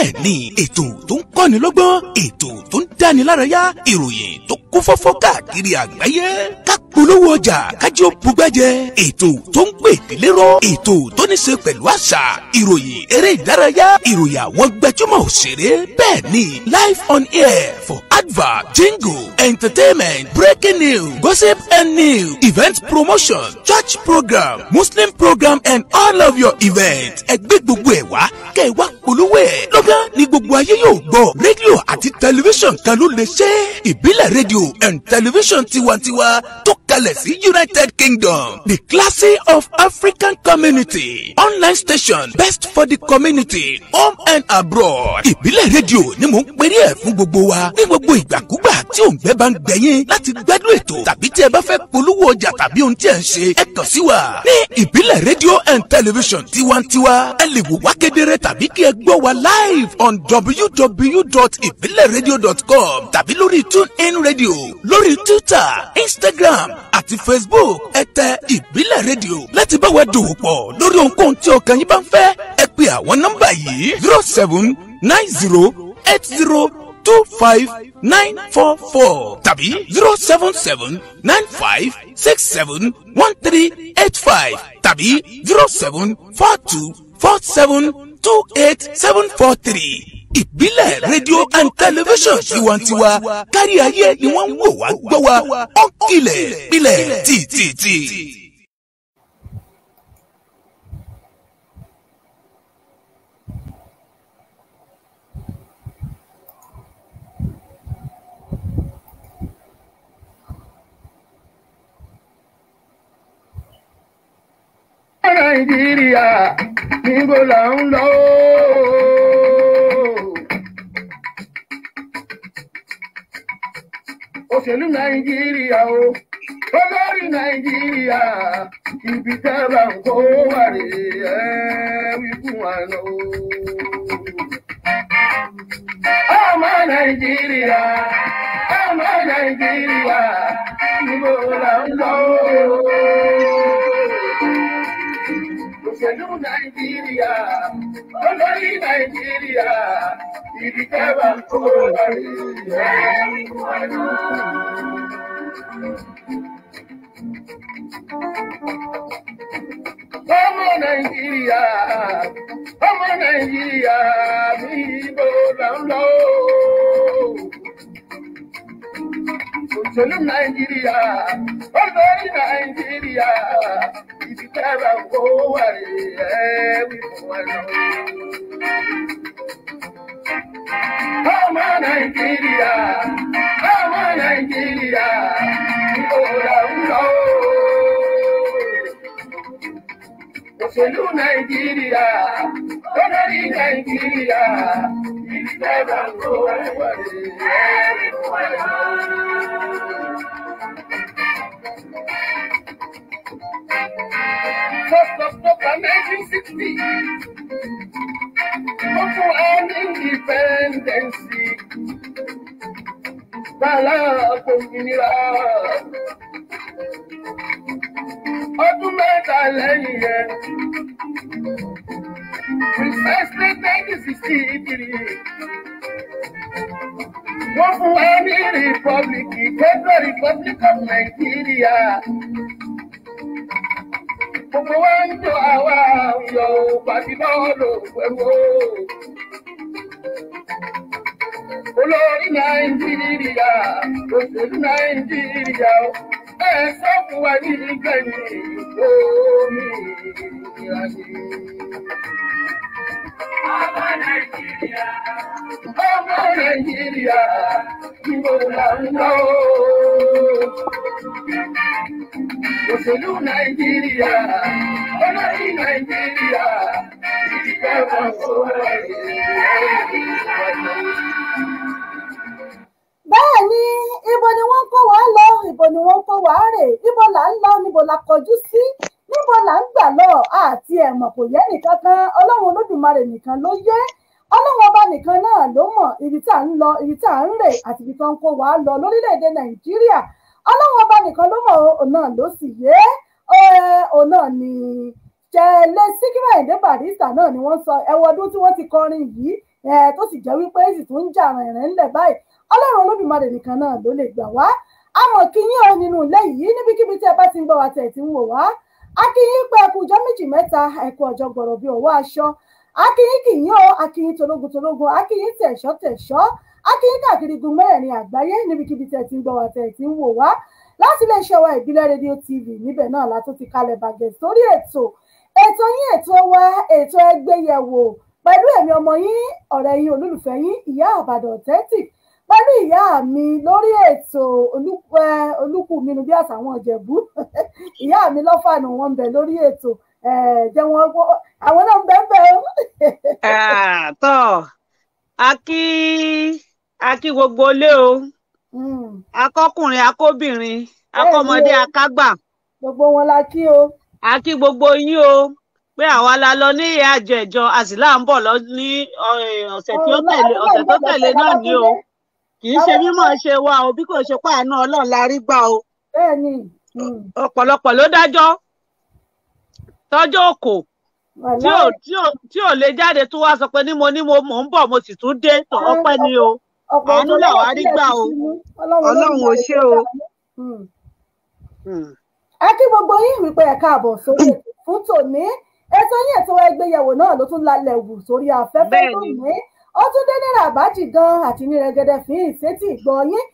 bẹ́ẹ̀ ni ètò tó ń kọ́ni lọ́gbọ́n ètò tó ń dáni lárayá ìròyìn tó kún fọ́fọ́ káàkiri àgbáyé ká polówó ọjà kájí ó bugbẹ́jẹ ètò tó ń pè délé rọ ètò tó ní ṣe pẹ̀lú àṣà ìròyìn eré ìdárayá ìròyìn àwọn gbẹjúmọ̀ òṣèré bẹ́ẹ̀ ni live on air for advert jingle entertainment breaking news gossip and news event promotion church program muslim program and all of your events ẹgbẹ́ gbogbo ẹ̀ wá kẹ́ ẹ wá polówó ẹ̀ lọ́gán ni gbogbo ayé yóò gbọ́ rédíò àti tẹlifíṣàn kan ló lè ṣe ìbílẹ̀ rédíò radio and television tiwantiwa tó kalẹ̀ sí united kingdom the classy of african community online station best for the community home and abroad. ìbílẹ̀ rédíò ni mò ń perí ẹ̀ fún gbogbo wa ní gbogbo ìgbàkúgbà tí òǹgbẹ́ bá ń gbẹ̀yìn láti gbádùn ètò tàbí tí ẹ bá fẹ́ polówó ọjà tàbí ohun tí ẹ ń ṣe ẹ kàn sí wa ní ìbílẹ̀ rédíò and television tiwantiwa ẹ lè wò wá kedere tàbí kí ẹ gbọ́ wa live on www.ibileradio.com tàbí lórí tune in radio rédíò lórí twitter instagram àti facebook ẹ tẹ ìbílẹ̀ rédíò láti bá wa dòwò pọ̀ lórí ohunkóhun tí ọkàn yín bá ń fẹ́ ẹ pe àwọn nọ́mbà yìí zero seven nine zero eight zero two five nine four four tàbí zero seven seven nine five six seven one three eight five tàbí zero seven four two four seven two eight seven four three ìbílẹ̀ rédíò and tẹlifíṣàn tiwantiwa kárí ayé ni wọ́n ń wò wá gbọ́ wa ó kilẹ̀ pilẹ̀ tìtìtì. nàìjíríà níbo là ń lọ. òṣèlú nàìjíríà o olórí nàìjíríà ibi tábà ń kó wà rè é wí fún wa lọ. ọmọ nàìjíríà ọmọ nàìjíríà níbo là ń lọ òṣèlú nàìjíríà olórí nàìjíríà ìdíkẹ́wà kúrò lórí ẹ̀rí wọnú. Ọmọ Nàìjíríà, ọmọ Nàìjíríà, mi ìbò là ń lọ. Muslim Nigeria, Olori Nigeria, ibi tẹ́ra kó wà we ẹ̀ẹ́wì fún wa lọ. Ọmọ Nàìjíríà, ọmọ Nàìjíríà, ìkòrà ń lọ. Òṣèlú Nàìjíríà. Nigeria is 1960, Boko independence. Bala Kominira. Ọdún mẹ́ta lẹ́yìn precisely nineteen sixty three. Wọ́n fún wa ní Republic Federal Republic of Nigeria. Gbogbo wa ń jọ àwa ọ̀yọ́ òbàdí náà lò wẹ́wọ́. Olórí Nàìjíríà, òṣèlú Nàìjíríà, ẹ sọ fún wa ní ìgbẹ̀yìn omi ìrìnàjò. Ọmọ Nàìjíríà, ọmọ Nàìjíríà, ìbò là ń lọ. Òṣèlú Nàìjíríà, olórí Nàìjíríà, ìdílé wọn sọ̀rọ̀ bẹ́ẹ̀ ni ibo ni wọ́n kó wa lọ ibo ni wọ́n kó wa rè ibo là ń lọ níbo la kọjú sí níbo là ń gbà lọ àti ẹ̀mọ̀ kò yẹ nìkan kan ọlọ́run olódùmarè nìkan ló yé ọlọ́run ọba nìkan náà ló mọ̀ ibi tá à ń lọ ibi tá à ń rè àti ibi tó ń kó wa lọ lórílẹ̀‐èdè nàìjíríà ọlọ́run ọba nìkan ló mọ̀ òun ló sì yé òun ni ṣẹlẹ̀ síkírà èdè barista náà ni wọ́n sọ ẹwọ ọdún tí wọ́n ti kọrin yìí tó sì jẹ́ wípé èsì tó ń jà rìnrìn ńlẹ̀ báyìí ọlọ́run olódùmarè nìkan náà ló lè gbà wá àmọ́ kí yín o nínú ilé yìí níbikíbi tí ẹ bá ti ń gbọ́ wa tẹ̀ tí ń wò wá akínyìn pé ẹkú ọjọ́ méjì mẹ́ta ẹkú ọjọ́ gbọ̀rọ̀ bíi òwò aṣọ akínyìn kìnyìn o akínyìn tológun tológun akínyìn tẹ̀ṣọ́ tẹ̀ṣọ́ akínyìn káàkiri gun mẹ́rẹ̀ẹ̀rin àgbáyé níbikíbi tẹ̀ ti ń gbọ́ wá tẹ̀ ti ń wò wá láti iléeṣẹ́ wa ìbílẹ̀ rédíò tv níbẹ̀ náà la tún ti kalẹ̀ bàgẹ́ sórí ètò ètò yín ètò wa ètò ẹgbẹ́yẹ̀wò pẹ̀lú èmi ọmọ yín ọ̀rẹ́ yín olólùfẹ́ yín ìyá àbàdàn authentic pẹ̀lú ìyá mi lórí ètò olúkú mi ní bí àṣà àwọn ìyá mi lọ́fàánù wọn bẹ̀ lórí ètò jẹ́ wọn àwọn náà ń bẹ́ bẹ́ o. àtọ̀ a kí a kí gbogbo ilé o hmm. akọkùnrin akóbìnrin akọmọdé akágbà. gbogbo wọn la kí o. a gbogbo yín o pé àwa la lọ ní ìyá àjọ ìjọ àsìlá ń bọ̀ lọ ní ọ̀sẹ̀ tí ó tẹ̀lé ọ̀sẹ̀ tó ni o. kì í ṣe mímọ̀ ṣe wa o bí kò ṣe pàánù Ọlọ́run la rí gbà o hmm. ọ̀pọ̀lọpọ̀ ló dájọ́ tọ́jọ́ òkò tí ò tí ò tí ò lè jáde tó wá sọ pé ní mo ní mo mò ń bọ̀ mo sì tún dé tọ ọpẹ́ ni o àánú làwa rí gbà o Ọlọ́run ò ṣe o. Hmm. Hmm. ẹ kí gbogbo yín wípé ẹ káàbọ̀ sórí ètò fún tòní ètò yín ètò ẹgbẹ́yẹ̀wò náà ló tún lálẹ́ wù sórí afẹ́fẹ́ lónìí ó tún dé náírà àbájì gan àti ní rẹ̀gẹ̀dẹ̀ fi ìfẹ́tì ìgbọ̀nyín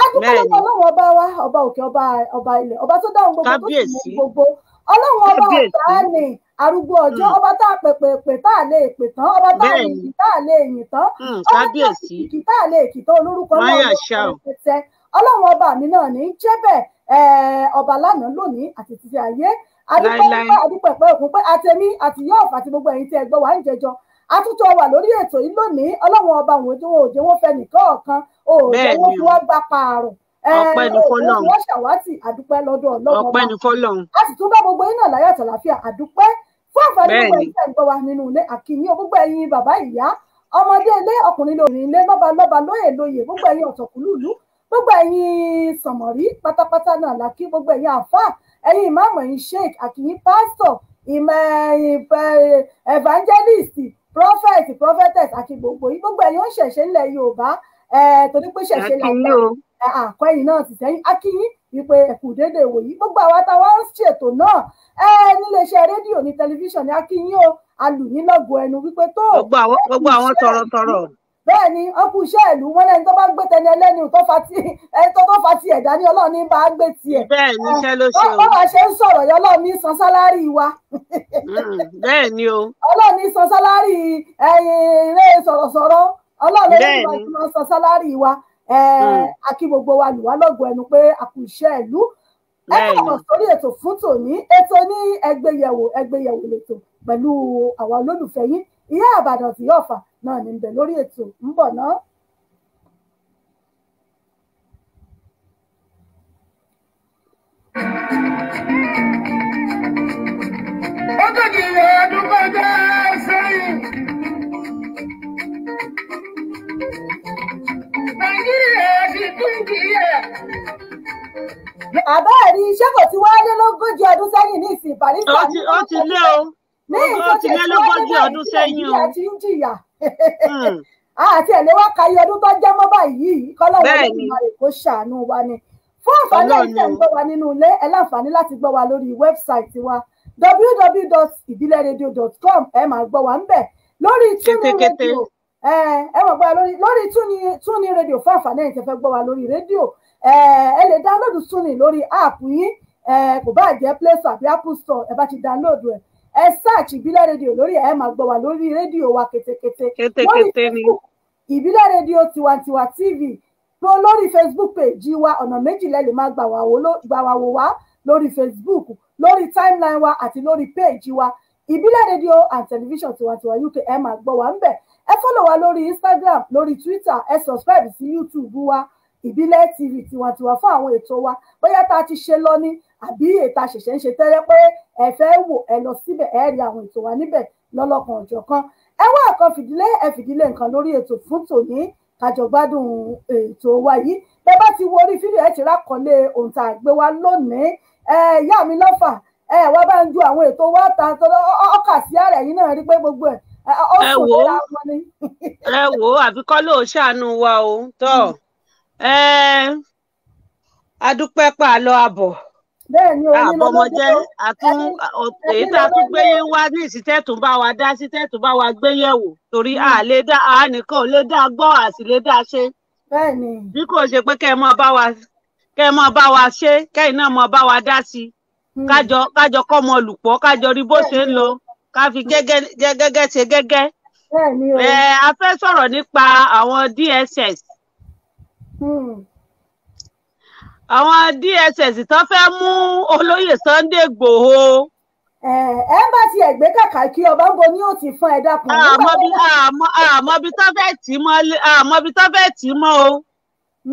adúgbò lọ́wọ́ ọlọ́run ọba wa ọba òkè ọba ọba ilẹ̀ ọba tó dáhùn gbogbo tó sì mú gbogbo ọlọ́run ọba ọ̀tá ni arúgbó ọjọ́ mm. ọba tá a pèpèpè tá a lè pè tán ọba tá a yìn tá a lè yìn tán mm, ọba tá a kìkì tá a lè kì tán olórúkọ náà ló ń tẹ ọlọ́run ọba mi náà ní jẹ́ bẹ́ẹ̀ ọba lánàá lónìí àti títí ayé adúpẹ́ adúpẹ́ òkun pé àtẹ̀mí àtìyọ́ àti gbogbo ẹ̀yin tí ẹ gbọ́ wà ń jẹjọ́ àtúntò wà lórí ètò yìí lónìí ọlọ́run ọba òun tí wọn ò jẹ́ wọ́n fẹ́ nìkan ọ̀kan ò jẹ́ wọ́n fi wọ́n gba pààrùn ọpẹ́ ní fọ́lọ́run wọ́n ṣàwátì àdúpẹ́ lọ́dọ̀ ọlọ́run ọpẹ́ ní fọ́lọ́run a sì tún bá gbogbo yín náà láyọ̀ àtàlàfíà àdúpẹ́ fún àǹfààní gbogbo ẹ̀yin tẹ̀ ń gbọ́ wa nínú ilé àkìyìn gbogbo ẹ̀yin bàbá ìyá ọmọdé ilé ọkùnrin lóbìnrin ilé lọ́ba lọ́ba lóyè lóyè gbogbo ẹ̀yin ọ̀tọ̀kùlùlù gbogbo ẹ̀yin sànmọ̀rí pátápátá náà làkí gbogbo ẹ̀yin àfáà ẹ̀yin ìmáàmù ẹ̀yin sheik àkìyìn pásítọ̀ ìmọ̀ evangelist prophet prophetess àti gbogbo yìí gbogbo ẹ̀yin ó ṣẹṣẹ ńlẹ̀ yorùbá torí pé ṣẹṣẹ làgbà àkọ ẹ̀yin náà ti sẹ́yìn akínyìn wípé ẹkù dédé wòyí gbogbo àwa táwa ń ṣètò náà níléeṣẹ́ rédíò ní tẹlifíṣàn ní akínyìn o alùyìn lọgọ ẹnu wípé tó. gbogbo àwọn tọrọtọrọ bẹ́ẹ̀ ni ọkù iṣẹ́ ìlú wọn lẹ́ni tó bá ń gbé tẹni ẹlẹ́ni tó fa ti ẹni tó tó fa ti ẹ̀dá ní ọlọ́run ní bá gbé tiẹ̀. bẹ́ẹ̀ ni iṣẹ́ ló ṣe o. bọ́lá ṣe ń sọ̀rọ̀ yọ ọlọ́run ní san sálárì wa. Mm, bẹ́ẹ̀ ni o. ọlọ́run ní san sálárì eré sọ̀rọ̀sọ̀rọ̀ ọlọ́run ní san san sálárì wa mm. akí gbogbo wa lùwá lọ́gùn ẹnu pé àkù iṣẹ́ ìlú. ẹ kọ́ sórí ètò fún tòní ètò ní ẹgbẹ́yẹ̀wò ẹgbẹ́yẹ̀wò lẹ́tọ̀ pẹ̀lú àwọn olólùfẹ́ yín ìyá àbàdàn tí yóò fà náà ní bẹ lórí ètò ń bọ̀ náà. ó tó jìnnà ọdún kọjá sẹ́yìn. nàìjíríà ti tún jìyà àbá ẹ̀rí iṣẹ́ kò ti wáyé lógójì ọdún sẹ́yìn ní ìsìn Barrister. ó ti lé o ó ti lé lógójì ọdún sẹ́yìn o àti hmm. ẹ̀ lè wá kayé ọdún tó jẹ́ mọ́ báyìí kọ́lọ́wọ́ lẹ́yìn èkó ṣàánú wa ni fún àǹfààní ẹ̀yìn tẹ̀ ń gbọ́ wa nínú ilé ẹ láǹfààní láti gbọ́ wa lórí wẹ́bsáìtì wa www.ibileradio.com ẹ máa gbọ́ wa ń bẹ̀ lórí túnú rédíò ẹ máa gbọ́ wa lórí túnú rédíò fún àǹfààní ẹ̀yìn tẹ̀ fẹ́ gbọ́ wa lórí rédíò ẹ lè dáńlódù túnú lórí áàpù yín kò bá jẹ́ play store àbí apple store ẹ bá ti dáńlódù ẹ̀ ẹ search ìbílẹ̀ rédíò lórí ẹ máa gbọ́ wa lórí rédíò wa kétékété lórí facebook ìbílẹ̀ rédíò tiwantiwa tv tó lórí facebook page wa ọ̀nà méjìlẹ̀ lè máa gbà wá wò wá lórí facebook lórí timeline wa àti lórí page wa ìbílẹ̀ rédíò and television tiwantiwa uk ẹ máa gbọ́ wa ń bẹ̀ ẹ fọ́lọ̀ wa lórí instagram lórí twitter ẹ subscribe sí youtube wa ìbílẹ̀ tv tiwantiwa fún àwọn ètò wa bóyá tá a ti ṣe lọ ní àbí ètò àṣẹṣẹ ń ṣe tẹ́lẹ̀ pé ẹ fẹ́ wò ẹ lọ síbẹ̀ ẹ rí àwọn ètò wa níbẹ̀ lọ́lọ́kan ọjọ́ kan ẹ wá ẹ̀kan fìdílé ẹ fìdílé nǹkan lórí ètò fún tòní kájọ ètò wa yìí bẹ́ẹ̀ bá ti wo orí fídíò ẹ ti rákọlé ohun tá a gbé wa lónìí ẹ ìyá mi lọ́fà ẹ wá bá ń ju àwọn ètò wa ta ọkà sí ààrẹ yìí náà rí pé gbogbo ẹ ẹ wò ó ẹ wò ó àbí kọ́ ló ṣàánú wa o tọ́ mm. ẹ adúpẹ́ pàlọ́ àbọ̀ bẹ́ẹ̀ni àbọmọjẹ ah, àtún èyí tá a tún gbé yín wá ní ìsítẹ́ tó bá wa dá sítẹ́ tó bá wa gbé yẹ̀ wò torí a hmm. lè dá a nìkan ò lè dá gbọ́ a sì lè dá ṣe. bẹ́ẹ̀ni. bí kò ṣe pé kẹ́ ẹ mọ bá wa kẹ́ ẹ mọ bá wa ṣe kẹ́yìn náà mọ bá wa dá sí i hmm. kájọ kájọ kọ́ mọ lùpọ̀ kájọ rí bó ṣe ń lọ ká fi gẹ́gẹ́ ṣe gẹ́gẹ́. bẹ́ẹ̀ni o. ẹ a fẹ́ sọ̀rọ̀ nípa àwọn DSS. àwọn DSS tán fẹ́ mú olóyè Sunday Igboho. ẹ bá ti ẹgbẹ́ kàkà kí ọba ń bo ní òtí fún ẹ dákun. àmọ́bi tó fẹ́ tì mọ́ àmọ́bi tó fẹ́ tì mọ́ o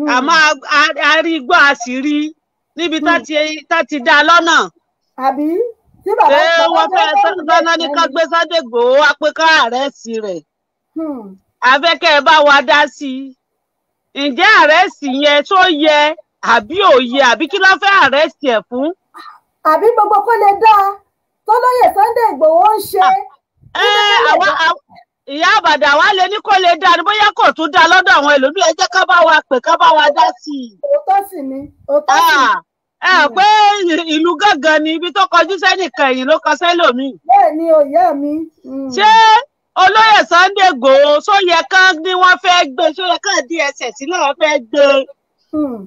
àmọ́ hmm. rí àṣírí níbi tó hmm. ti dá lọ́nà. àbí tí bàbá ìgbà wọn fẹ́ sọ́nà ní ká gbé Sunday Igboho wá pé ká àrẹ́sì rẹ̀ hmm. afẹ́kẹ́ ẹ bá wa dá sí i ǹjẹ́ àrẹ́sì yẹn tó yẹ. àbí òye àbí kí ló fẹ́ àrẹ́sì ẹ̀ fún. àbí gbogbo kó lè dáa tọ́lọ́yè Sunday Ìgbòho ń ṣe. Ah, eh, ẹ àwa ìyá àbàdà wa lè ní kó lè dáa ni bóyá kò tún dáa lọ́dọ̀ àwọn ẹlòmíì ẹ jẹ́ ká bá wa pè ká bá wa dá sí i. òótọ́ sì ni òótọ́ sì ni. Ah, ẹ pé ìlú gángan ni ibi tó kọjú sẹ́nìkan ẹ̀yìn ló kọ sẹ́lòmíì. bẹ́ẹ̀ ni òyà mi. Hmm. ṣé olóyè Sunday Ìgbòho só yẹ kán ni wọ́n fẹ́ gbé só yẹ kán dss náà fẹ́ gbé. Hmm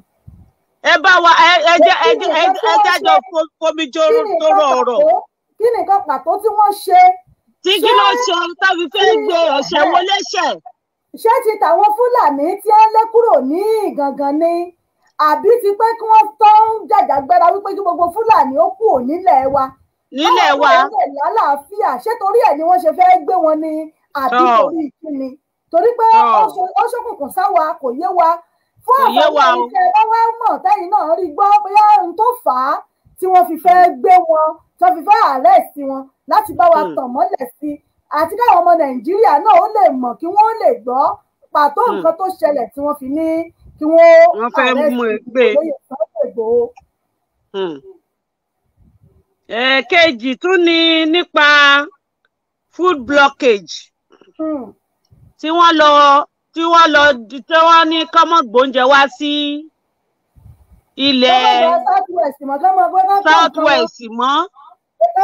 ẹ bá wa ẹ jẹ́ ẹ jẹ́ ẹ jájọ fomijoro tọrọ ọ̀rọ̀. kí ni nǹkan pàtó tí wọ́n ṣe. tí kí ló ṣe táfi fẹ́ gbé ọ̀sẹ̀ wọlé ṣẹ̀. ṣé ti tàwọn fúlàní tí ẹ lé kúrò ní ìgangan ni àbí ti pé kí wọ́n tó ń jàjàgbẹ́ra wípé kí gbogbo fúlàní ó kù nílẹ̀ wa. nílẹ̀ wa. báwo ni ẹ lálàáfíà ṣé torí ẹ̀ ni wọ́n ṣe fẹ́ gbé wọn ni àbí torí ìkíni torí pé ó ṣokùnkùn sáwa kò yé wa fún àbájáde ìṣẹ́ lọ́wọ́ mọ̀ tẹ́yìn náà rí gbọ́ bóyá ohun tó fà á tí wọ́n fi fẹ́ gbé wọn tó fi fẹ́ àrẹ́sì wọn láti bá wa hmm. tàn mọ́lẹ̀ sí i àti káwọn ọmọ nàìjíríà náà ó lè mọ̀ kí wọ́n lè gbọ́ pàtó hmm. nǹkan tó ṣẹlẹ̀ tí wọ́n fi ní kí wọ́n àrẹ́sì e lóye Sunday Igboho. Hmm. ẹ̀ẹ̀kejì tún ni nípa food blockage tí wọ́n lọ tí wọ́n lọ tí wọ́n ní kọ́mọ́ gbóúnjẹ wá sí ilẹ̀ south west mọ́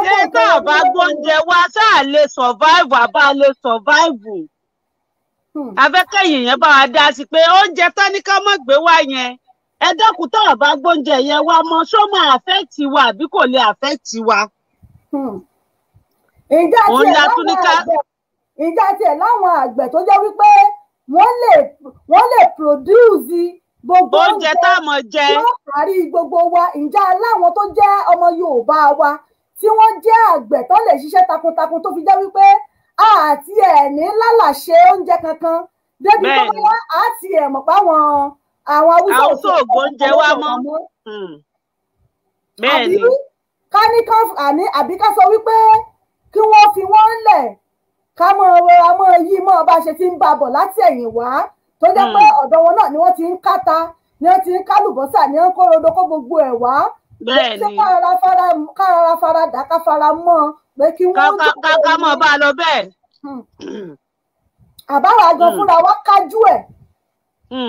ṣé tá a bá gbóúnjẹ wá ṣá a lè survive àbá a lè survive hmm. afẹ́kẹ́yìn yẹn bá wa dá sí pé oúnjẹ tán ní kọ́mọ́ gbé wá yẹn ẹ dẹ́kun tá a bá gbóúnjẹ yẹn wá mọ́ ṣó máa affect wa àbí kò lè affect wa. Hmm. ìjà tiẹ̀ láwọn àgbẹ̀ tó jẹ́ wípé wọ́n lè wọ́n lè produce gbogbo oúnjẹ tá a mọ̀ jẹ yóò parí gbogbo wa ǹjẹ́ aláwọn tó jẹ́ ọmọ Yorùbá wa tí wọ́n jẹ́ àgbẹ̀ tó lè ṣiṣẹ́ takuntakun tó fi jẹ́ wípé àti ẹ̀ ní lálàṣe oúnjẹ kankan débi tó wá àti ẹ̀ mọ̀ páwọn àwọn awúsọ òṣogbo oúnjẹ wa mọ́ hmm. bẹ́ẹ̀ ni àbí ká sọ wípé kí wọ́n fi wọ́n lẹ̀ ká mọ rọra mọ yí mọ bá ṣe ti ń ba bọ̀ láti ẹ̀yìn wá tó jẹ́ pé hmm. ọ̀dọ̀ wọn náà ni wọ́n ti ń káta ni wọ́n ti ń kálùbọ́sà ni wọ́n kó rodo kó gbogbo ẹ̀ wá bẹ́ẹ̀ni ṣé kára fara kára fara dà ká fara mọ́ pé kí wọ́n ká ká bá a lọ bẹ́ẹ̀. Hmm. Hmm. àbára gan fúnra wa kájú ẹ̀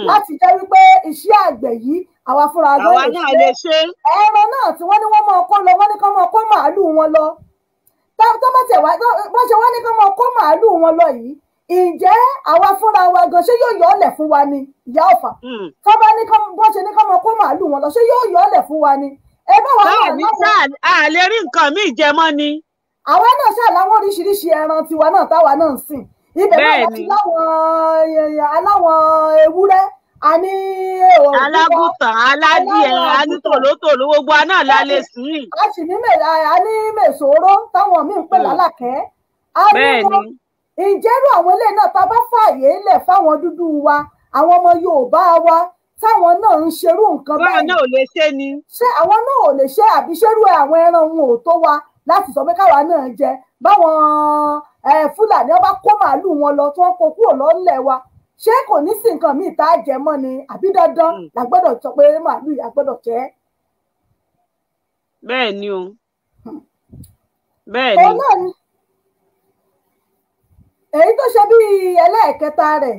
láti jẹ́ wípé iṣẹ́ àgbẹ̀ yìí àwa fúnra gan lè ṣe ẹran náà tí wọ́n ní wọ́n máa kó lọ wọ́n ní kán máa kó màálù wọn lọ tó bá tẹ̀ wá wọ́n ṣe wá ní kí wọ́n kó màálùú wọn lọ yìí ǹjẹ́ àwa fúnra wa gan ṣé yóò yọ fún wa ni ìyá ọ̀fà hmm. tó bá ní kí wọ́n kó màálùú wọn lọ ṣé yóò yọ fún wa ni. ẹ bá wà náà lọ́wọ́ a lè rí nǹkan míì jẹ mọ́ ni. àwa náà ṣàláwọ́ oríṣiríṣi ẹran tiwa náà táwa náà ń sìn ibẹ̀ náà láti láwọn eh, aláwọn ewúrẹ́ a alágùntàn aládìẹ anítòlótòló gbogbo aná la lè sìn. a sì ní mèsòrò táwọn míì ń pè hmm. lálàkẹ́. bẹ́ẹ̀ni. ìjẹ́rú àwọn ilé náà tá a bá fààyè lẹ̀ fáwọn dúdú wa àwọn ọmọ Yorùbá wa táwọn náà ń ṣerú nǹkan báyìí. báwọn náà ò lè ṣe ni. ṣé àwọn náà ò lè ṣe àbí ṣerú àwọn ẹran wọn ò tó wa láti sọ pé káwa náà jẹ báwọn Fúlàní ọba kó màálù wọn lọ tí wọn kó kúrò lọ́lẹ̀ wa ṣé kò ní sí nǹkan míì tá a jẹ mọ́ ni àbí dandan hmm. la gbọ́dọ̀ sọ pé màálùú yà gbọ́dọ̀ jẹ. bẹ́ẹ̀ ni o hmm. bẹ́ẹ̀ ni. ọ̀nà ni èyí tó ṣe bí ẹlẹ́ẹ̀kẹta rẹ̀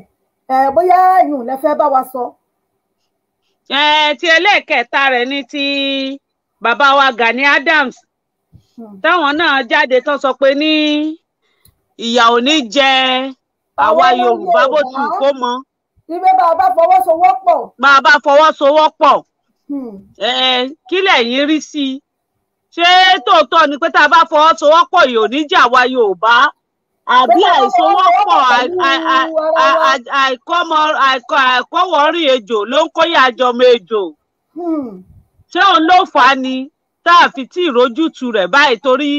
bóyá ìyún lẹ fẹ́ bá wa sọ. ti ẹlẹ́ẹ̀kẹta rẹ̀ ni ti bàbá wa Gani Adams hmm. táwọn náà jáde tó sọ pé ní ìyà ò ní jẹ àwa yorùbá bó ti kó mọ. ibẹ bá a bá fọwọ́sowọ́pọ̀. bá a bá fọwọ́sowọ́pọ̀. Hmm. kílẹ̀ yín rí sí i ṣé tòótọ́ ni pé tá a bá fọwọ́sowọ́pọ̀ yóò níjà wa yorùbá àbí àìsowọ́pọ̀ àìkọ́wọ́rí ejò ló ń kóyà àjọmọ ejò hmm. ṣé òun ló fà á ni tá a fi tí ìrójútu rẹ̀ báyìí torí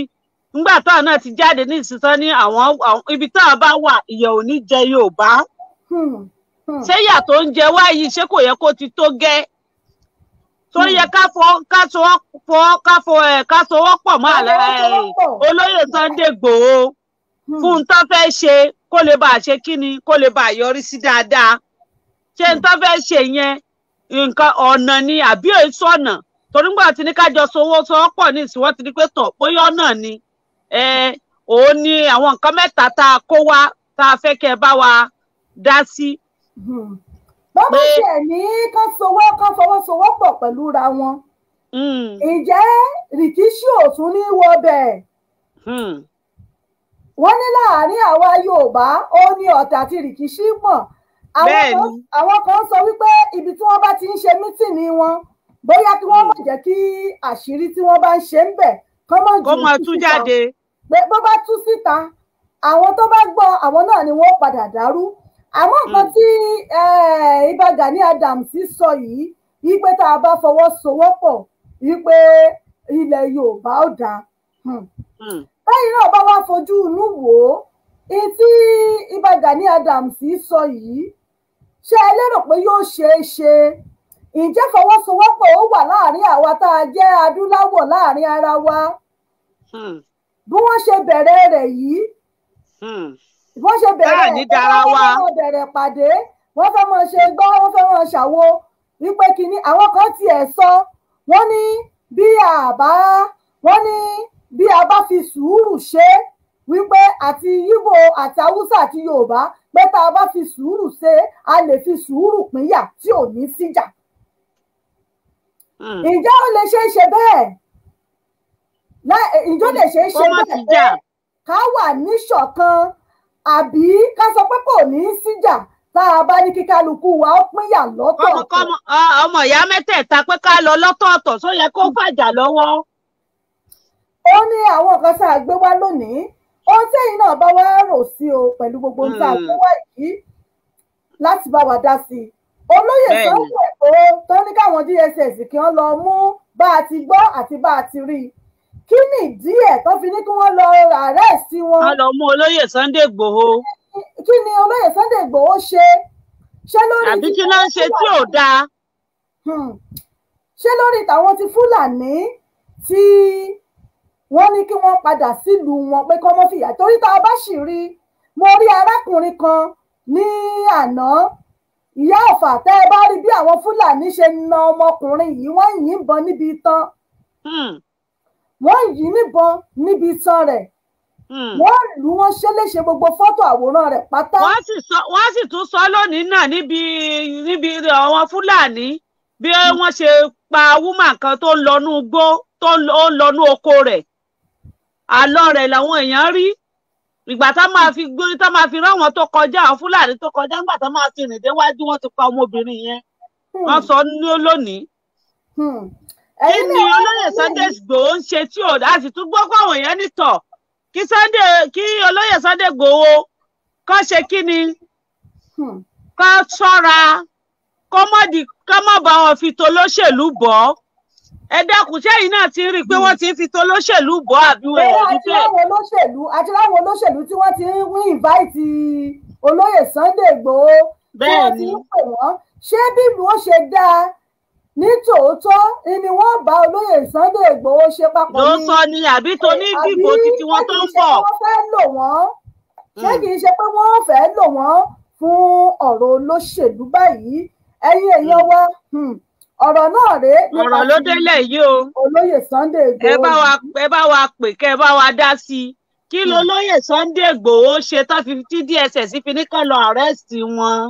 nígbà tó náà ti jáde ní ìsinsán ní àwọn ibi tá a bá wà ìyẹn ò ní jẹ yorùbá hmm, hmm. ṣé ìyà tó ń jẹ wá yìí ṣé kò yẹ kó ti tó gẹ́ tó hmm. yẹ ká fọ ká sowọ́pọ̀ ká mọ́ àlẹ olóyè Sunday Igboho fún tó fẹ́ ṣe kó lè bá ṣe kí ni kó lè bá a yọrí sí dáadáa ṣé n tó fẹ́ ṣe yẹn nǹkan ọ̀nà ni àbí èso ọ̀nà torí ngbà tí ní ká jọ sowó sowọ́pọ̀ ní ìsìnwọ́n ti ní pé tọ̀ bóyá ọ̀nà ni ẹ òun ni àwọn nǹkan mẹ́ta tá a kó wá tá a fẹ́ kẹ́ ẹ bá wa dá sí. bó bá ṣe ní ká sowọ́ ká fọwọ́sowọ́pọ̀ pẹ̀lú ra wọn hmm. ǹjẹ́ rìkíṣí ò tún ní wọ bẹ́ẹ̀ hmm. wọ́n ní láàárín àwa Yorùbá ó ní ọ̀tá àti rìkíṣí mọ̀ àwọn kan sọ wípé ibi tí wọ́n bá ti ń ṣe mítìnì wọn bóyá kí wọ́n má hmm. jẹ́ kí àṣírí tí wọ́n bá ń ṣe ń bẹ̀ kọ́ mọ̀ jù kó mọ̀ tún jáde pé bó bá tú síta àwọn tó bá gbọ́ àwọn náà ni wọ́n padà dárú àmọ́ hmm. nǹkan tí eh, Ìbà Gani Adams sọ yìí yìí pé tá a bá fọwọ́sowọ́pọ̀ yìí pé ilẹ̀ Yorùbá ó dáa hmm. hmm. báyìí náà bá wá fojú inú wò ó etí Ìbà Gani Adams sọ yìí ṣé ẹ lérò pé yóò ṣeé ṣe ǹjẹ́ fọwọ́sowọ́pọ̀ ó wà láàrin àwa tá a jẹ́ adúláwọ̀ láàrin ara wa. Hmm bí wọ́n ṣe bẹ̀rẹ̀ rẹ̀ yìí hmm. wọ́n ṣe bẹ̀rẹ̀ wọ́n fẹ́ mọ bẹ̀rẹ̀ pàdé wọ́n fẹ́ mọ ṣe gbọ́ wọ́n fẹ́ mọ ṣàwo wípé kínní àwọn kan tiẹ̀ sọ wọ́n ní bí àbá wọ́n ní bí a bá fi sùúrù ṣe wípé àti yíbo àti haúsá àti yorùbá pé tá a bá fi sùúrù ṣe a lè fi sùúrù pínyà tí ò ní síjà. Hmm. ǹjẹ́ ó lè ṣeé ṣe bẹ́ẹ̀? Eh, ìjọ lè ṣe é ṣe bẹ́ẹ̀ pé ká wà níṣọ̀kan àbí ká sọ pé kò ní í síjà tá a bá ní kí kálukú wa ó pínyà lọ́tọ̀ọ̀tọ̀. ọmọ ìyá mẹ́tẹ̀ẹ̀ta pé ká lọ lọ́tọ̀ọ̀tọ̀ tó yẹ kó fàjà lọ́wọ́. ó ní àwọn kan sáà gbé wá lónìí ohun tẹ́yìn náà bá wá rò sí o pẹ̀lú gbogbo nǹkan àgbéwá hmm. yìí láti bá wa dá sí i olóyè sanwó-ẹ̀kọ́ tó ní káwọn dss kí wọ́n lọ mú bá a ti gbọ́ àti bá a ti rí i kí nìdí ẹ̀ tó fi ní kí wọ́n lọ àrẹ́ẹ̀sì wọn. a lọ mú olóyè Sunday Igboho. kí ni olóyè Sunday Igboho ṣe ṣé lórí. àbí kí náà ṣe tí ò dáa. Hmm. ṣé lórí tàwọn ti Fúlàní tí wọ́n ní kí wọ́n padà sílùú wọn pé kí wọ́n fìyà torí tá a bá sì rí mo rí arákùnrin kan ní àná ìyá ọ̀fà tẹ́ ẹ bá rí bí àwọn Fúlàní ṣe na ọmọkùnrin yìí wọ́n yìnbọn níbi tán. Hmm wọ́n yìí níbọn níbi itan rẹ̀ hmm. wọ́n lù wọ́n ṣe léṣe gbogbo fọ́tò àwòrán rẹ̀ pátá. wọ́n sì sọ wọ́n sì tún sọ lónìí náà níbi níbi àwọn fúlàní bí wọ́n ṣe pa wúmà kan tó ń lọ́nú gbó tó ń lọ́nú oko rẹ̀ àlọ́ rẹ̀ làwọn èèyàn rí ìgbà tá máa fi gbé tá máa fi ráwọn tó kọjá àwọn fúlàní tó kọjá nígbà tá máa fi rìn déwájú wọ́n ti pa ọmọbìnrin yẹn hmm. wọ́n sọ ní lónìí. Hmm kí ni olóyè Sunday Igboho ń ṣe tí ò a sì tún gbọ́ pé àwọn èèyàn nìtọ̀ kí Sunday kí olóyè Sunday Igboho kọ́ ṣe kí ni hmm. kọ́ ṣọ́ra kọ́ mọ́ di kọ́ mọ́ bá wọn fi tolóṣèlú bọ́ ẹ dákun sẹ́yìn náà ti rí i pé wọ́n ti ń fi tolóṣèlú bọ́ àbí wọn ò rí bẹ́ẹ̀. àti láwọn olóṣèlú àti láwọn olóṣèlú tí wọ́n ti ń invite olóyè Sunday Igboho tí ṣé bí wọ́n ṣe dáa ní tòótọ́ ni wọ́n bá olóyè Sunday Ìgbòho ṣe papọ̀ ní. ló ni àbí tó ní dìbò títí wọn tó ń pọ̀. ṣé kì í ṣe pé wọ́n fẹ́ lò wọ́n ṣé kì í ṣe pé wọ́n fẹ́ lò wọ́n fún ọ̀rọ̀ olóṣèlú báyìí ẹ̀yin èèyàn wa hmm, ọ̀rọ̀ náà rèé. ọ̀rọ̀ ló délẹ̀ yìí o. olóyè Sunday Ìgbòho. ẹ bá wa ẹ bá wa pè kẹ́ ẹ bá wa dá sí i kí hmm. lolóyè Sunday Ìgbòho ṣe tán fi tí DSS fi ní kán lọ àrẹ́sì wọn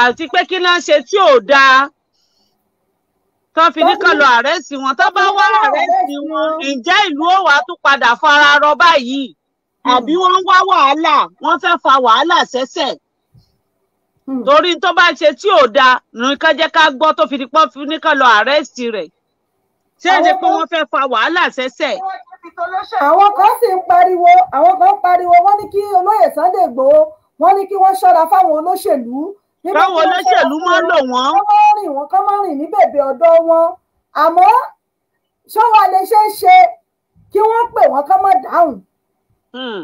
àti pé kí náà ṣe tí ò dáa tán fi ní kan lọ àrẹ́sì wọn tán bá wá àrẹ́sì wọn ǹjẹ́ ìlú ò wá tún padà fara rọ báyìí àbí wọ́n ń wá wàhálà wọ́n fẹ́ fa wàhálà sẹ́sẹ̀ hmm. torí tó bá ṣe tí ò dáa nìkan jẹ́ ká gbọ́ tó fi ní pọ́n fi ní kan lọ àrẹ́sì rẹ̀ ṣé ẹ ṣe pé wọ́n fẹ́ fa wàhálà sẹ́sẹ̀. àwọn kan sì ń pariwo àwọn kan ń pariwo wọ́n ní kí olóyè Sunday Igboho wọ́n ní kí wọ́n ṣọ́ra fáwọn olóṣèlú táwọn olóṣèlú máa ń lò wọ́n. kọ́ máa rìn wọ́n kọ́ máa rìn ní bèbè ọ̀dọ́ wọn àmọ́ ṣó wa lè ṣe é ṣe kí wọ́n pè wọ́n kọ́ mọ̀ dáhùn. Hmm.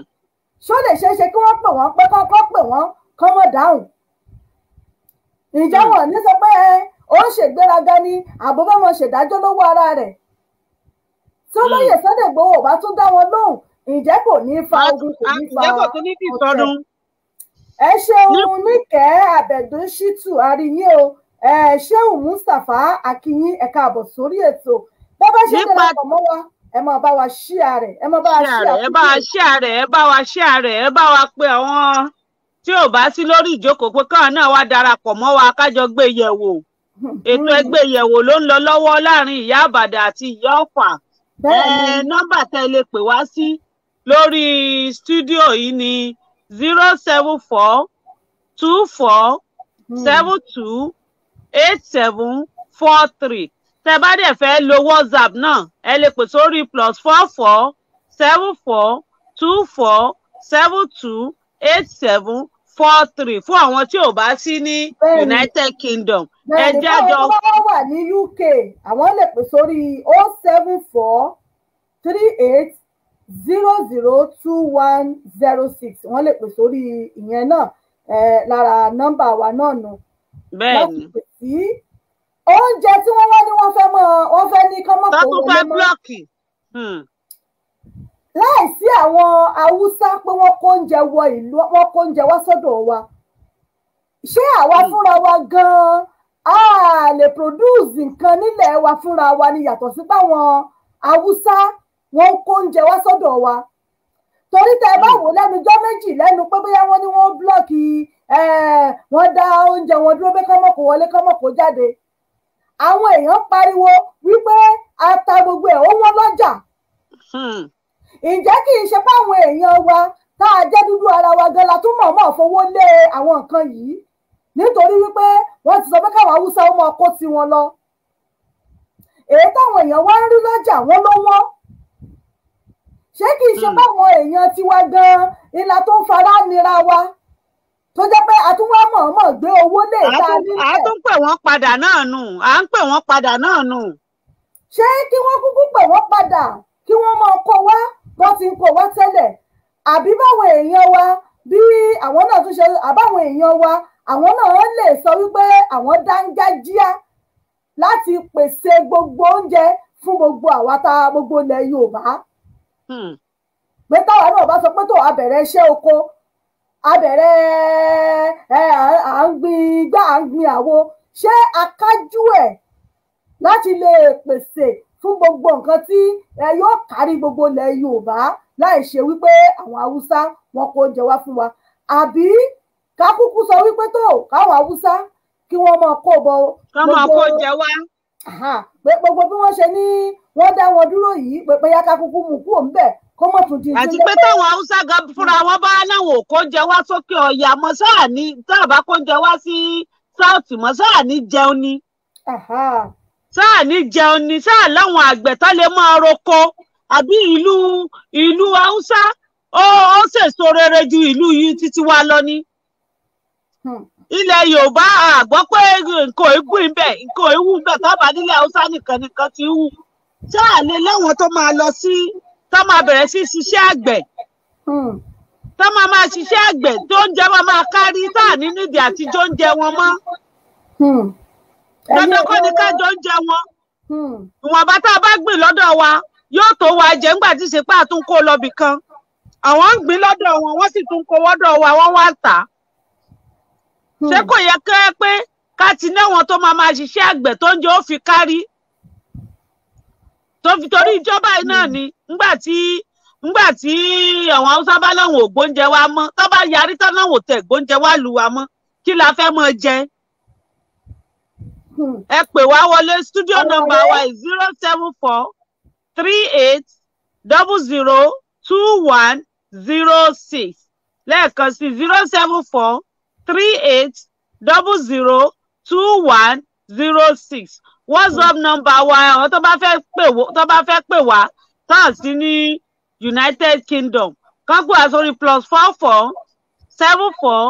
ṣó lè ṣe é ṣe kí wọ́n pè wọ́n pé kọ́kọ́ pè wọ́n kọ́ mọ̀ dáhùn. ìjọwọ́ hmm. ní sọ pé ó ń ṣègbéraga ni àbúrò wọn ṣèdájọ́ lọ́wọ́ ara rẹ̀. tí hmm. olóyè Sunday Igboho bá tún dá wọn lóhùn ǹjẹ́ ní fa ogun kò ní fa ọ̀tẹ̀ ẹ ṣeun níkẹ́ àbẹ̀dún ṣítù àríyìn o ẹ ṣeun mustapha akínyìn ẹ̀ka àbọ̀ sórí ètò bẹ́ẹ̀ bá ṣe dẹ̀rẹ̀ pọ̀ mọ́ wa ẹ máa bá wa ṣíà rẹ̀ ẹ máa bá wa ṣíà rẹ̀ ẹ bá wa ṣíà rẹ̀ ẹ bá wa ṣíà rẹ̀ ẹ bá wa pé àwọn tí ò bá sí lórí ìjókòó pé káwọn náà wá darapọ̀ mọ́ wa kájọ gbé yẹ̀wò ètò ẹgbẹ́ yẹ̀wò ló ń lọ lọ́wọ́ láàrin ìyá àbàdà àti ìyá ọ̀fà nọ́mbà tẹ́ lè pè wá sí lórí stúdíò yìí ni zero seven four two four seven two eight seven four three tẹ bá dẹ̀ fẹ́ lo whatsapp náà ẹ lè pè sórí plus four four seven four two four seven two eight seven four three fún àwọn tí ò bá sí ní united kingdom ẹ jájọ. bẹ́ẹ̀ni báwo wà ní uk àwọn lè pè sórí oh seven four three eight zero zero two one zero six wọ́n lè pè sórí ìyẹn náà lára nọ́mbà wa náà nù. bẹ́ẹ̀ni oúnjẹ tí wọ́n wá ní wọ́n fẹ́ mọ wọ́n fẹ́ ní kọmọkò wọlé mọ. tọkùn fẹ́ búlọọkì. Hmm. láì sí àwọn haúsá pé wọ́n kó oúnjẹ wọ ìlú wọ́n kó oúnjẹ wá sọ́dọ̀ wa ṣé àwa hmm. fúnra wa gan-an a lè produce nǹkan nílẹ̀ wa fúnra wa ni yàtọ̀ sí páwọn haúsá wọ́n kó oúnjẹ wá sọ́dọ̀ wa torí tẹ bá hmm. wò lẹ́nujọ́ méjì lẹ́nu pé bóyá wọ́n ní wọ́n búlọ́ọ̀kì wọ́n dá oúnjẹ wọn dúró pé kọ́mọ̀kò wọlé kọ́mọ̀kò jáde àwọn èèyàn pariwo wípé ata gbogbo ẹ̀ ó wọ́n lọ́jà hmm. ǹjẹ́ kì í ṣe báwọn èèyàn wa tá a jẹ́ dúdú ara wa gan la tún mọ̀ọ́mọ̀ fowó lé àwọn nǹkan yìí nítorí wípé wọ́n ti sọ pé káwọn haúsá ó máa kó tiwọn lọ èyí táwọn èèyàn wá ń rí lọ́jà wọ́n ló ṣé kì í ṣe hmm. báwọn èèyàn tiwa gan ilà tó ń fara nira wa tó jẹ́ pé àtúnwá mọ̀ọ́mọ̀ gbé owó lè ta nílẹ̀. a tún pè wọ́n padà náà nù à ń pè wọ́n padà náà nù. ṣé kí wọ́n kúkú pè wọ́n padà kí wọ́n máa kó wá bó ti ń kó wá tẹ́lẹ̀ àbí báwọn èèyàn wa bí àwọn náà tún ṣe àbáwọn èèyàn wa àwọn náà lè sọ wípé àwọn dángájíá láti pèsè gbogbo oúnjẹ fún gbogbo àwa ta gbogbo ilẹ̀ Yorùbá Hmm. pé táwa náà bá sọ pé tó a bẹ̀rẹ̀ iṣẹ́ oko a bẹ̀rẹ̀ ẹ à ń gbin igbá à ń gbin àwo ṣé akájú ẹ̀ láti lè pèsè fún gbogbo nǹkan tí ẹ yóò kárí gbogbo ilẹ̀ Yorùbá láì ṣe wípé àwọn Haúsá wọn kò jẹ wá fún wa àbí ká kúkú sọ wípé tó káwọn Haúsá kí wọ́n máa kó bọ. kọ́ máa kó jẹ wá pé gbogbo bí wọ́n ṣe ní wọ́n dá wọn dúró yìí pé bóyá ká kúkú mú kúrò ńbẹ̀ kó mọ̀ tún di. àti pé táwọn haúsá gan fúnra wọn bá láwọn ò kó jẹ wá sókè ọ̀yà mọ́ ní tá a bá kó jẹ wá sí south mọ́ sáà ní jẹun ni. sáà ní jẹun ni sáà láwọn àgbẹ̀ tó lè máa roko àbí ìlú ìlú haúsá ó ṣèso rere ju ìlú yìí títí wá lọ ni. Hmm. ilẹ̀ yorùbá àgbọ́ pé nǹkan ìwú ńbẹ̀ nǹkan ìwú ńbẹ̀ tábà nílẹ̀ haúsá nìkan nìkan ti wù ṣáà lè láwọn tó máa lọ sí tó máa bẹ̀rẹ̀ sí ṣiṣẹ́ àgbẹ̀ hmm. tó máa máa ṣiṣẹ́ àgbẹ̀ tó ń jẹ wọn máa kárí à ní nídìí àti mọ́ kọ́ ni kájọ ń jẹ wọn hmm. hmm. bá gbìn lọ́dọ̀ wa yóò tó wa jẹ́ ńgbà tí lọ́bì kan àwọn Hmm. ṣé kò yẹ kẹ́ pé ká ti náwọn tó máa máa ṣiṣẹ́ àgbẹ̀ tó ń jẹ́ ó fi kárí tó fi torí ìjọba yìí náà ni ńgbà tí ńgbà tí àwọn haúsá bá láwọn ò gbóúnjẹ wa mọ́ tó bá yarí tán láwọn ò tẹ̀ gbóúnjẹ wa lù wa mọ́ kí la fẹ́ mọ jẹ hmm. ẹ pè wá wọlé studio number wa is zero seven four three eight double zero two one zero six lẹ́ẹ̀kan sí zero seven four three eight double zero two one zero six whatsapp number wa àwọn tó bá fẹ́ pè wá tó bá fẹ́ pè wá tán sí ní united kingdom kán pè wá plus four four seven four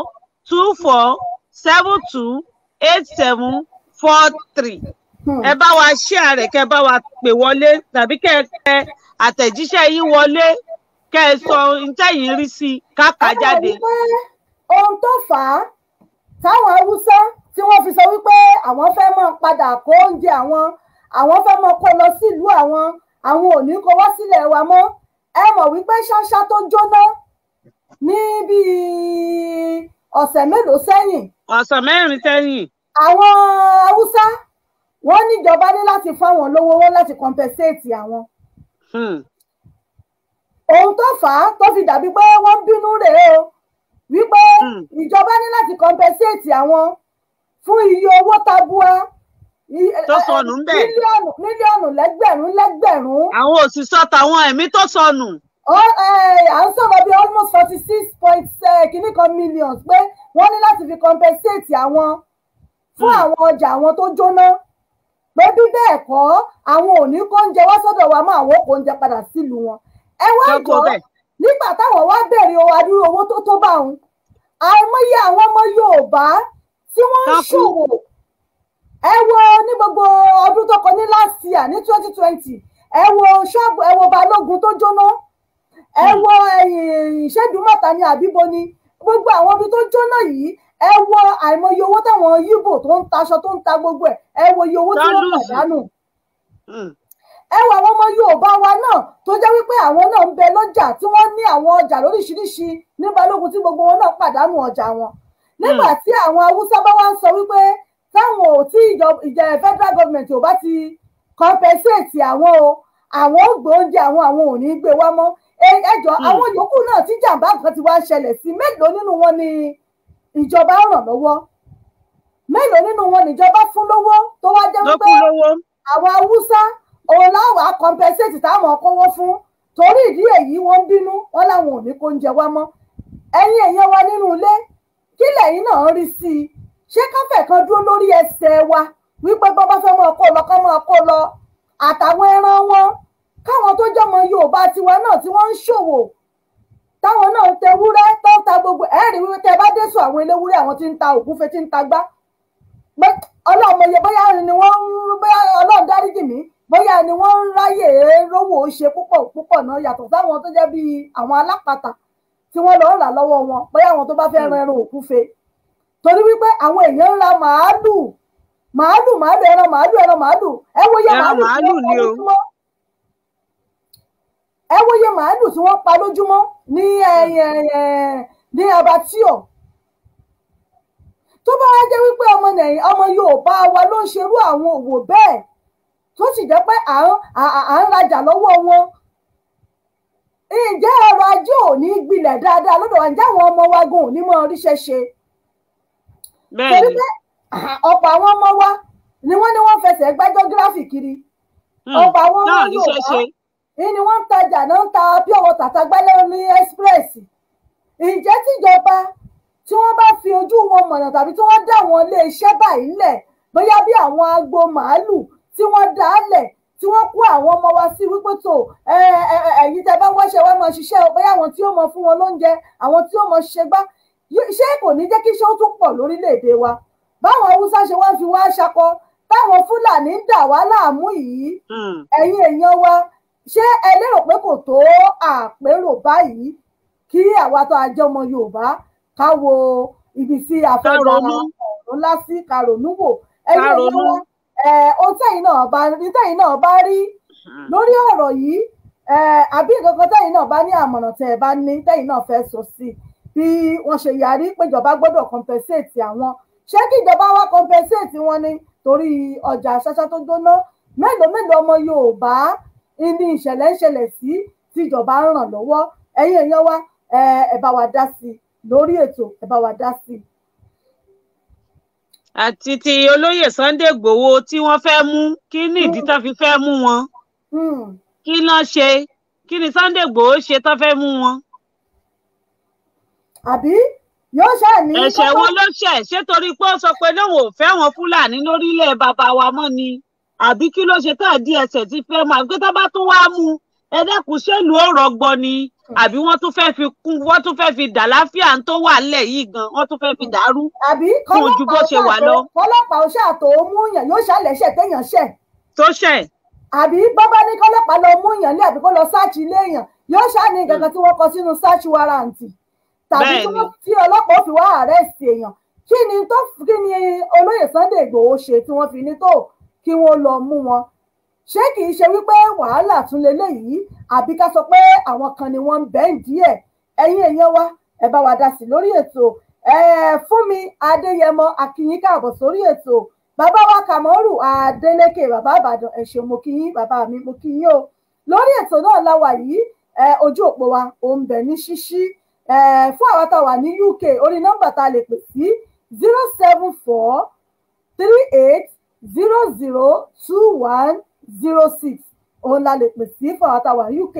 two four seven two eight seven four three hmm. ẹ bá wa share rẹ̀ kẹ́ bá wa pè wọlé tàbí kẹ́ ẹ àtẹ̀jíṣẹ́ yín wọlé kẹ́ ẹ sọ ntẹ̀yìn rí sí káàkà jáde ohun tó fà á táwọn haúsá tí wọ́n fi sọ wípé àwọn fẹ́ mọ́ padà kó oúnjẹ àwọn àwọn fẹ́ mọ́ kó lọ sílùú àwọn àwọn ò ní kó wá sílẹ̀ wa mọ́ ẹ mọ̀ wípé ṣáṣá tó jóná ní bíi ọ̀sẹ̀ mélòó sẹ́yìn. ọ̀sẹ̀ mẹ́rin sẹ́yìn. àwọn haúsá wọ́n níjọba ní láti fáwọn lówó wọn láti compensate àwọn. Hmm. ohun tó fà á tó fi dàbí pé wọ́n bínú rèé o wípé hmm. ìjọba ní láti compensate àwọn fún iye owó tabua tó sọnù ń bẹ mílíọ̀nù mílíọ̀nù lẹ́gbẹ̀rún lẹ́gbẹ̀rún. àwọn òṣìṣẹ́ tàwọn ẹ̀mí tó sọnù. à ń sọ̀rọ̀ bíi almost forty six point kìíní kan million pé wọ́n ní láti fi compensate àwọn fún hmm. àwọn ọjà àwọn tó jóná pé bí bẹ́ẹ̀ kọ́ àwọn ò ní kó oúnjẹ wá sọ́dọ̀ wa mọ́ àwọn kó oúnjẹ padà sílùú wọn. ẹ wá jọ nígbà táwọn wá bẹ̀rẹ̀ adúrú owó tó tó bá òun àìmọye àwọn ọmọ Yorùbá tí wọ́n ń ṣòwò ẹ wo ní gbogbo ọdún tó kọ ní last year ní twenty twenty ẹ wo ṣọ́ọ̀bù ẹ wo Balógun tó jóná ẹ hmm. wo Ìṣẹ́dùmọ̀ta ní àbíbo gbogbo àwọn ibi tó jóná yìí ẹ wo àìmọye owó táwọn Yíbò tó ń taṣọ tó ń ta gbogbo ẹ ẹ wo iye owó tí wọ́n pàdánù. Hmm ẹ wo àwọn ọmọ Yorùbá wa náà tó jẹ́ wípé àwọn náà ń bẹ lọ́jà tí wọ́n ní àwọn ọjà lóríṣiríṣi ní Balógun tí gbogbo wọn náà pàdánù ọjà wọn hmm. nígbà tí àwọn Haúsá bá wá ń sọ wípé táwọn ò tí ìjẹ federal government ò bá ti compensate àwọn o àwọn ò gbé oúnjẹ àwọn àwọn ò ní gbé wá mọ́ ẹjọ́ hmm. àwọn yòókù náà tí jàǹbá kan ti wá ṣẹlẹ̀ sí mélòó nínú wọn ni ìjọba ràn lọ́wọ́ mélòó nínú wọn níjọba fún lówó tó wá jẹ́ wípé àwọn Haúsá òun láwà compensate táwọn kówó fún torí ìdí èyí wọ́n ń bínú wọn láwọn ò ní kó ń jẹ wá mọ́ ẹ̀yin èèyàn wa nínú ilé kí lẹ́yìn náà rí sí i ṣé káfẹ́ kan dúró lórí ẹsẹ̀ wa wípé bọ́ bá fẹ́ máa kó lọ kán máa kó lọ àtàwọn ẹran wọn káwọn tó jọmọ Yorùbá tiwa náà tí wọ́n ń ṣòwò táwọn náà ń tewúrẹ́ tó ń ta gbogbo ẹ̀ rí wípé tẹ bá dé sùn àwọn eléwúrẹ́ àwọn tí ń ta òkúfe tí ń ta gbá ọlọ́mọye bóyá ni wọ́n ń bóyá ọlọ́run dáríjì mí bóyá ni wọ́n ń ráyè rówó ṣe púpọ̀ púpọ̀ náà yàtọ̀ sáwọn tó jẹ́ bíi àwọn alápatà tí wọ́n lọ́ọ́ rà lọ́wọ́ wọn bóyá àwọn tó bá fẹ́ hmm. ran ẹran òkúfe torí wípé àwọn èèyàn ń ra màálù màálù màálù ẹran màálù ẹran màálù ẹ wo iye màálù tí wọ́n pa lójúmọ́ ẹ wo iye màálù tí wọ́n pa lójúmọ́ ní hmm. ní abatio tó bá wá jẹ́ wípé ọmọ Yorùbá wa ló ń ṣerú àwọn òwò bẹ́ẹ̀ tó sì jẹ́ pé à ń rajà lọ́wọ́ wọn ǹjẹ́ ọrọ̀ ajé ò ní gbilẹ̀ dáadáa lọ́dọ̀ ǹjẹ́ àwọn ọmọ wa gan ò ní mọ oríṣẹ́ ṣe. torí pé ọ̀pọ̀ àwọn ọmọ wa ni wọ́n ní wọ́n fẹsẹ̀ gbẹ́jọ́ gíráfì kiri hmm. ọ̀pọ̀ àwọn ọmọ Yorùbá ni wọ́n ń tajà náà ń ta pure water tagbálẹ̀ ní express ǹjẹ́ tíjọba tí wọ́n bá fi ojú wọn mọ̀nà tàbí tí wọ́n dá àwọn ilé iṣẹ́ báyìí lẹ̀ bóyá bí àwọn agbo màálù tí wọ́n dálẹ̀ tí wọ́n kó àwọn ọmọ wa sí wípé tó ẹ̀yin tẹ́ bá wáṣẹ wá máa ṣiṣẹ́ ọ bóyá àwọn tí ó mọ fún wọn lóúnjẹ àwọn tí ó mọ ṣe gbá ṣé kò ní jẹ́ kí iṣẹ́ ó tún pọ̀ lórílẹ̀‐èdè wa báwọn haúsá ṣe wá fi wá ṣakọ táwọn fúlàní ń dà wá láàmú yìí hmm. ẹ̀yin èèyàn wa ṣé ẹ lérò pé kò tó àpérò báyìí kí àwa tó ajẹ́ ọmọ yorùbá ká wo ibi tí a fẹ́ ńlá sí ká wò ẹ̀yin èèyàn wa ohun tẹ́yìn náà bá rí tẹ́yìn náà bá rí lórí ọ̀rọ̀ yìí àbí nǹkan kan tẹ́yìn náà bá ní àmọ̀ràn tẹ́ ẹ bá ní tẹ́yìn náà fẹ́ sọ sí bí wọ́n ṣe yarí péjọba gbọ́dọ̀ compensate àwọn ṣé kíjọba wá compensate wọn ni torí ọjà ṣáṣá tó gbóná mélòó mélòó ọmọ Yorùbá ní ìṣẹ̀lẹ̀ ń ṣẹlẹ̀ sí tíjọba ń ràn lọ́wọ́ ẹ̀yin èèyàn wa ẹ bá wa dá sí lórí ètò ẹ bá wa dá sí i àti ti olóyè Sunday Igboho tí wọ́n fẹ́ mú kí nìdí tán fi fẹ́ mú wọn hmm. kí lọ́n ṣe kí ni Sunday Igboho ṣe tán fẹ́ mú wọn. àbí yóò ṣe ní. ẹ̀ṣẹ̀ wo ló ṣẹ̀ ṣé torí pé ó sọ pé lóun ò fẹ́ wọn fúlàní lórílẹ̀ bàbá wa mọ́ ni àbí kí ló ṣe tá à dí ẹsẹ̀ tí fẹ́ mọ́ àbí pé tá bá tún wá mú ẹ dẹ́kun ṣèlú ọ̀rọ̀ gbọ́ ni àbí wọ́n tún fẹ́ẹ́ fi kún wọ́n tún fẹ́ẹ́ fi dàláfíà tó wà lẹ̀ yìí gan wọ́n tún fẹ́ẹ́ fi dàrú fún ojú bó ṣe wà lọ. kọ́lọ́pàá ọṣẹ àtò mú yàn yóò ṣàlẹṣẹ téèyàn ṣẹ. tó ṣẹ. àbí bọ́bá ní kọ́lọ́pàá lọ mú yàn ní àbí kó lọ sáàchì ilé èèyàn yóò ṣàní gangan tí wọ́n kọ sínú search warrant tàbí tí ọlọ́pàá fi wá àrẹ́sì èèyàn kí ni olóyè Sunday Ìgbòho ṣe tí wọ́n fi ní tó kí wọ́n lọ mú wọn ṣé kì í ṣe wípé wàhálà tún leléyìí àbí ká sọ pé àwọn kan ni wọ́n ń bẹ́ ń díẹ̀ ẹ̀yin èèyàn wa ẹ bá wa dá sí lórí ètò Fúnmi Adéyẹmọ akínyín káàbọ̀ sórí ètò bàbá wa Kàmọ́rù Adélékè bàbá Ìbàdàn ẹ mo kí yín bàbá mi mo kí yín o lórí ètò náà la wà yìí ojú òpó wa ò ń bẹ ní ṣíṣí fún àwa tá a wà ní UK orí nọ́mbà tá a lè pè sí zero seven four three eight zero zero two one zero six òun la lè pè sí fàwọn tá a UK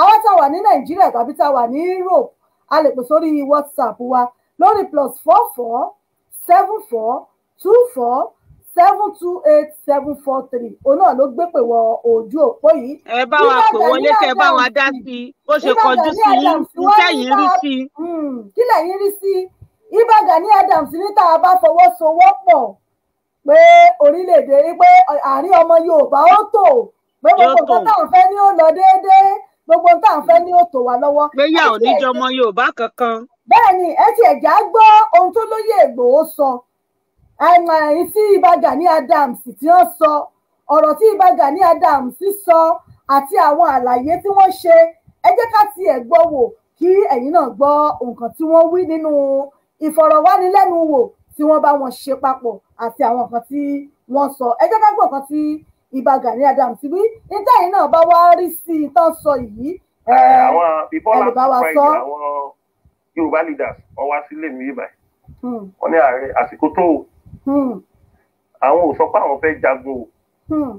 àwọn tá a wà ní Nàìjíríà tàbí tá ní Europe a lè pè sórí WhatsApp wa lórí plus four four seven four two four seven two eight seven four three òun náà ló gbé pè wọ ojú òpó yìí. ẹ bá wa pè wọlé kẹ bá wa dá sí i bó ṣe kọjú sí i iṣẹ́ yìí hmm, rí sí i. kí lẹ̀yin rí sí i Ìbà Gani Adams ní tá a bá fọwọ́sowọ́pọ̀ pé orílẹ̀-èdè pé àárín ọmọ Yorùbá ó tò pé gbogbo nǹkan tá à ń fẹ́ ni ó lọ déédéé gbogbo nǹkan tá à ń fẹ́ ni ó tò wá lọ́wọ́. gbéyà ò ní jọmọ Yorùbá kankan. bẹ́ẹ̀ ni ẹ ti ẹ̀já gbọ́ ohun tó lóye Ìgbòho sọ ẹ̀yìn tí Ìbà Gani Adams ti ń sọ ọ̀rọ̀ tí Ìbà Gani Adams sọ àti àwọn àlàyé tí wọ́n ṣe ẹ jẹ́ ká tiẹ̀ gbọ́ wò kí ẹ̀yin náà gbọ́ nǹkan tí wọ́n wí nínú ìfọ̀rọ̀wánilẹ́nuwò tí wọ́n bá wọn ṣe papọ̀ àti àwọn nǹkan tí wọ́n sọ ẹ jẹ́ ká gbọ́ nǹkan tí Ìbà Gani Adams wí níta yìí náà bá wá rí sí i tán sọ yìí ẹ ẹ bá wa sọ. Yorùbá leaders wọ́n wá sílé mi ibà hmm. wọ́n ní ààrẹ àsìkò tó o hmm. àwọn ò sọ pé àwọn fẹ́ jagun o hmm.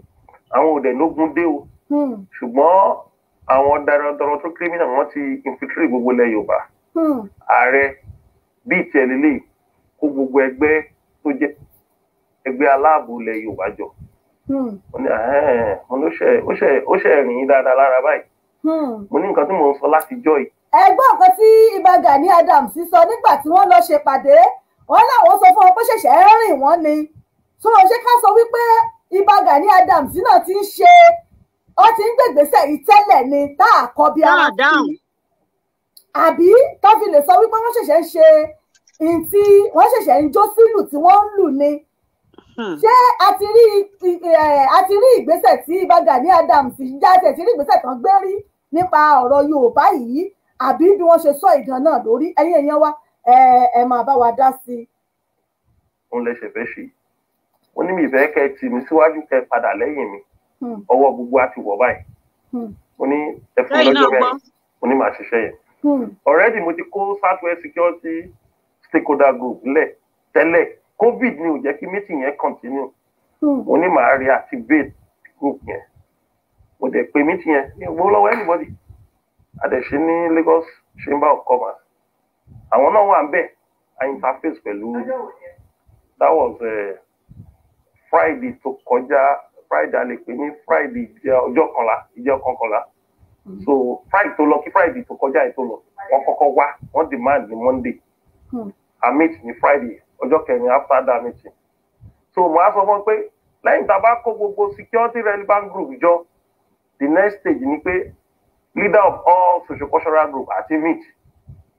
àwọn ò dẹ̀ lógun dé o ṣùgbọ́n àwọn darandaran tó kírímìnà wọ́n ti infiltrate gbogbo ilẹ̀ Yorùbá ààrẹ bíi tiẹ̀ lélẹ́yìí kó gbogbo ẹgbẹ́ tó jẹ́ ẹgbẹ́ aláàbò ilẹ̀ Yorùbá jọ mo hmm. ní mo ní ó ṣe rìn dáadáa lára báyìí hmm. mo ní nǹkan tí mò ń sọ láti jọ yìí. ẹ gbọ́ tí Ìbà Gani Adams sọ nígbà tí wọ́n lọ ṣèpàdé wọn làwọn sọ fún wọn pé ṣẹ̀ṣẹ̀ rìn wọ́n ni tó ṣe ká sọ wípé Ìbà Gani Adams náà ti ń ṣe ó ti ń gbègbèsè ìtẹ́lẹ̀ ni tá a kọ bí ara sí àbí tó fi lè sọ wípé wọ́n ṣẹ̀ṣẹ̀ ń ṣe ntí wọ́n ṣẹ̀ṣẹ̀ ń jó sílù tí wọ́n ń lù ni hmm. ṣé a ti rí a ti rí ìgbésẹ̀ tí Ìbà Gani Adams jáde ti rí ìgbésẹ̀ tán gbé rí nípa ọ̀rọ̀ Yorùbá yìí àbí bí wọ́n ṣe sọ ìdán náà lórí ẹ̀yin èèyàn wa ẹ máa bá wa dá sí i. òun lè ṣe fẹ́ ṣe ó ní mi ìfẹ́ kẹ́ tì mí síwájú kẹ́ padà lẹ́yìn mi hmm. ọwọ́ gbogbo á ti wọ̀ báyìí hmm. ó ní ẹ fún mi lọ́jọ́ mẹ́rin ó ní màá ṣiṣẹ́ yẹn already mo ti kó Southwest Security stakeholder group lẹ̀ tẹ́lẹ̀ covid ni ò jẹ́ kí meeting yẹn continue hmm. mo ni màá reactivate group yẹn mo dẹ̀ pé meeting yẹn ní ìwọ lọ́wọ́ anybody àdẹ̀ṣe ní Lagos Chamber of Commerce àwọn náà wà ń bẹ̀ interface pẹ̀lú that was uh, Friday to kọjá Friday a lè pè ní Friday ọjọ́ kanla ìjẹ́ kankanla hmm. so Friday tó lọ kí Friday to kọjá yìí tó lọ wọ́n kọ́kọ́ wá wọ́n demand ni Monday. Hmm. a meet ní friday ọjọ́ kẹrin after that meeting so mo á sọ fún ọ pé lẹ́yìn tá a bá kó gbogbo security relevant group jọ the next stage ni pé leader of all social sociocultural group àti meet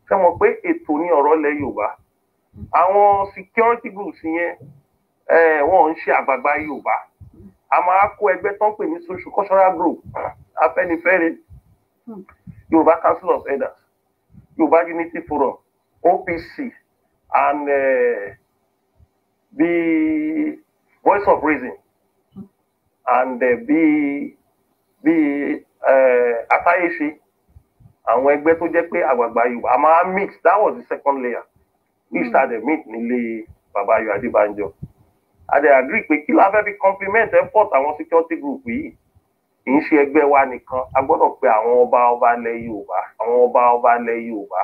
ṣe mọ̀ pé ètò ní ọ̀rọ̀ ilẹ̀ yorùbá àwọn security groups yẹn wọn ń ṣe àgbàgbà yorùbá a máa kó ẹgbẹ́ tán pè ní sociocultural group afẹ́nifẹ́re hmm. yorùbá council of elders yorùbá unity forum OPC, and uh, the Voice of Reason, and uh, the the uh, Atayeshi, àwọn ẹgbẹ́ tó jẹ́ pé àgbààgbà Yorùbá a máa meet that was the second layer we mm. started meet nílé bàbá Ayọ̀ Adébánjọ a dẹ̀ agree pé kí la fi compliment effort àwọn security group yìí kì í ṣe ẹgbẹ́ wa nìkan a gbọ́dọ̀ pe àwọn ọba ọba ilẹ̀ Yorùbá àwọn ọba ọba ilẹ̀ Yorùbá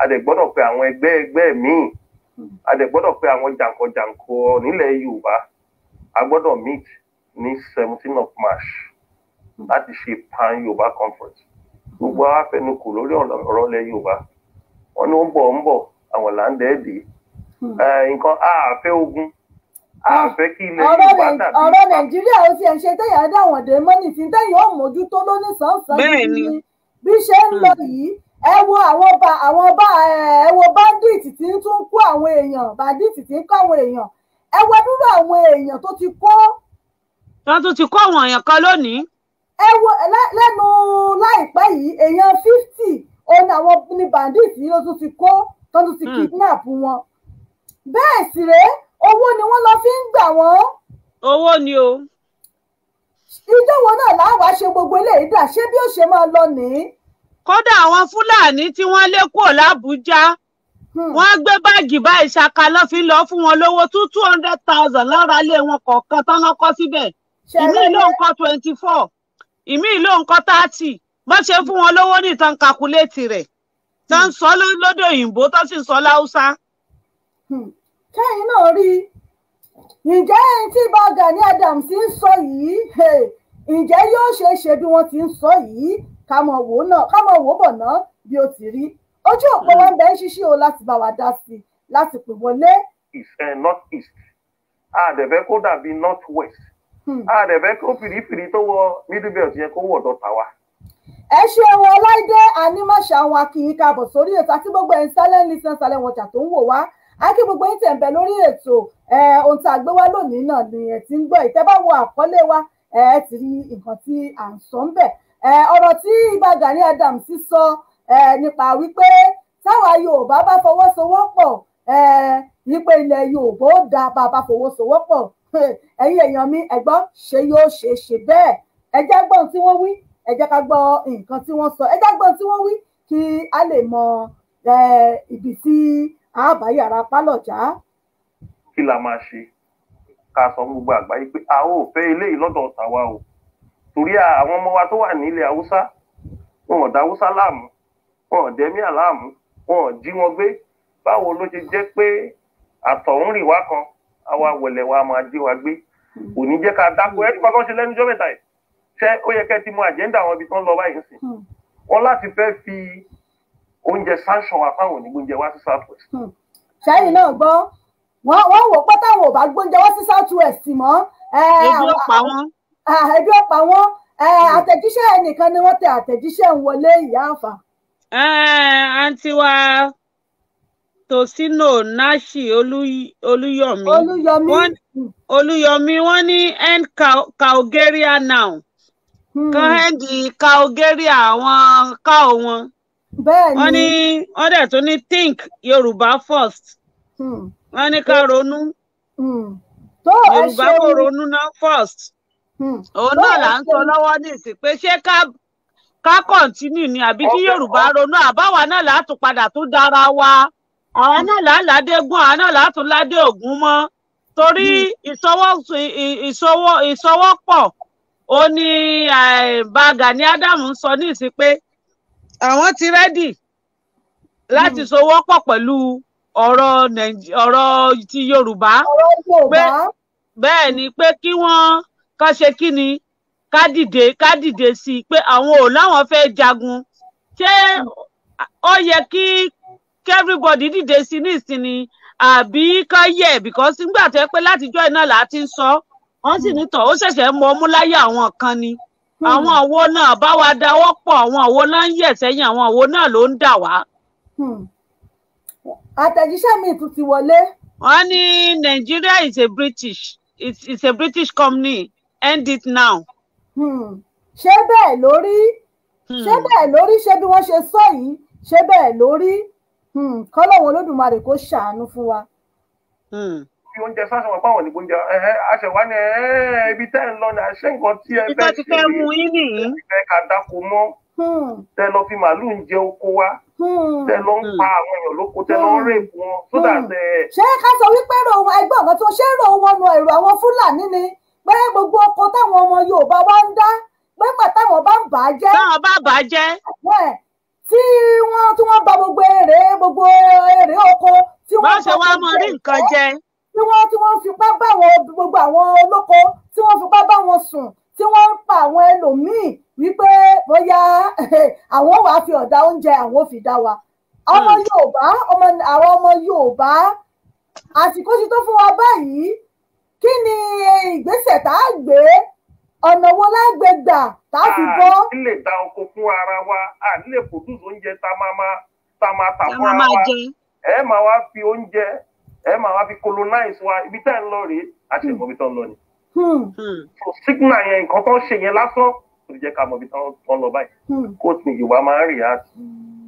a dẹ̀ gbọ́dọ̀ pé àwọn ẹgbẹ́ ẹgbẹ́ míì a dẹ̀ gbọ́dọ̀ pé àwọn jàǹkànjàǹkò nílẹ̀ yorùbá a gbọ́dọ̀ meet ní seventeen of march láti ṣe pan yorùbá conference gbogbo àwọn afẹnukò lórí ọ̀rọ̀ ilẹ̀ yorùbá wọn ni ó ń bọ̀ ń bọ̀ àwọn là dé nǹkan àfẹ́ ogun àfẹ́ kí ilẹ̀ yorùbá dàbí. ọ̀rọ̀ nàìjíríà ó ti ẹ̀ ṣe dáwọ̀n dé mọ́nì mójútó lónìí sàn ẹ wo àwọn bá àwọn bá ẹ wo bandit tí ń tún kó àwọn èèyàn bandit tí ń kó àwọn èèyàn ẹ wo dúró àwọn èèyàn tó ti kó. wọ́n tún ti kó àwọn èèyàn kan lónìí. ẹ wo lẹ́nu láìpẹ́ yìí èèyàn fifty òun àwọn ni bandit yìí ló tún ti kó tó tún ti hmm. kidnap wọn. bẹ́ẹ̀ sì rèé owó ni wọ́n lọ fi ń gbà wọ́n. owó ni o. ìjọwọ́ náà làwọn àṣẹ gbogbo eléyìí dà ṣé bí ó ṣe máa lọ nìyí kódà àwọn fúlàní tí wọ́n lé kúrò lábújá hmm. wọ́n gbé báàgì báyìí ṣaka lọ fi lọ fún wọn lówó two two hundred thousand lára lé wọn kọ̀ọ̀kan tán lọ kọ́ síbẹ̀ ìmí ló ń kọ́ twenty four ìmí ló ń kọ́ thirty bó ṣe fún wọn lówó ní ìtàn kakuléètì rẹ̀ tán ń hmm. sọ lódò òyìnbó tó sì ń sọ láhúsá. kẹ́yìn hmm. náà rí ǹjẹ́ ẹni tí bá Gani Adams ń sọ yìí ǹjẹ́ yóò ṣeé ṣe bí wọ́n ti ń sọ yìí ká mọ wò náà ká mọ wò bọ̀ náà bí ó ti rí ojú òpó wọn bẹ ń ṣiṣẹ́ o láti bá wa dá sí i láti pè wọlé. east and north east kó dàbí north west àdẹ̀fẹ́ hmm. kó fìrífìrí tó wọ middle belt yẹn kó wọ̀ dọ́ta wa. ẹ ṣe ohun ọláìdé ànímọ̀ṣà àwọn akínyìn káàbọ̀ sórí ètò àti gbogbo ẹ̀ ń sálẹ̀ ní sàn sálẹ̀ wọn jà tó ń wò wá akí gbogbo yín tẹ̀ ń bẹ lórí ètò ohun tá a gbé wá lónìí náà ni ẹ̀ ti ń gbọ́ ìtẹ́ bá wo àkọlé wa ẹ̀ ti rí nǹkan tí à ń sọ ń bẹ̀ ọ̀rọ̀ tí ibà Gani Adams sọ nípa wípé táwa Yorùbá bá fọwọ́sowọ́pọ̀ wípé ilẹ̀ Yorùbá ó da bàbá fọwọ́sowọ́pọ̀ ẹ̀yin èèyàn mi ẹ̀gbọ́n ṣe yóò ṣe ṣe bẹ́ẹ̀ ẹ jẹ́ gbọ́n tí wọ́n wí ẹ jẹ́ ká gbọ́ nǹkan tí wọ́n sọ ẹ jẹ́ gbọ́n tí wọ́n wí kí a lè mọ ibi tí àbáyára pálọ̀já. kí la máa ṣe ká sọ fún gbogbo àgbáyé pé a ò fẹ́ eléyìí lọ́dọ̀ tàwa o torí àwọn ọmọ wa tó wà nílẹ̀ haúsá wọn ò dá haúsá láàmú wọn ò dẹ́mí àláàmú wọn ò jí wọn gbé báwo ló ṣe jẹ́ pé àtọ̀húnrìnwá kan àwa wẹ̀lẹ̀ wa máa jí wa gbé kò ní jẹ́ ká dákú ẹ̀rí kankan ṣe lẹ́nu jọ́mẹ́ta yìí ṣé ó yẹ kẹ́ ti mú àjẹ́ńdà àwọn ibi tán lọ báyìí sí hmm. wọn láti fẹ́ fi oúnjẹ sanction wa fáwọn south west. Hmm. sẹ́yìn náà gbọ́ wọ́n wọ́n wò pátá wọn ò bá gbóúnjẹ wá sí south west mọ́. èdè ó pa Ah, ẹjọ́ pa wọn eh, hmm. àtẹ̀jíṣẹ́ ẹnìkan ni wọ́n tẹ àtẹ̀jíṣẹ́ ń wọlé ìyá àfà. Eh, àǹtí wa Tòsínà Náṣì olúyọmí Olúyọ̀mí wọ́n ní end Calgaria now hmm. kan end Calgaria àwọn cow wọn wọ́n ní wọ́n dẹ̀ ní think Yorùbá first hmm. wọn ní ká ronú Yorùbá kò ronú náà first. Hmm. òun náà là ń sọ lọ́wọ́ nísìn pé ṣé ká ká kọ̀ǹtínú ni àbí kí Yorùbá ronú àbáwa náà látún padà tún dára wa àwọn náà làálàádégún àwọn náà látún ládé ògún mọ́ torí hmm. ìsọwọ́pọ̀ ó ní bàgà ní Ádámù ń sọ nísìn pé àwọn ti rẹ́dì láti hmm. sowọ́pọ̀ pẹ̀lú ọ̀rọ̀ ọ̀rọ̀ ti Yorùbá pé bẹ́ẹ̀ ni pé kí wọ́n ká ṣe kí ni ká dìde ká dìde sí i pé àwọn ò láwọn fẹ́ jagun ṣé ó yẹ kí everybody dìde sí i ní ìsinmi àbí ká yẹ because nígbà tó yẹ pé látijọ́ iná là á ti ń sọ wọ́n sì ní tọ̀ ó ṣẹ̀ṣẹ̀ mọ ọmú àwọn kan ni àwọn hmm. àwo náà bá wa dáwọ́ pọ̀ àwọn àwo náà ń yẹ̀ sẹ́yìn àwọn àwo náà ló ń dà wá. Hmm. àtẹ̀jíṣẹ́ mi tún ti wọlé. wọ́n ní Nigeria is a British it's, it's a British company end it now. Hmm. ṣé bẹ́ẹ̀ ló rí hmm. ṣé bẹ́ẹ̀ ló rí ṣé bí wọ́n ṣe sọ yìí ṣé bẹ́ẹ̀ ló rí hmm. kọ́lọ́wọ́n olódùmarè kó ṣàánú fún wa. bí oúnjẹ sáṣọ wọn báwọn ní oúnjẹ aṣẹwà ni ibi tẹ́ ẹ ń lọ ní àṣẹ nǹkan tí ẹ fẹ́ ti fẹ́ mú ẹ kà dáko mọ́ tẹ lọ fi màálùú ń jẹ oko wa tẹ lọ ń pa àwọn èèyàn lóko tẹ lọ ń rèébù wọn sódà tẹ. Eh, ṣé ká sọ wípé ẹgbẹ́ ọ̀gá tó ṣe ń rò wọn nu ẹ̀rọ àwọn fúlàní ni pé gbogbo ọkọ táwọn ọmọ Yorùbá wa ń dá pé mà táwọn bá ń bà á jẹ́. táwọn bá bà á jẹ́. tí wọ́n tí wọ́n bà gbogbo èrè gbogbo èrè oko. tí wọ́n bá ṣe wá mọ rí nǹkan jẹ. tí wọ́n tí wọ́n fipá bá gbogbo àwọn olóko tí wọ́n fipá bá sùn tí wọ́n ń pa àwọn ẹlòmíì wípé bóyá àwọn wàá fi ọ̀dà oúnjẹ àwọn ò fi dá wa ọmọ hmm. yorùbá àwọn ọmọ yorùbá àsìkò ti tó fún wa báyìí kí ni ìgbésẹ̀ tá a gbé ọ̀nà wo lágbè gbà tá a fi bọ́. a nílè ta oko fún ara wa a nílè produce oúnjẹ tá a máa máa tá a máa tà fún ara wa ẹ máa wá fi oúnjẹ ẹ máa wá fi colonize wa ibi tá ẹ ń lọ rèé àti ìmọ̀ hmm. ibi tó ń lọ ni. Hmm. Hmm. so signal yẹn nǹkan tó ń ṣe yẹn lásán kò ní jẹ́ ká mọ̀ ibi tó ń lọ báyìí kó tún ìwà máa ń rìn àti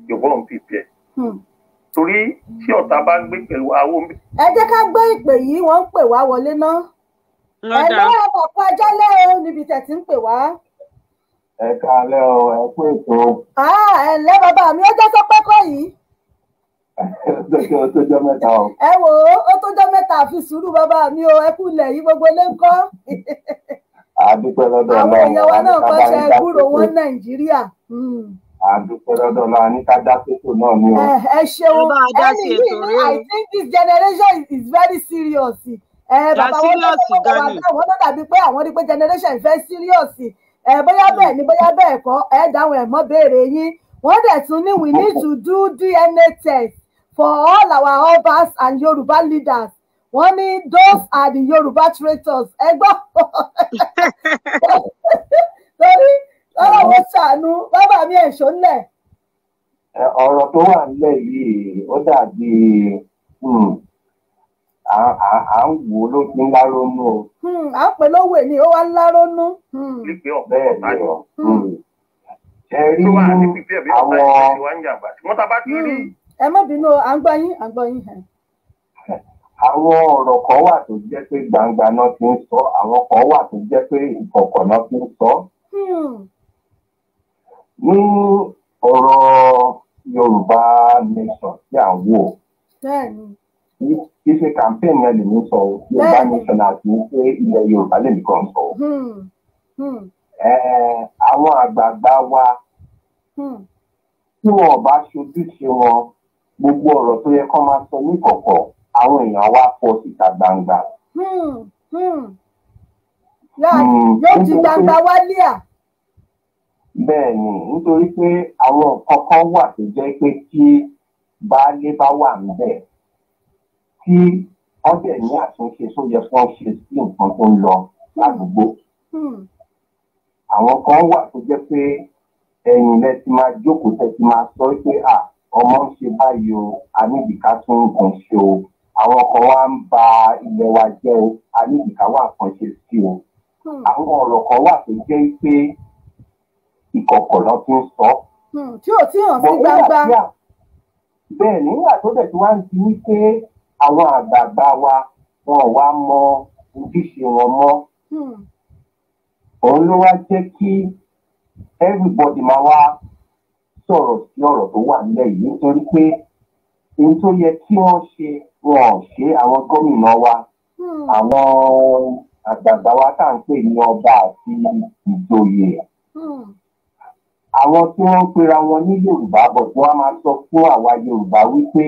yorùbá òun fi pè torí tí ọ̀tá bá ń gbé pẹ̀lú àwo mi. ẹ jẹ́ ká gbọ́ ìpè yìí wọ́n ń pè wá wọlé ná. lọ́dà ẹ lọ́wọ́ bàbá ajálẹ̀ o níbi tẹ̀sí ń pè wá. ẹ káalẹ́ o ẹ kú ètò. ẹ ǹlẹ́ bàbá mi ó jẹ́ sọ́pẹ́ kọ́ yìí. ó tójọ́ mẹ́ta o. ẹ wò ó ó tójọ́ mẹ́ta àfi sùúrù bàbá mi o ẹ kú ilẹ̀ yìí gbogbo ilé ń kọ́. àdúpẹ́ lọ́dọ̀ ọlọ́run àwọn èèyàn wa náà kọ́ ṣe kúrò wọn Nàìjíríà. Hmm àdúpẹ́ eh, ẹ ṣeun ẹni i think this generation is very serious. ẹ eh, bàbá wọn lọ́dọ̀ wọn lọ́dọ̀ àbí pé àwọn rí pé generation fẹ́ serious. ẹ eh, bóyá hmm. bẹ́ẹ̀ ni bóyá bẹ́ẹ̀ kọ́ ẹ dáhùn ẹ̀ mọ́ béèrè yín wọ́n dẹ̀ tún ní we need to do DNA test for all our Obas and Yoruba leaders wọ́n ní those are the Yoruba traitors ẹ gbọ́ ọlọ́run ṣàánú bàbá mi ẹ̀ṣọ́ ọ̀rọ̀ tó wà nílẹ̀ yìí ó dàbí hmm, à ń wò ó ló ti ń lárónú o. Hmm, à ń pè lówó èmi ó wá ń lárónú. Hmm. pípẹ́ ẹ̀ ẹ rí àwọn wọ́n ta bá ti rí. ẹ má bínú à ń gbọ́ yín à ń ti sọ àwọn kan wà tó jẹ́ pé ìkọ̀kọ̀ náà ti sọ. ní ọ̀rọ̀ Yorùbá nation tí à ń wò kì í ṣe campaign Yorùbá nation àti ṣé ilẹ̀ Yorùbá lè nìkan sọ o hmm. Hmm. àwọn àgbààgbà wa hmm. wọn bá ṣojúṣe wọn gbogbo ọ̀rọ̀ tó yẹ máa sọ àwọn èèyàn pọ̀ síta bẹ́ẹ̀ ni nítorí pé àwọn nǹkan kan wà tó jẹ́ pé tí baálé bá wà níbẹ̀ tí wọ́n dẹ̀ ní àtúnṣe tó yẹ kí wọ́n ṣe sí nǹkan tó ń lọ ládùúgbò. Hmm. àwọn kan wà tó jẹ́ pé ẹ̀yìn lẹ ti máa jókòó tẹ ti máa sọ pé à ọmọ ń ṣe báyìí o àníbìkà tún nǹkan ṣe o àwọn kan wá ń ba ilẹ̀ wa jẹ́ o àníbìkà wà kan ṣe sí o. Hmm. àwọn ọ̀rọ̀ kan wà tó jẹ́ pé ìkọ̀kọ̀ lọ ti ń sọ. Hmm, tí ò tí hàn sí gbangba. bẹ́ẹ̀ nígbà tó dẹ̀ tí wá ń di wípé àwọn àgbààgbà wa wọn ò wá mọ ojúṣe wọn mọ́. Hmm. òun ló wá jẹ́ kí everybody máa wá sọ̀rọ̀ sí ọ̀rọ̀ tó wà nílẹ̀ yìí nítorí pé ohun tó yẹ kí wọ́n ṣe wọn ò ṣe àwọn gómìnà wa hmm. àwọn àgbààgbà wa tá à ń pè ní ọba àti ìjòyè àwọn tí wọ́n ń pera wọn ní yorùbá bọ̀ tí wọ́n máa sọ fún àwa yorùbá wípé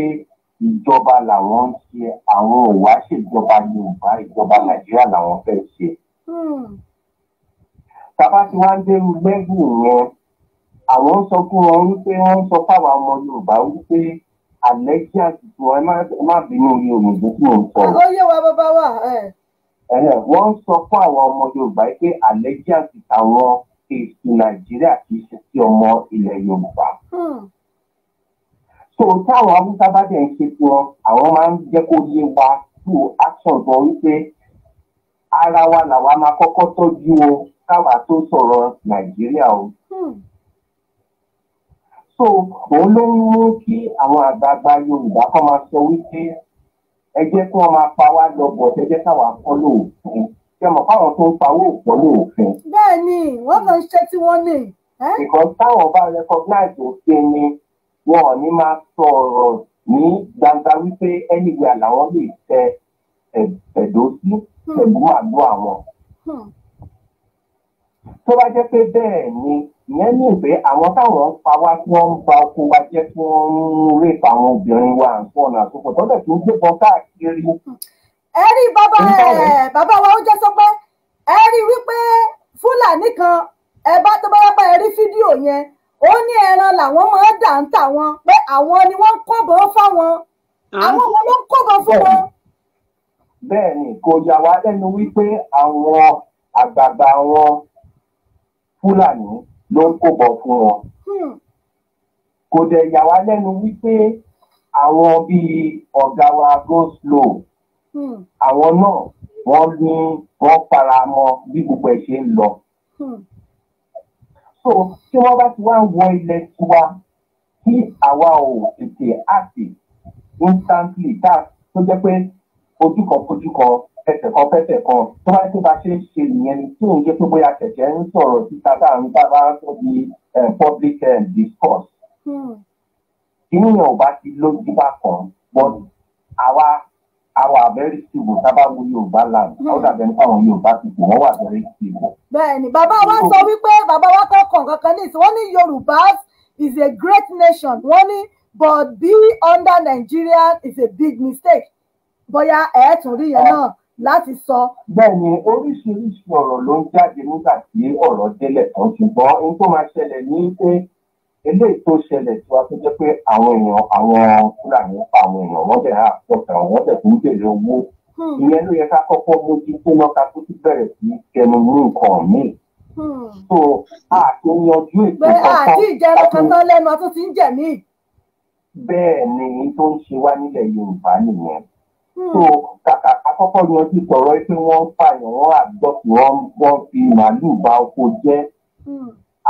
ìjọba làwọn ń ṣe àwọn ò wá ṣèjọba yorùbá ìjọba nàìjíríà làwọn fẹ́ ṣe. bàbá tí wọ́n ń dérú lẹ́gùn yẹn àwọn ń sọ fún wọn wípé wọ́n sọ fáwọn ọmọ yorùbá wípé àlẹ́jì àtìkù ẹ má bínú orí òyìnbó tí mò sọ. ó wa bàbá wa. wọ́n sọ fún àwọn ọmọ yorùbá pé àlẹ́jì àtìkù ti nàìjíríà kì í ṣe sí ọmọ ilẹ̀ yorùbá. Hmm. so táwọn haúsá bá dẹ̀ ń ṣe fún ọ àwọn máa ń jẹ́ kó yé wa tú action gan wípé ara wa làwa máa kọ́kọ́ tọ́jú o káwa tó sọ̀rọ̀ nàìjíríà o. Hmm. so òun ló ń mú kí àwọn àgbààgbà yorùbá kan máa sọ wípé ẹ jẹ́ kí wọ́n máa pa wá lọ bọ̀ ẹ káwa kọ́ lóòótọ́ ṣe mọ̀ fáwọn tó ń pawó pọ̀lú òfin. bẹ́ẹ̀ ni wọ́n kàn ń ṣe tí wọ́n ní. ìkan táwọn bá recognize òfin ni wọn ò ní máa sọ ọ̀rọ̀ ní gbangba wípé anywhere làwọn lè tẹ ẹ̀dọ́ sí ẹ̀bùn hmm. àgbo àwọn. Hmm. tó bá jẹ́ pé bẹ́ẹ̀ ni ìyẹn ní ìpè àwọn táwọn ń pa wá tí wọ́n ń ba oko wa jẹ́ tí wọ́n ń rèé pa àwọn obìnrin wa àǹfọ̀nà àtòkò tọ́lẹ̀ tó ń gbébọn káàkiri. Hmm ẹ rí bàbá ẹ bàbá wa ó jẹ́ sọ pé ẹ rí wípé fúlàní kan ẹ bá tó bá yá pé ẹ rí fídíò yẹn ó ní ẹran làwọn máa dà ń tà wọn pé àwọn ni wọ́n ń kọ́bọ̀ fáwọn àwọn wọn ló ń kọ́bọ̀ fún wọn. bẹ́ẹ̀ ni kò yà wá lẹ́nu wípé àwọn àgbààgbà wọn fúlàní ló ń kọ́bọ̀ fún wọn hmm. kò dẹ̀ yà wá lẹ́nu wípé àwọn bíi ọ̀gá wa go slow Hmm. àwọn náà wọ́n ní wọ́n fara mọ́ bí gbogbo ẹ̀ ṣe ń lọ. Hmm. so tí wọ́n bá ti wá ń wọ ilẹ̀ tiwa tí àwa ò tètè àti instantly tá tó jẹ́ pé ojúkan kojúkan fẹsẹ̀ kan fẹsẹ̀ kan tó bá tó bá ṣe ń ṣe nìyẹn ni tí òun jẹ́ pé bóyá kẹ̀kẹ́ ń sọ̀rọ̀ títa tá ń bá bá di eh, public eh, discourse. Hmm. ìyẹn ò bá ti lójú bá kàn bọ́ọ̀lù àwa àwọn abẹ́rẹ́ ìṣègùn sábà wo yorùbá land ó hmm. dàbẹ̀ nípa àwọn yorùbá ìṣègùn wọ́n wà abẹ́rẹ́ ìṣègùn. bẹ́ẹ̀ni bàbá wa sọ hmm. wípé bàbá wa kọ kọǹkan kan ní ìsìn wọn ní yorùbá is a great nation wọn ní but be under nigeria is a big mistake bóyá ẹ tún rí yẹn náà láti sọ. bẹ́ẹ̀ni oríṣiríṣi ọ̀rọ̀ ló ń jáde nígbà tí ọ̀rọ̀ délẹ̀ tán ṣùgbọ́n ohun tó máa ṣẹlẹ̀ ní pé eléyìí tó ṣẹlẹ̀ tí wàá tó jẹ́ pé àwọn èèyàn àwọn fúlàní pa àwọn èèyàn wọ́n bẹ̀rẹ̀ àpọ̀tà wọ́n bẹ̀ tó ń bèrè owó hmm. ìyẹn ló yẹ ká kọ́kọ́ mójú tó náà ká tó ti bẹ̀rẹ̀ sí kẹnu ní nǹkan míì. Hmm. so a ti yanjú ètò kankan. àti ìjẹun kankan ti ń jẹ̀ mí. bẹ́ẹ̀ ni tó ń ṣe wá nílẹ̀ Yorùbá nìyẹn. Hmm. so kàkà àkọ́kọ́ yanjú sọ̀rọ̀ pé wọ́n ń wọ́n àgbọ̀tì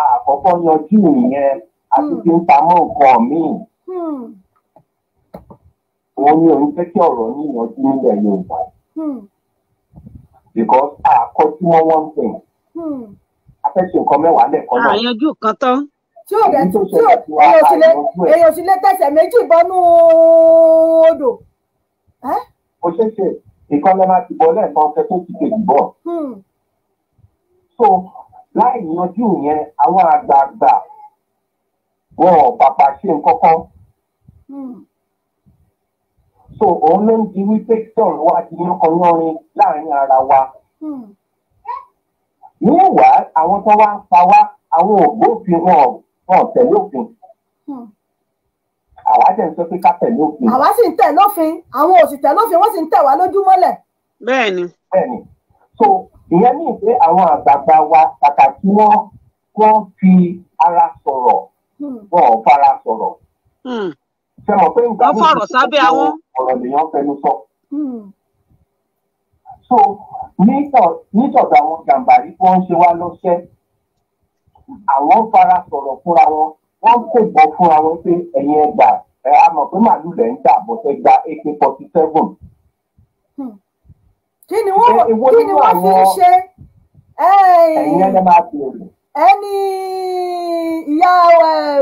àkọ́kọ́ yanjú ìyẹn àti fi ń pamọ́ nǹkan míì. Hmm. òun ni òun jẹ́ kí ọ̀rọ̀ ní ìyànjú nílẹ̀ Yorùbá. Hmm. because àkọ́ tí wọ́n wọ́n ń pè. Hmm. a fẹ́ ṣe nǹkan mẹ́wàá lẹ́ẹ̀kan náà. àyànjú kan tán. tí ò dẹ̀ tí ò èyí ò sì lè tẹ̀sẹ̀ méjì bọ́nú odò. ó ṣeé ṣe ìkànnì máa ti bọ́ lẹ́ẹ̀kan ọ̀sẹ̀ tó ti kejì bọ̀. so láì yanjú yẹn àwọn àgbààgbà wọn ò pàpà ṣe nǹkan kan. Hmm. so òun ló ń di wípé tọ̀hún wá di yánkanyánrin láàrin ara wa. Hmm. níwàá àwọn tó wá ń pa wá àwọn ògbófin wọn ò tẹ̀lé òfin hmm. àwa dẹ̀ ń sọ pé ká tẹ̀lé òfin. àwa sì ń tẹ̀ lófin àwọn ò sì tẹ̀ lófin wọ́n sì ń tẹ̀ wá lójúmọ́lẹ̀. bẹ́ẹ̀ni. bẹ́ẹ̀ni so ìyẹn ní pé àwọn àgbààgbà wa kàkà kí wọ́n wọ́n fi ara sọ̀rọ̀ Hmm. wọn ò fara sọ̀rọ̀ hmm. ṣe mọ̀ pé nǹkan tó fọ̀rọ̀ sábẹ́ àwọn ọ̀rọ̀ lèèyàn fẹnu sọ. Hmm. so nítọ̀dọ̀ àwọn jàǹbárí tí wọ́n ń ṣe wá lọ́sẹ̀ àwọn fara sọ̀rọ̀ fúnra wọn wọ́n kò bọ́ fúnra wọn pé ẹ̀yin ẹgbà ẹ̀ a mọ̀ pé màálù rẹ̀ ń gbà bọ́ fẹ́ gba ak forty seven. kí ni wọ́n fi ń ṣe. ẹ̀yin ẹ̀ máa fi èrè ẹni ìyá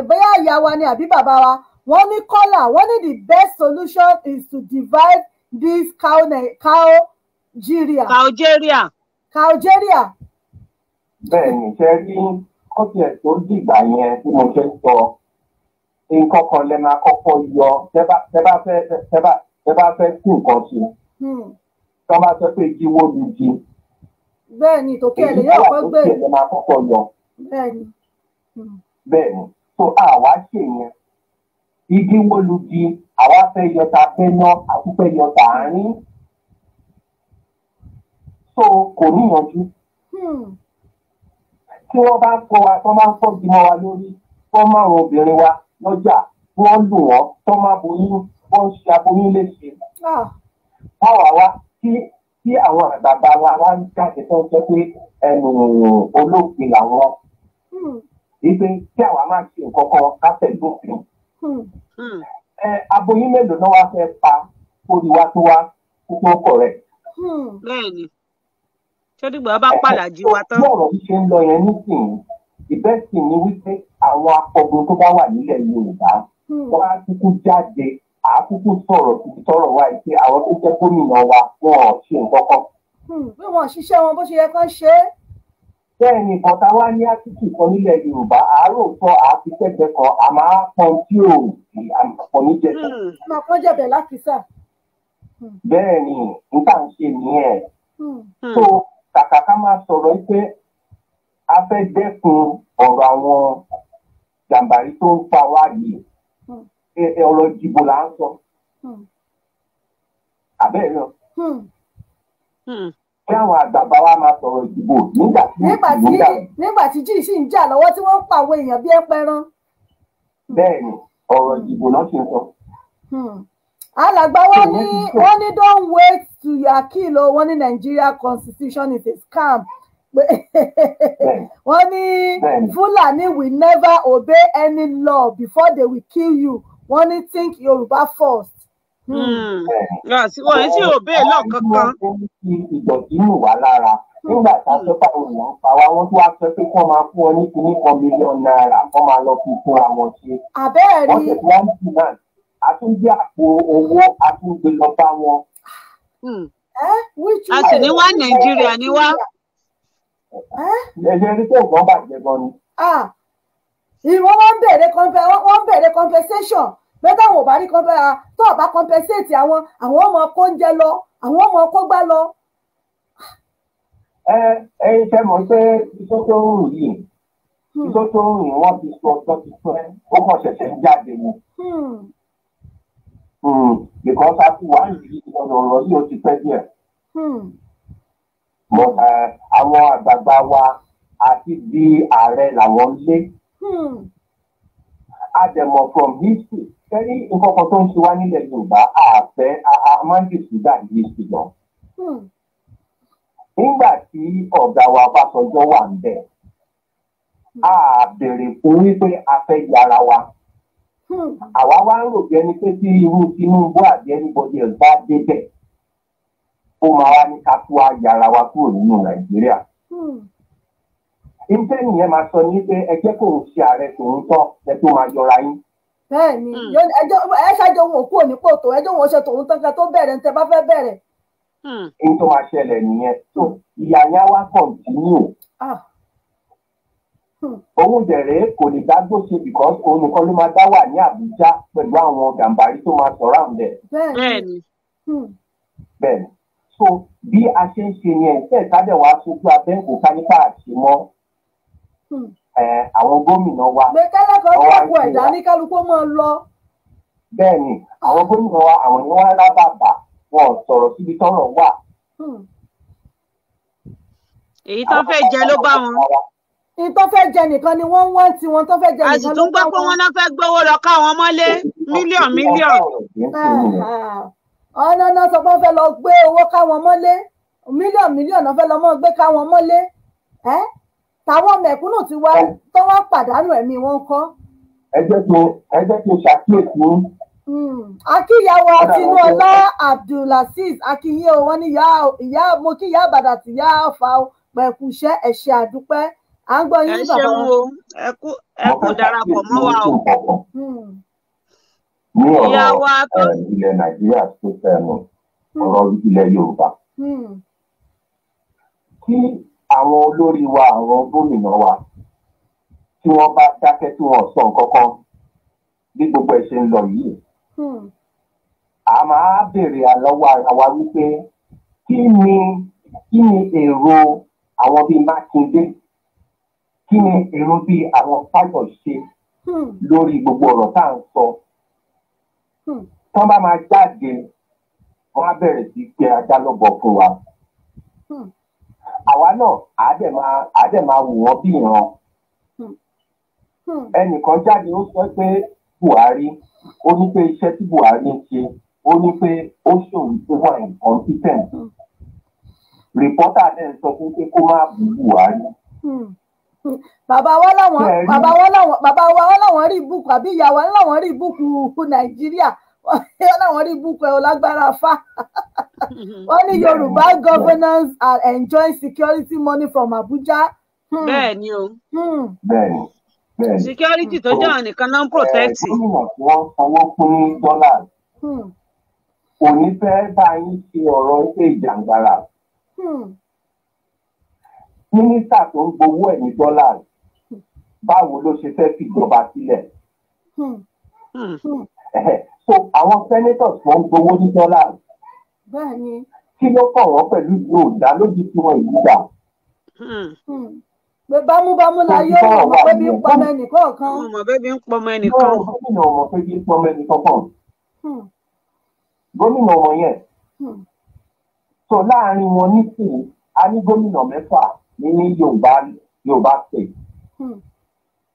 bóyá ìyá wa ni àbí bàbá wa wọ́n ní kọ́là wọ́n ní the best solution is to divide this cow cowgeria. cowgeria. cowgeria. bẹ́ẹ̀ni ṣe rí kọfíẹ tó dìgbà yẹn tí mo ṣe sọ nǹkan kan lẹ máa kọ́kọ́ yọ tẹ́ bá fẹ́ tẹ́ bá tẹ́ bá fẹ́ sí hmm. tọ́ bá sọ pé jíwó lu jí. bẹ́ẹ̀ni tòkè ẹ̀ lè yọ̀ kọ́ gbé. èyí tó wà lókè lè máa kọ́kọ́ yọ bẹ́ẹ̀ni hmm. bẹ́ẹ̀ni so àwa ṣe yẹn igi wo lu di àwa fẹ́ yọta fẹnà àti fẹ́ yọta àárín so kò níyanjú hmm. tí wọ́n bá ń kọ wa tí wọ́n bá ń kọ bímọ wa lórí wọ́n máa ń obìnrin wa lọ́jà wọ́n lù wọ́n tó máa boyún wọ́n ń ṣe aboyún léṣe. báwa ah. wa kí kí àwọn àgbààgbà wa wá ń jáde tó ń jẹ́ pé ẹnu olóògbé làwọn wípé hmm. kí àwa máa ṣe nǹkan kan kásẹ̀ lófin. Hmm. Hmm. aboyún mélòó náà wá fẹ́ pa orí wa tó wá kókó kọ̀rẹ́. bẹ́ẹ̀ni ṣọ́dígbà bá pàlàjì wa tán. bí ọ̀rọ̀ yìí ṣe ń lọ yẹn nísìnyí ìbẹ́sì ni wípé àwọn akọgun tó bá wà nílẹ̀ Yorùbá wọn á kúkú jáde àákúkú sọ̀rọ̀ síbi tọ́rọ̀ wa yìí pé àwọn tó jẹ́ gómìnà wa wọn ò ṣe nǹkan kan. bí wọn ò ṣiṣẹ́ wọn bó ṣe yẹ kán ṣe é bẹ́ẹ̀ ni bọ̀tà wá ní àtìkù kan nílẹ̀ yorùbá àárò sọ àti tẹ́tẹ́ kan àmọ́ pọn tí ò sí àpọ̀ níjẹ̀bẹ̀. àmọ́ hmm. pọ́n jẹ̀bẹ̀ láti sà. Hmm. bẹ́ẹ̀ ni níta ń ṣe nìyẹn. tó hmm. kàkà ká máa sọ̀rọ̀ pé a fẹ́ dẹ́kun ọ̀rọ̀ àwọn jàǹbárí tó ń pa wá yìí ọ̀rọ̀ ìdìbò là ń sọ. àbẹ́ẹ̀ náà pé àwọn àgbààgbà wa máa sọ̀rọ̀ ìdìbò nígbà tí nígbà tí jíì sì ń jà lọ́wọ́ tí wọ́n ń pa àwọn èèyàn bí ẹpẹran. bẹ́ẹ̀ ni ìdìbò náà ti ń sọ. Hmm. alàgbà wọn ní wọn ní don't wait to your kill o wọn ní Nigeria constitution is a scam wọn ní Fulani will never obey any law before they will kill you wọn ní think Yorùbá first. Hmm. Hmm. àsìkò yìí tí ò bẹ́ẹ̀ lọ́ọ̀kankan. ìdọ̀tí mù wá lára nígbà tá a fẹ́ pàwọn èèyàn pa wá wọ́n tún wá fẹ́ pé kí wọ́n máa fún ọ ní kinní kan mílíọ̀nù náírà kọ́ máa lọ fi fúnra wọn ṣe. àbẹ́ẹ̀ rí wọ́n tẹ̀sí wá ní finance àtúndí àpò owó àtúndé lọ bá wọn. Hmm. a sì ní wá nàìjíríà ní wá. ẹ̀yẹ́ rí tó gbọ́n bàjẹ́ gan ni. Ah. ìwọ wọn ń bẹ̀rẹ̀ compensation pé táwọn ò bá rí kan bá tó ọba compensate àwọn àwọn ọmọ kó ń jẹ lọ àwọn ọmọ kó gbá lọ. ẹ ẹ ṣe mọ̀ pé iṣẹ́ tó ń rùn yìí hmm. iṣẹ́ tó ń rùn wọ́n ti sọ tó ti pẹ́ ó kàn ṣẹ̀ṣẹ̀ ń jáde ni. Hmm. Hmm. because a ti wà ní ọ̀nà ọ̀rọ̀ yìí ó ti pẹ́ díẹ̀. àwọn àgbààgbà wa àti bí ààrẹ làwọn lé. a dẹ̀ mọ̀ from history sẹ́rí nǹkan kan tó ń ṣe wá nílẹ̀ Yorùbá àfẹ́ amáǹdìsí yìí ṣùgbọ́n. Hmm. nígbà tí ọ̀gá wa Fáṣọjọ́ wà ń bẹ̀ hmm. a béèrè fún wípé a fẹ́ yára wa. Hmm. àwa wá ń rò bí ẹni pé tí irú Tinubu àbí ẹnibọdì ẹ̀ bá débẹ̀ ó máa wá ní ká tó a yára wa kúrò nínú Nàìjíríà. ìfẹ́ nìyẹn máa sọ ní pé ẹgbẹ́ kò ń ṣe ààrẹ tòun tán ẹ tó máa yọra yín bẹ́ẹ̀ni hmm. ẹjọ́ ẹ ṣáájú òun òkú òní kò tó ẹjọ́ òun ṣe tòun tán kan tó bẹ̀rẹ̀ ní tẹ bá fẹ́ bẹ̀rẹ̀. èyí hmm. tó máa ṣẹlẹ̀ nìyẹn tó ìyá yẹn wá kọ̀ǹtínú ah. hmm. òun dẹ̀rẹ́ kò lè dá gbòsè because òun nìkan ló máa dá wà ní Àbújá pẹ̀lú àwọn gàǹbarí tó máa sọ̀rọ̀ àwọn dẹ̀. bẹ́ẹ̀ni bẹ́ẹ̀ni so bí a ṣe ń ṣe yẹn ìfẹ́ ìtàdẹ̀wá sójú abẹ́ kò ká nípa àṣemọ́ àwọn gómìnà wa. mẹkẹlẹ kan tó kù ẹ̀dá ní kálukú máa lọ. bẹ́ẹ̀ni àwọn gómìnà wa àwọn ni wọn lábàbà wọn ò sọ̀rọ̀ síbi tọ́rọ̀ wà. Hmm. èyí tó fẹ́ jẹ ló bá wọn. ní tó fẹ́ jẹ nìkan ni wọ́n ń wá tí wọ́n tó fẹ́ jẹ nìkan ló bá wọn. a sì tún gbọ́ pé wọ́n náà fẹ́ gbowó lọ káwọn mọ́lé mílíọ̀nù mílíọ̀nù. Ah, ah. ọ̀nà náà sọ pé wọ́n fẹ́ lọ gbé owó káwọn mọ́lé mílíọ̀nù mílíọ̀nù náà fẹ́ lọ mọ́ gbé káwọn mọ́lé táwọn mẹ̀kúnnù ti wá tó wá pàdánù ẹ̀mí wọn kọ́. ẹ jẹ́ kí ẹ jẹ́ kí ṣàkíyèsí. Hmm. akíyàwó tinúọlá abdulaziz akíyé o wọn ní ìyá mo kí ìyá àbàdà ti yá ọfà o pẹkùṣẹ ẹṣẹ àdúpẹ́ à ń gbọ́ yín bàbá. ẹ ṣeun o ẹ kú darapọ̀ mọ́ wa o. Hmm. ní ọ̀rọ̀ eh, ilẹ̀ nàìjíríà tó fẹ́ mọ̀ hmm. ọ̀rọ̀ ilẹ̀ yorùbá. kí àwọn olórí wa àwọn gómìnà wa tí wọ́n bá dákẹ́ tí wọ́n sọ nǹkan kan bí gbogbo ẹ̀ ṣe ń lọ yìí hmm. a máa béèrè àlọ́wọ́ àwa wípé kí ni kí ni èrò àwọn bíi Mákindé kí ni èrò bíi àwọn Fáyọ̀ṣe hmm. lórí gbogbo ọ̀rọ̀ tá à ń sọ hmm. tán bá máa jáde wọ́n á bẹ̀rẹ̀ sí gbé ajá lọ́bọ̀ fún wa àwa náà àádẹ́ máa àádẹ́ máa wò wọ́n bí ìran hmm. Hmm. ẹnìkan jáde ó sọ pé Buhari ó ní pé iṣẹ́ tí Buhari ń ṣe ó ní pé ó ṣòwò tó wà incompetent hmm. rìpọ́tà náà sọ fún pé kó má bú Buhari. Bàbá wa láwọn bàbá wa láwọn bàbá wa láwọn rí búùkù àbí ìyá wa láwọn rí búùkù Nàìjíríà láwọn rí búùkù ẹ̀ ò lágbára fá. wọ́n ní Yorùbá governance are enjoying security money from Abuja. Hmm. bẹ́ẹ̀ ni o hmm. security tó jẹ́ àwọn nìkan náà ń protect. gómìnà tí wọ́n sanwó fún ní dọ́là hmm. kò ní fẹ́ bá yín ṣe ọ̀rọ̀ ṣe ìjàngbara. mínísítà tó ń gbowó ẹ̀ ní dọ́là báwo ló ṣe fẹ́ fìjọba sílẹ̀. so àwọn senators tó ń gbowó ní dọ́là kí ló kàn wọ́n pẹ̀lú ìlú òdà lójú tí wọ́n ìlú gbà. Hmm. Hmm. pé bámúbámú la yóò mọ̀ mọ̀ pé bí ń pọmọ ẹnìkan kan. mọ̀ pé bí ń pọmọ ẹnìkan. gómìnà hmm. mọ̀ pé bí ń pọmọ ẹnìkan kan. gómìnà wọn yẹn. sọ láàrin wọn nísìnyí a ní gómìnà mẹ́fà ní yorùbá yorùbá state.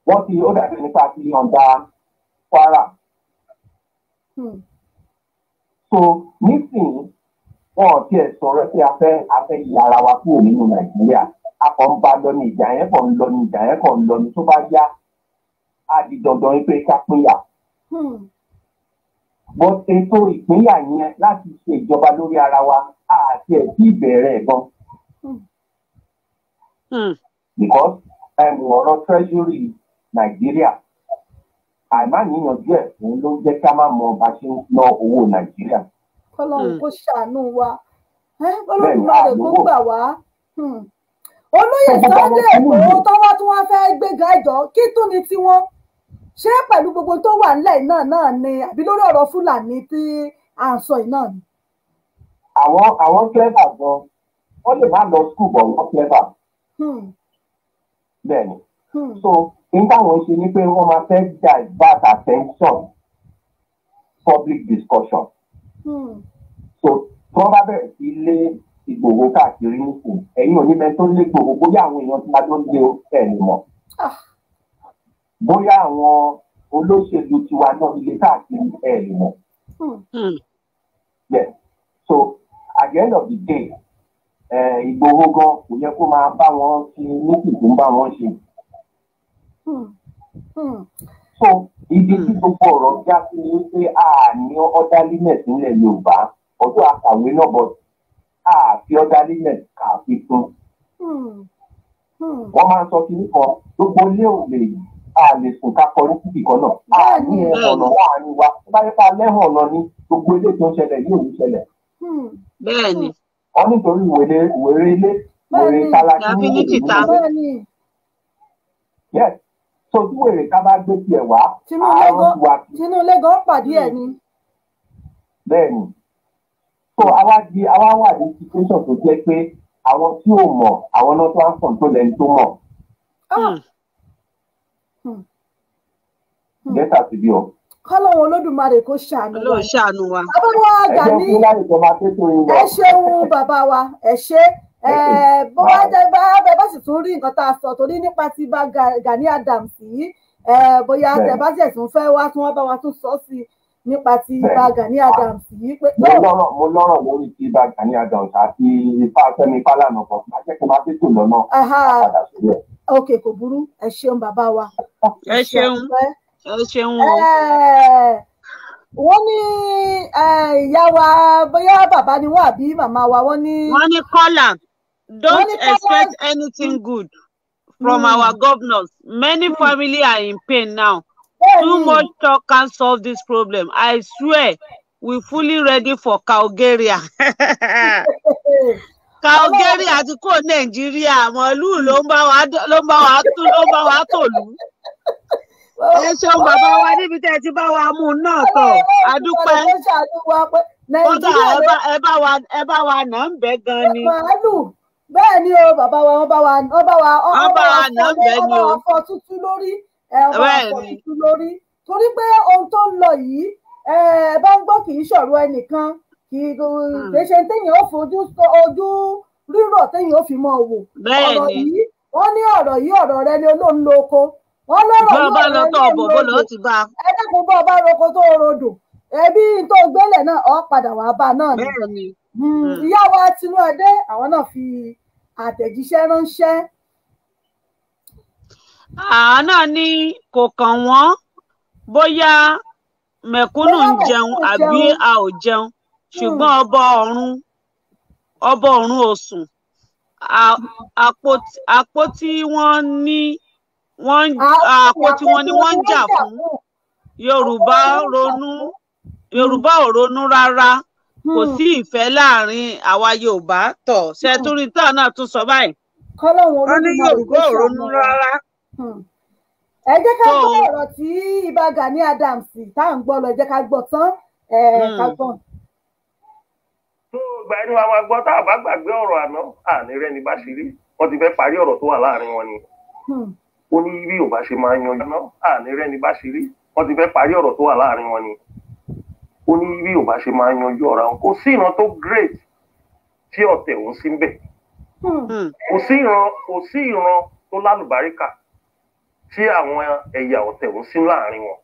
wọ́n ti ó dàbí nípa ti yọ̀ǹda kwara. so nísìnyí wọn ò tiẹ̀ sọ̀rọ̀ pé a fẹ́ a fẹ́ yí ara wa kúrò nínú nàìjíríà a kàn ń ba lọ ní ìjà yẹn kàn ń lọ ní ìjà yẹn kàn ń lọ ní tó bá yá a di dandan pé ká pínyà. Hmm. bó ètò ìpínyà yẹn láti ṣe ìjọba lórí ara wa àti ẹ̀ tí ìbẹ̀rẹ̀ gan. Hmm. Hmm. because ẹ̀mù ọ̀rọ̀ treasury nàìjíríà àìmáníyànjú ẹ̀ òun ló jẹ́ ká má mọ bá ṣe ń lọ owó nàìjíríà kọ́lọ́run hmm. kó ṣàánú wa kọ́lọ́run má rẹ̀ kó gbà wá. Hmm. olóyè Sunday Igboho tọ́wọ́ tí wọ́n fẹ́ gbéga ìjọ kí tún ni tiwọn ṣé pẹ̀lú gbogbo tó wà nílẹ̀ náà náà ni àbí lórí ọ̀rọ̀ Fúlàní tí à ń sọ yìí náà ni. àwọn àwọn clever gan wọn lè má lọ school bọ̀ wọ́n clever. Hmm. bẹ́ẹ̀ ni so nígbà wọn ṣe ni pé wọ́n máa fẹ́ divert attention public discussion Hmm. so tí wọ́n bá bẹ̀rẹ̀ sí lé ìgbòho káàkiri nìkú ẹ̀yin oníbẹ̀ tó lé gbòho bóyá àwọn èèyàn tí wọ́n lé ẹ̀ lè mọ̀ ah. bóyá àwọn olóṣèlú tiwa náà ilé káàkiri ẹ̀ lè mọ̀ hmm. Hmm. yes so at the end of the day eh, ìgbòho gan kò yẹ kó máa bá wọn fi níkùnkùn bá wọn ṣe so ibi hmm. tí gbogbo ọ̀rọ̀ já sí ni wípé a ní orderliness nílẹ̀ yorùbá ọdún àkàwé náà bọ̀ a fi orderliness kà fi kún. Hmm. Hmm. wọ́n máa ń sọ kiri kan gbogbo ilé ò lè a lè sùn ká kọrí síbì kan náà a ní ẹ̀họ̀nà láàrin wa tó bá yẹ ká lẹ́họ̀nà ni gbogbo ilé tó ń ṣẹlẹ̀ yóò ní ṣẹlẹ̀. bẹ́ẹ̀ni. wọ́n nítorí wèrè ilé wèrè tálákì ní ìlú. bẹ́ẹ̀ni sojú èrè ká bá gbé tiẹ̀ wá. tinú lẹ́gọ́ pàdé ẹ̀ ni. bẹ́ẹ̀ni so àwa di àwa wà ní situation tó jẹ́ pé àwọn tí ò mọ̀ àwọn náà tó wá ń control ẹni tó mọ̀. lẹ́tà ti bí ọ. kọ́lọ́hún olódùmarè kó ṣàánú wa. ọlọ́run ṣàánú wa. bàbá wa gani ẹ ṣeun bàbá wa ẹ ṣe bó wá jẹ́ bá bẹ́ẹ̀ bá sì tún rí nǹkan tá a sọ torí nípa ti bá Gani Adams yìí bóyá tẹ́ bá jẹ̀ tún fẹ́ wá tún wá bá wa tún sọ sí nípa ti bá Gani Adams yìí pé. mo lọ́rọ̀ mo lọ́rọ̀ lórí ti bá Gani Adams àti ifá Fẹ́mi Fálànà kan akẹ́kọ̀ọ́ máa tètè lọ́nà padà sílẹ̀. ok kò burú ẹ ṣeun bàbá wa. ẹ ṣeun ẹ ṣeun o wọ́n ní ìyá wa bóyá bàbá ni wọ́n àbí màmá wa wọ́n ní. wọ́n ní kọ́là Don't expect anything good from mm. our governors. Many mm. families are in pain now. Mm. Too much talk can't solve this problem. I swear, we're fully ready for Calgary. Calgary àti kò Nàìjíríà àwọn ìlú lomba ń bá wa ló ń bá wa tó ló ń bá wa tó lù. Ẹ ṣeun bàbá wa níbi wa mú un náà bẹ́ẹ̀ ni o bàbá wa wọ́n bá wa wọ́n bá wa wa tuntun lórí bá wa tuntun lórí torí pé ohun tó ń lọ yìí bá ń gbọ́ kì í ṣọ̀rọ̀ ẹnìkan kì í hmm. ṣe téèyàn ó ojú rírọ̀ yìí wọ́n ní ọ̀rọ̀ yìí ọ̀rọ̀ rẹ ni olóhùn ló ko wọ́n yìí ọ̀rọ̀ Mm, mm. ìyá wa tinú ọdẹ àwọn náà fi àtẹ̀jíṣẹ́ ránṣẹ́. àá náà ni kò kàn wọ́n bóyá mẹ̀kúnnù ń jẹun àbí a ò jẹun mm. ṣùgbọ́n ọba ọ̀run ọba ọ̀run ò sùn àpò tí wọ́n ní wọ́n àpò tí ní wọ́n ń jà fún yorùbá ronú yorùbá ò ronú rárá kò hmm. sí ìfẹ́ láàrin àwa yorùbá tọ̀ ṣe torí táwọn náà tún sọ báyìí wọ́n ní yorùbá ò ronú rárá. Hmm. ẹ jẹ́ ká gbọ́ ọ̀rọ̀ tí ibà Gani Adams tá à ń gbọ́ lọ ẹ jẹ́ ká gbọ́ tán hmm. ká gbọ́n. tó gba ẹni wa gbọ́ tá a bá gbàgbé ọ̀rọ̀ àná àní rẹ ni bá ṣe rí wọ́n ti fẹ́ parí ọ̀rọ̀ tó wà láàrin wọn ni ó ní bí yorùbá ṣe máa yan àná àní ó ní bí yorùbá ṣe máa ń yanjú ọ̀rọ̀ àwọn kò sí ìran tó great tí ọ̀tẹ̀ òun sí ń bẹ̀ hmm. kò sí ìran kò sí ìran tó lálùbáríkà tí àwọn ẹ̀yà ọ̀tẹ̀ òun sí láàrin wọn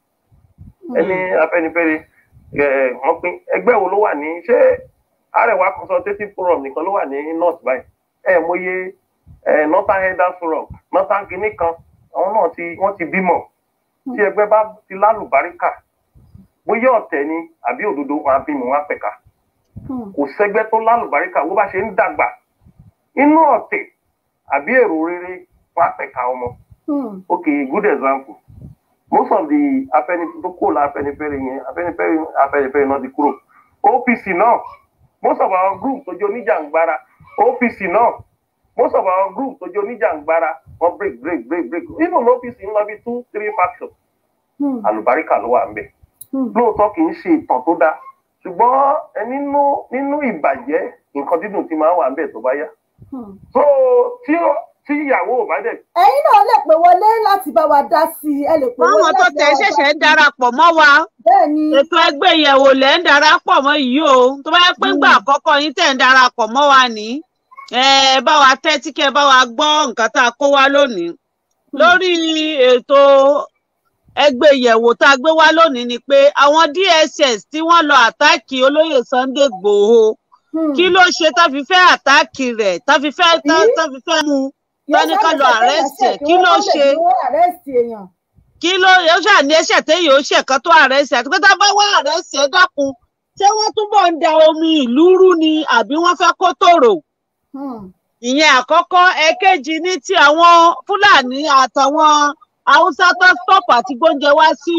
hmm. ẹni afẹnifẹre wọn pín ẹgbẹ́ wo ló wà ní ṣé Arewa consultative forum nìkan ló wà ní north báyìí ẹ mọye northern headers forum northern guinea kan àwọn náà ti wọn ti bímọ tí hmm. ẹgbẹ́ bá ti lálùbáríkà bóyá ọ̀tẹ̀ ni àbí òdodo wọn á bímọ wọn á pẹ̀ka hmm. kò sẹ́gbẹ́ tó lálùbáríkà wọ́n bá ṣe ń dàgbà inú ọ̀tẹ̀ àbí èrò rere wọn á pẹ̀ka ọmọ hmm. ok good example most of the afẹnifẹ tó kó la afẹnifẹre yẹn afẹnifẹre afẹnifẹre náà ti kúrò OPC náà most of our group tó jẹ́ oníjàngbara OPC náà most of our group tó jẹ́ oníjàngbara wọn break break break break even OPC ń lọ bí two three factions hmm. àlùbáríkà ló wà ń bẹ. Hmm. lóòótọ́ kì í ṣe ìtàn tó dáa ṣùgbọ́n nínú nínú ìbàjẹ́ nǹkan dídùn ti máa wà ń bẹ̀ tó bá yá. Hmm. so tí tí ìyàwó ò bá dẹ̀. ẹ̀yin náà lè pè wọlé láti bá wa dá sí i ẹ lè pè wọlé. àwọn tó tẹ ṣẹ̀ṣẹ̀ ń darapọ̀ wa ètò ẹgbẹ́ ìyẹ̀wò lẹ̀ ń darapọ̀ mọ́ yìí o tó bá yẹ pé hmm. ńgbà àkọ́kọ́ yín tẹ̀ ń darapọ̀ mọ́ wa ní ẹ bá wa tẹ́tí kẹ́ bá wa gbọ́ nǹkan tá a kó wá lónìí lórí ètò ẹgbẹ́ ìyẹ̀wò tá a gbé wá lónìí ni pé àwọn DSS tí wọ́n lọ àtáàkì olóyè Sunday Igboho hmm. kí ló ṣe tá àtáàkì rẹ̀ tá fi fẹ́ tá hmm? tani ká lọ àrẹ́sì ẹ̀ kí ló ṣe kí ló yóò ṣà ní ẹ̀ṣẹ̀ téèyàn ó ṣe kan tó àrẹ́sì àti pé tá a bá wá àrẹ́sì dákun ṣé wọ́n túbọ̀ ń da omi ìlú rú ni àbí wọ́n fẹ́ kó tòrò hmm. ìyẹn àkọ́kọ́ ẹ̀kejì ní ti àwọn Fúlàní àtàwọn haúsá tó stop àti gbóúnjẹ wá sí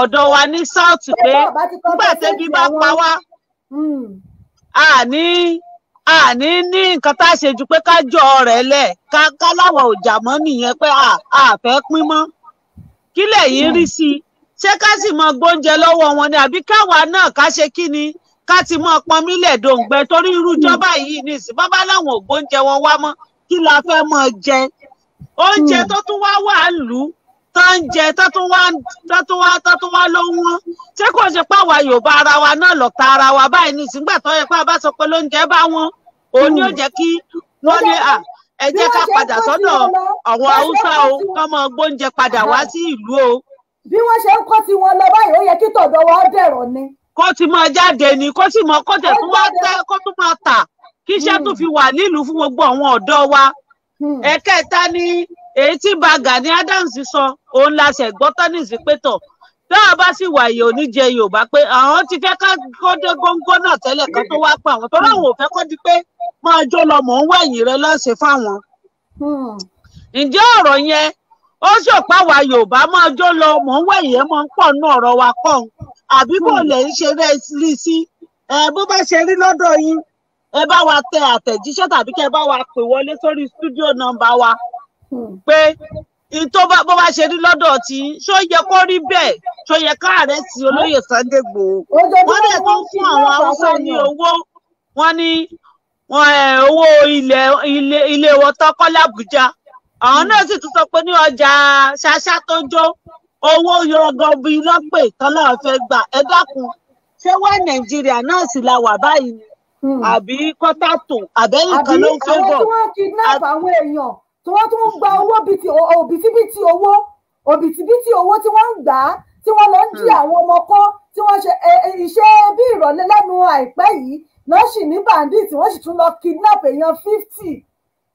ọ̀dọ̀ wa ní south pé nígbà tẹ́bí bá pa wá àní hmm. àní ní nǹkan tá a ṣe ju pé ká jọ ọ̀rẹ́ lẹ̀ ká káláwọ̀ ọjà mọ́ nìyẹn pé a fẹ́ pín mọ́ kí lẹ̀yin hmm. rí sí i ṣé ká sì mọ gbóúnjẹ lọ́wọ́ wọn ni àbí káwa náà ká ṣe kí ni ká ti mọ pọn mílẹ̀ dòǹgbẹ torí irú ìjọba yìí nìsín bábá láwọn ò wọn wá mọ́ kí la fẹ́ mọ jẹ oúnjẹ hmm. tó tún wá wà lù ú tọ́ǹjẹ tọ́túnwá ló ń wọ́n ṣé kò ṣe pàwà yorùbá ara wa náà lọ́ta ara wa báyìí ní ìsìngbà tó yẹ pé a bá sọ pé lóúnjẹ bá wọn òun ni ó hmm. jẹ́ kí wọ́n ní à ẹ jẹ́ ká padà sọ́dọ̀ àwọn haúsá o kọ́ mọ gbóúnjẹ padà wá sí ìlú o. bí wọ́n ṣe ń kọ́ ti wọn lọ báyìí ó yẹ kí tọ̀dọ̀ wa dẹ̀rọ̀ ni. kó ti mọ jáde ni kó sì mọ kó tẹ̀ tún wá tẹ́ kó tún máa tà kí iṣẹ́ hmm. tún fi wà nílùú fún gbogbo àwọn ọ̀dọ́ wa Hmm. ẹ̀kẹta ni èyí tí ba Gani Adams sọ òun la ṣe gbọ́ tọ́nìsì pé tá a bá sì wà yìí òní jẹ Yorùbá pé àwọn ti fẹ́ ká kó dé góńgó náà tẹ́lẹ̀ kan tó wá pa àwọn tó láwọn ò fẹ́ kó di pé máa jó lọ mọ̀ ń wẹ̀yìn rẹ lọ́sẹ̀ fáwọn. Hmm. ǹjẹ́ ọ̀rọ̀ yẹn ó ṣòpá wa Yorùbá máa jó lọ mọ̀ ń wẹ̀yìn rẹ máa ń pọ̀ nú ọ̀rọ̀ wa kọ́ àbí kò hmm. lè ń ṣe rẹ́ sí bó bá ṣe rí lọ́dọ̀ yín ẹ bá wa tẹ àtẹ̀jíṣẹ́ tàbí kẹ́ bá wa pè wọlé sórí stúdíò nọ́mbà wa hmm. pé tó bá bó bá ṣe rí lọ́dọ̀ tí ṣó yẹ kó rí bẹ́ẹ̀ ṣó yẹ káàrẹ sí olóyè Sunday Igboho wọ́n dẹ̀ tó ń fún àwọn haúsá ní owó wọ́n ní owó ilé ilé wọn tọkọ làbújá àwọn náà sì tún sọ pé ní ọjà ṣáṣá tó jó owó yọgọbí lọpẹ tán láwọn fẹ́ẹ́ gbà ẹ dákun ṣé wá Nàìjíríà náà sì la wà báyìí ni Hmm. àbí kọ́tàtò àbẹ́nìkan ló ń fẹ́ bọ̀. àwọn tí wọ́n kidnap àwọn èèyàn tí wọ́n tún ń gba owó òbítíbitì owó òbítíbitì owó tí wọ́n ń gbà á tí wọ́n lọ ń jí hmm. àwọn ọmọ kọ́ tí wọ́n ṣe e, e, iṣẹ́ bí ìrọ̀lẹ́ lẹ́nu àìpẹ́ yìí lọ́ sì ní bandit wọ́n sì tún lọ kidnap èèyàn fifty.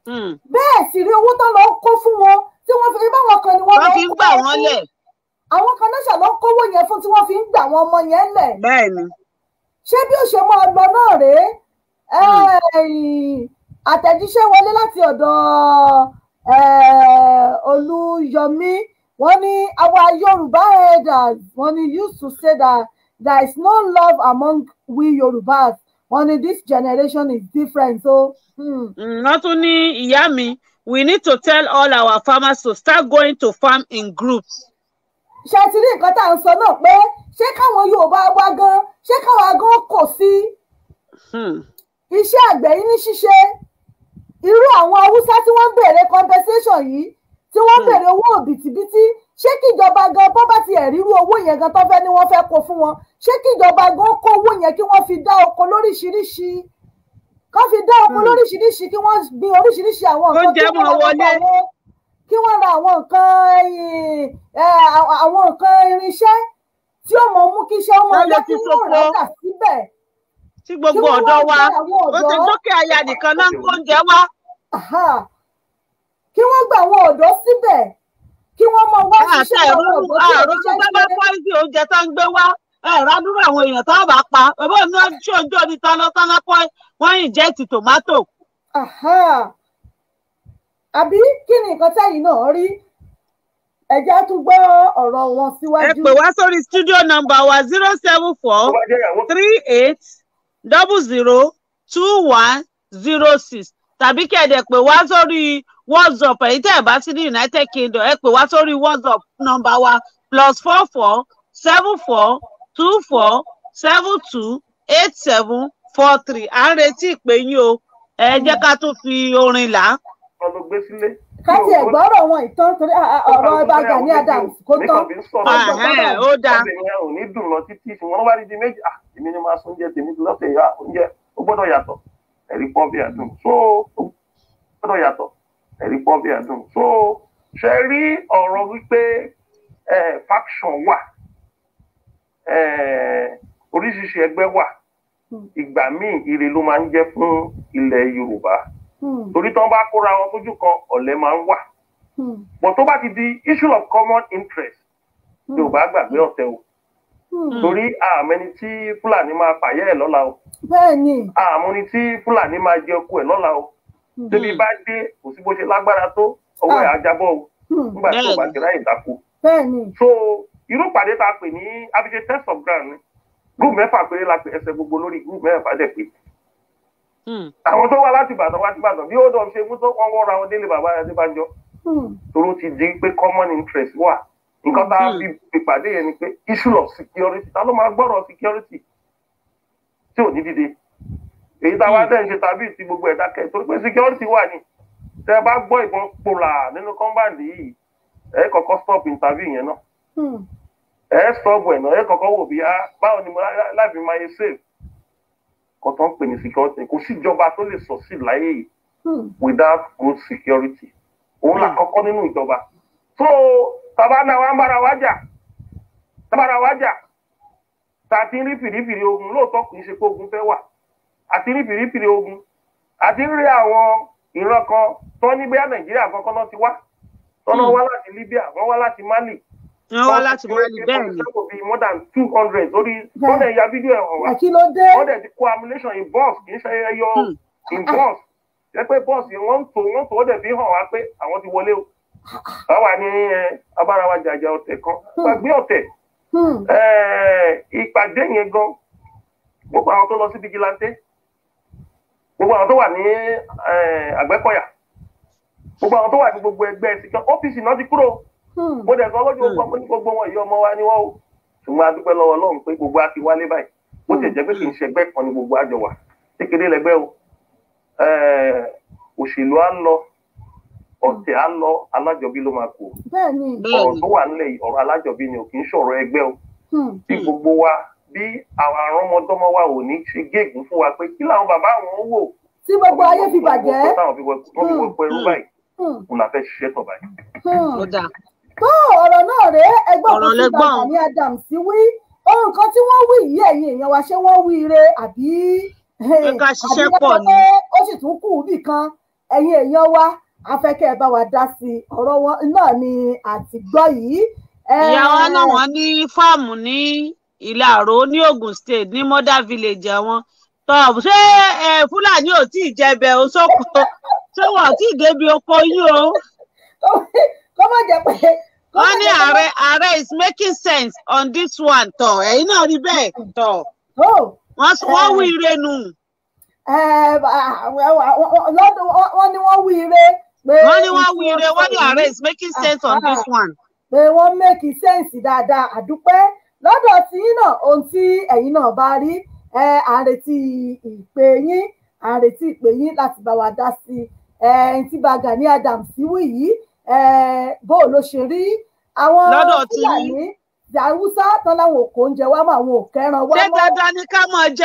Hmm. bẹ́ẹ̀ sì rí owó tán lọ kó fún wọn tí wọ́n fi rí báwọn kan ni wọ́n lọ kó wọn fún àwọn kan náà ṣàlọ́ kówó yẹn fún tí wọ́n fi ń gbà àwọn ọmọ yẹn lẹ̀. bẹ́ẹ̀ ni ṣé bí ó ṣe máa lọ náà rèé hmm. àtẹ̀jíṣẹ́ wọlé láti ọ̀dọ̀ Olúyọmí wọ́n ní our Yorùbá elders wọ́n ní used to say that there is no love among we Yorùbás wọ́n ní this generation is different so. Hmm. Hmm, wọ́n tún ní ìyá mi we need to tell all our farmers to start going to farm in groups ṣe ti rí nǹkan tá à ń sọ náà pé ṣé káwọn Yorùbá wá gan ṣé káwọn agán kò sí hmm. iṣẹ́ àgbẹ̀ yìí ní ṣíṣe irú àwọn Haúsá tí wọ́n ń béèrè compensation yìí tí wọ́n ń hmm. béèrè owó òbítíbitì ṣé kíjọba gan bọ́ bá ti ẹ̀rí irú owó yẹn gan tó fẹ́ ni wọ́n fẹ́ kó fún wọn ṣé kíjọba gan kó owó yẹn kí wọ́n fi dá oko lóríṣiríṣi kán fi dá oko hmm. lóríṣiríṣi kí wọ́n gbin oríṣiríṣi àwọn nǹkan tó wọ́n wọlé kí wọ́n ra àwọn nǹkan àwọn nǹkan irinṣẹ́ tí ó mọ̀ mú kí iṣẹ́ ọmọ ilé kí wọ́n rà dà síbẹ̀. tí gbogbo ọ̀dọ́ wa ó ti dókè aya nìkan náà ń kó oúnjẹ wá. kí wọ́n gba àwọn ọ̀dọ́ síbẹ̀ kí wọ́n mọ wá ah, ṣiṣẹ́ àwọn ọ̀dọ́ tí ah, wọ́n ṣiṣẹ́ síbẹ̀. àrùn bábá pọ́ìsì oúnjẹ tó ń gbé wá ẹ̀rọ eh, adúrú àwọn èèyàn tó bá pa bàbá mi ṣojú omi tánná tánná wọ́n ń jẹ́ ti tòmátò àbí kí ni nǹkan tẹ́yìn náà rí ẹ jẹ́ tún gbọ́ ọ̀rọ̀ wọn síwájú. ẹ pè wá sórí studio number wa zero seven four three eight double zero two one zero six tàbí kí ẹ dẹ̀ pè wá sórí whatsapp èyí tẹ́ ẹ̀ bá sí ní united kingdom ẹ pè wá sórí whatsapp number wa plus four four seven four two four seven two eight seven four three à ń retí ìpè yín o ẹ jẹ́ ká tún fi orin là á kan ló gbé sílé. ká tiẹ̀ gbọ́rọ̀ wọn ìtàn torí ọ̀rọ̀ ọba Gani Adams kó tán. ó dáa. obìnrin ò ní dùn lọ títí ṣùgbọ́n wọ́n bá rí di méjì à èmi ni máa sóúnjẹ tèmi lọ́sẹ̀ yá oúnjẹ ó gbọ́dọ̀ yàtọ̀ ẹ̀rí pọ́ńpì àdùn so ó gbọ́dọ̀ yàtọ̀ ẹ̀rí pọ́ńpì àdùn so ṣe rí ọ̀rọ̀ wípé faction wà oríṣiríṣi ẹgbẹ́ wà hmm. ìgbà míì ire ló máa ń jẹ́ fún ilẹ̀ Yorùbá. Hmm. torí tán bá kóra wọn tójú kan ọ̀lẹ́ máa ń wà hmm. bọ̀ tó bá ti di issue of common interest hmm. yóò bá gbàgbé ọ̀tẹ̀ o torí àmẹni tí fúlàní máa pààyẹ́ ẹ̀ lọ́la o àmúni tí fúlàní máa jẹ ọkọ ẹ̀ lọ́la o débi bá dé kò sí bó ṣe lágbára tó ọwọ́ ẹ̀ ajábọ̀ ah. o nígbà tí o bá ti ráyè dáko so irú pàdé tá a pè ní abijay test of ground ni group mẹ́fà péré la pè ẹsẹ̀ gbogbo lórí group mẹ́fà dẹ̀ pé Hmm. àwọn tó wá láti ìbàdàn wá sí ìbàdàn bí odò ṣe mú tó wọn wọ́n ra wọn délé bàbá adébánjọ hmm. tóró ti di pé common interest wà nǹkan tá a hmm. fi ìpàdé yẹn ni pé issue of security ta ló máa gbọ́rọ̀ security tí ò ní dìde èyí táwa dẹ̀ ń ṣe tàbí ti gbogbo ẹ̀dá kẹ̀ torí pé security wà ní tẹ bá gbọ́ ìbọn pola nínú kọ́ńbàndì yìí ẹ kọ́kọ́ stop interview yẹn náà ẹ stop ẹ̀ náà ẹ kọ́kọ́ wò bí ah, báwo ni láìpẹ́ máa yẹ safe kan tó ń pè ní security kò síjọba tó lè succeed láyé yìí hmm. without good security òun là hmm. kọ́kọ́ nínú ìjọba so bàbá náà wà ń bára wa jà tábàrà wa jà tá a ti rí fìrífìrí ogun lóòótọ́ kì í ṣe pé ogun fẹ́ wà àti rí fìrífìrí ogun àti rí àwọn ìran kan tó ní bẹ́ẹ̀ nàìjíríà kankan náà ti wá tọ́nà hmm. wá láti Libya wọ́n wá láti Mali wọ́n wá láti Mali bẹ́ẹ̀ ni. wọ́n fi more than two hundred lórí wọ́n dẹ̀ ya fídíò ẹ̀ hàn wá. kí ló dé. wọ́n dẹ̀ ti kó ammunition in box kì í ṣe ẹyọ hmm. in box jẹ́ pé box yẹn wọ́n ń tò wọ́n tò ó dẹ̀ fi hàn wá pé àwọn ti wọlé o. báwa ni abára wa jàjà ọ̀tẹ̀ kan gbàgbé hmm. ọ̀tẹ̀ hmm. ìpàdé yẹn gan gbogbo àwọn tó lọ sí vigilante gbogbo àwọn tó wà ní Àgbẹ̀kọ̀yà gbogbo àwọn tó wà ní gbogbo ẹgbẹ́ ọ́fíìsì náà ti kúrò. Hmm. mo dẹ̀ sọ lọ́jọ́ hmm. gbọ́ mo ní gbogbo wọn ìyá ọmọ wa ni wọ́n o ṣùgbọ́n a dúpẹ́ lọ́wọ́ Ọlọ́run pé gbogbo a ti wálé báyìí bó ti hmm. jẹ́ pé kì í ṣẹgbẹ́ kan ni gbogbo àjọ wà kékeré lẹgbẹ́ o òṣèlú á lọ ọ̀tẹ̀ á lọ alájọbí ló máa kù ọ̀rọ̀ tó wà nílẹ̀ yìí ọ̀rọ̀ alájọbí ni ò kì í ṣọ̀rọ̀ ẹgbẹ́ o bí gbogbo wa bí àwọn arọ́mọdọ́mọ wa ò ní ṣe géègùn fún wa pé kí làwọn bàbá àwọn wò tó ọ̀rọ̀ náà rèé ẹgbọ́n kan tí Gani Adams wí ohun kan tí wọ́n wí yìí ẹ̀yin èèyàn wa ṣé wọ́n wí ire àbí àbí ẹgbẹ́ ó sì tún kù bì kan ẹ̀yin èèyàn wa afẹ́kẹ́ ẹ bá wa dá sí ọ̀rọ̀ wọn náà ni àtìgbọ́ yìí. ìyàwó náà wọ́n ní fáàmù ní ìlàró ní Ogun State ní mother village àwọn tọ ṣé Fúlàní ò tí ì jẹbẹ o sọkọ ṣé wọn ò tí ì débi oko yín o. kó pé wọ́n ní ààrẹ ààrẹ is making sense on this one tọ̀ ẹ̀yin náà rí bẹ́ẹ̀ tọ̀ wọ́n wí ire nù. wọ́n ní wọ́n wí ire. wọ́n ní wọ́n wí ire wọ́n ní ààrẹ is making sense on ah, this ah. one. pé wọ́n make sense dáadáa àdúpẹ́ lọ́dọ̀ tí yín náà ohun tí ẹ̀yin náà bá rí àrètí ìpè yín àrètí ìpè yín láti bá wa dá sí i tí bá Gani Adams wí yìí bó ló ṣe rí àwọn fúlàní yàwùsá tán láwọn oúnjẹ wa máa wọn ò kẹran wa. ṣé ni ká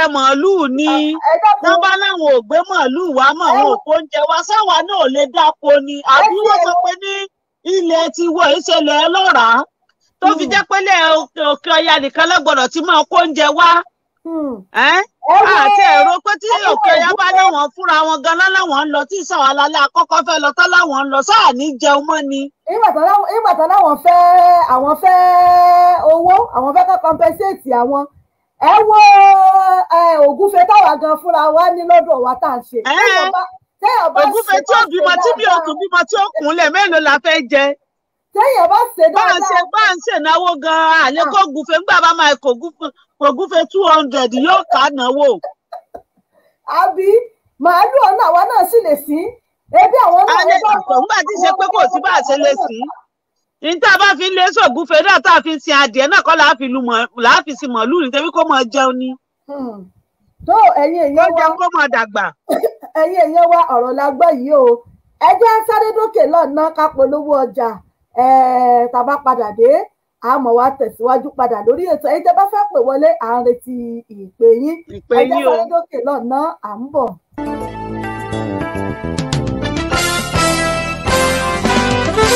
máa ni wọn bá láwọn ò màálùú wa mọ àwọn òkò oúnjẹ wa sáwa náà lè dáko ni àbí sọ pé ní ilẹ̀ tiwọ̀ ìṣẹ̀lẹ̀ tó fi hmm. jẹ́ pé òkè ọya nìkan lọ́gbọ̀dọ̀ máa kó àti hmm. ẹ̀rọ pé tí òkè ya bá láwọn fúnra wọn ganan láwọn ń lọ tí ìsàn alalẹ́ àkọ́kọ́ fẹ́ lọ láwọn ń lọ sáà ní jẹun mọ́ ni. ìgbà tán láwọn fẹ́ àwọn fẹ́ owó àwọn fẹ́ kọ́ compensate àwọn ẹ wo ògúnfe táwa gan fúnra wa ní lọ́dọ̀ wa tá à ń ṣe. ògúnfe tí ó bímọ tí bí òkú bímọ tí ó kúnlẹ̀ mélòó la fẹ́ jẹ téèyàn bá ṣe dáadáa bá ń ṣe bá ń ṣe náwó gan-an àlékògùnfẹ́ ńgbà bá máa kògùnfẹ́ ògúnfe two hundred yóò ká náwó. àbí màálù ọ̀nà àwa náà sì lè sí ebi àwọn náà. a lè sọ nígbà tí ṣe pé kò sí bá a ṣe lè sí ní tá a bá fi lé sògúnfe náà tá a fi sin adìẹ náà kọ́ láàfi lu mọ̀ láàfi sin mọ̀lú nítorí kó mọ̀ jẹun ni. Hmm. tó ẹ̀yin èèyàn wa ó jẹun kó mọ̀ dàgbà. ẹ̀yin èèyàn wa ọ̀rọ̀ la gbọ́ yìí o ẹ jẹ́ sáré dókè lọ́nà ká polówó ọjà tàbá padà dé a mọ̀ wá tẹ̀síwájú padà lórí ètò ẹ̀yin tẹ́ bá fẹ́ pè wọlé à ń retí ìpè yín ẹ̀jẹ̀ sáré lọ́nà à ń bọ̀.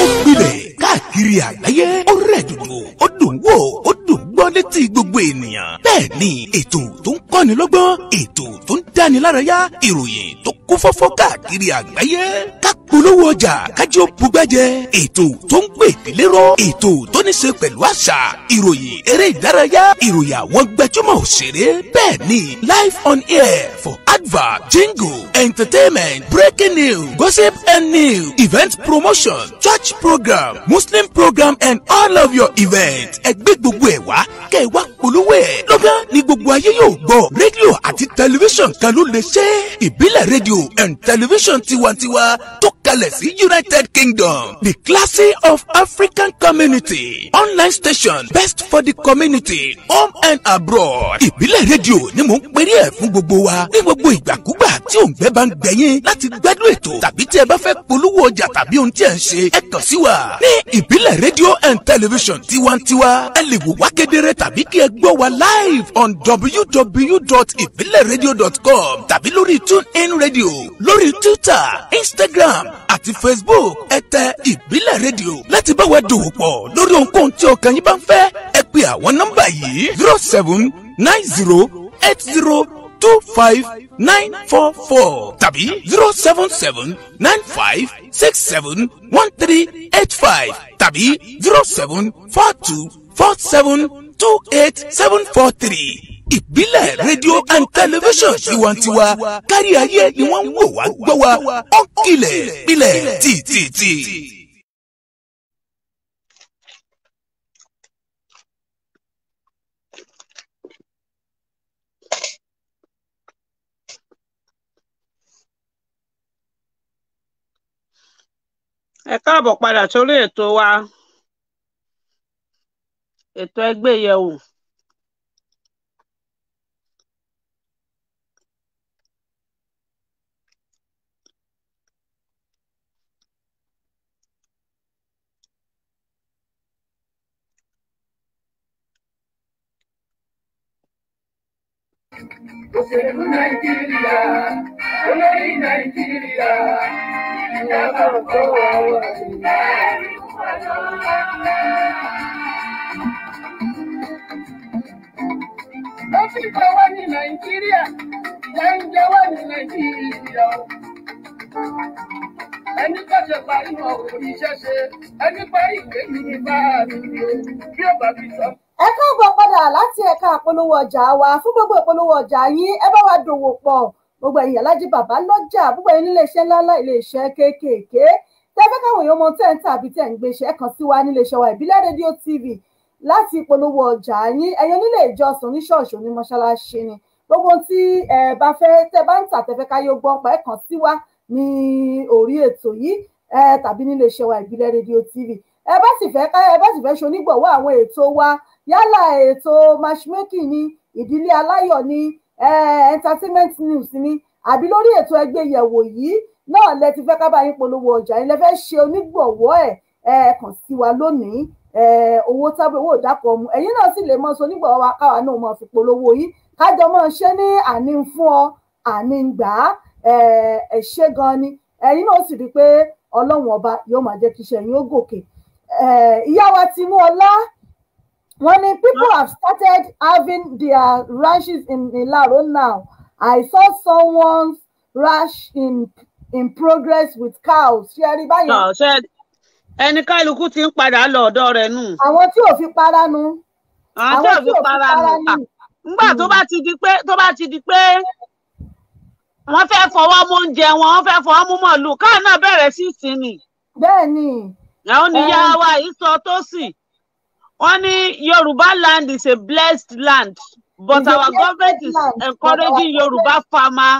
ó gbilẹ̀ káàkiri àgbáyé ó rẹ̀ dùdù ó dùn wò ó dùn gbọ́ létí gbogbo ènìyàn. bẹ́ẹ̀ ni ètò tó ń kọ́ni lọ́gbọ́n ètò tó ń dáni lárayá ìròyìn tó kún fọ́fọ́ káàkiri àgbáyé. ká polówó ọjà kájí ó bugbẹ́jẹ ètò tó ń pè délé rọ ètò tó ní ṣe pẹ̀lú àṣà ìròyìn eré ìdárayá ìròyìn àwọn gbẹjúmọ̀ òṣèré bẹ́ẹ̀ ni live on air for advert jingle entertainment breaking news gossip and news event promotion church program muslim program and all of your events ẹgbẹ́ gbogbo ẹ̀ wá kẹ́ ẹ̀ wá polówó ẹ̀. lọ́gán ni gbogbo ayé yóò gbọ́ rédíò àti tẹlifíṣàn kan lè ṣe ìbílẹ̀ rédíò and tẹlifíṣàn tiwantiwa tó kalẹ̀ sí United Kingdom the classy of African community online station best for the community home and abroad. ìbílẹ̀ rédíò ni mò ń perí ẹ̀ fún gbogbo wa ní gbogbo ìgbàkúgbà tí òǹgbẹ́ bá ń gbẹ̀yìn láti gbádùn ètò tàbí tí ẹ bá fẹ́ polówó ọjà tàbí ohun tí ẹ ń ṣe ẹ kàn sí wa ní ìbílẹ̀ rédíò and tẹlifíṣàn tiwantiwa ẹ lè wò wá kedere tàbí kí ẹ gbọ́ wa live on www.ibileradio.com tàbí lórí TuneIn Radio lórí Twitter Instagram àti Facebook ẹ tẹ Ìbílẹ̀ Radio láti bá wa dòwò pọ̀ lórí ohunkóhun tí ọkàn yín bá ń fẹ́ ẹ pe àwọn nọ́mbà yìí zero seven nine zero eight zero two five nine four four tàbí zero seven seven nine five six seven one three eight five tàbí zero seven four two four seven two eight seven four three ìbílẹ̀ rédíò and television. tiwantiwa kárí ayé ni wọ́n ń wò wá gbọ́ wa ó kilẹ̀ gbilẹ̀ tìtìtì. ẹ káàbọ̀ padà sórí ètò wa ètò ẹgbẹ́ yẹ̀ wò. òṣèlú nàìjíríà olórí nàìjíríà ìjọba òkòwò àwọn ènìyàn. dókítà wa ní nàìjíríà lẹ́ńjẹ́ wa ní nàìjíríà o. ẹni kọ́sẹ̀ parí wọn ò rí iṣẹ́ ṣe ẹni parí ìwé mi ní báàmì ni o bí ó bá fi sọ. ẹ káàbọ̀ padà láti ẹ̀ka àpolówó ọjà wa fún gbogbo ìpolówó ọjà yín ẹ bá wa dòwò pọ̀ gbogbo ẹ̀yin alájí bàbá lọ́jà gbogbo ẹ̀yin níléeṣẹ́ ńláńlá iléeṣẹ́ kéékèèké tẹ́fẹ́ káwọn èèyàn mọ tẹ́ àbí tẹ́ ń gbéṣẹ́ sí wa níléeṣẹ́ wa ìbílẹ̀ rédíò tv láti polówó ọjà yín ẹ̀yin onílé ìjọsìn oníṣọ́ọ̀ṣì onímọ̀ṣáláṣí ni gbogbo tí ẹ bá fẹ́ tẹ́ bá ń tà tẹ́ fẹ́ káyọ̀ gbọ́ pa ẹ̀ kàn sí wa ní orí ètò yìí tàbí nílé iṣẹ́ wa ìbílẹ̀ rédíò tv ẹ bá sì fẹ́ ẹ bá sì fẹ́ ṣe onígbọ̀wọ́ àwọn ètò wa yálà ètò matchmaking ni ìdílé aláyọ̀ ni entertainment news ni àbí lórí ètò ẹgbẹ́ yẹ̀wò yìí náà lẹ ti fẹ́ ká bá yín polówó ọjà yín lẹ fẹ́ ṣe onígbọ̀wọ́ ẹ̀ ẹ kàn sí wa lónìí owó tábìlì owó ìdápọ̀ ọmú ẹ̀yin náà sì lè mọ sọ nígbà wa káwa náà mọ̀ fi polówó yìí kájọ mọ̀ ṣe ní àní ń fún ọ àní ń gbà á ẹ ṣé gan ni ẹ̀yin náà sì rí i pé ọlọ́run ọba yóò máa jẹ́ kí iṣẹ́ yín ó gòkè ìyá wa ti mú ọlá wọ́n ní people have started having their ranches in Ilaro now I saw someone's ranch in in progress with cows ṣé ẹ rí báyìí. ẹni kálukú ti ń padà lọ ọ̀dọ̀ rẹ̀ nù. àwọn tí ò fi para nu. àwọn tí ò fi para nu. nígbà tó bá ti di pé tó bá ti di pé wọ́n fẹ́ fọwọ́ mú oúnjẹ wọn wọ́n fẹ́ fọwọ́ mú mọ̀lú káà náà bẹ̀rẹ̀ sí sinmi. bẹ́ẹ̀ni. àwọn oníyá wa yìí sọ tó sì wọ́n ní Yorùbá land is a blessed land but our government is encouraging Yorùbá farmer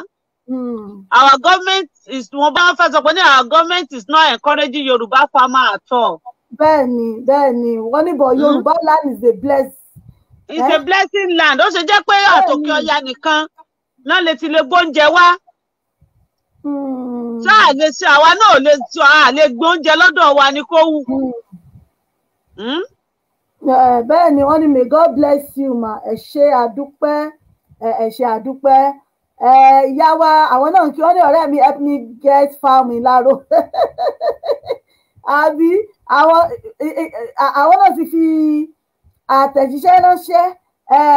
Hmm. Our government is wọ́n bá fẹ́ sọ pé ní our government is not encouraging Yorùbá farmer at all. Bẹ́ẹ̀ni bẹ́ẹ̀ni wọ́n ní bọ̀ hmm. Yorùbá land is a blessing. It's eh? a blessing land. Ó ṣe jẹ́ pé àtòkè ọya nìkan náà lè ti lè gbóúnjẹ wá. Hmm. Ṣé àlè ṣe àwa náà lè ṣe àlè gbóúnjẹ lọ́dọ̀ wa ni kó wù? Eh, eh, bẹ́ẹ̀ni wọ́n ní may God bless you ma, ẹ ṣé àdúpẹ́, ẹ ṣé àdúpẹ́ ìyá wa àwọn náà kí wọ́n ní ọ̀rẹ́ mi help me get farming láàárọ̀ àbí àwọn náà ti fi àtẹ̀jíṣẹ́ ránṣẹ́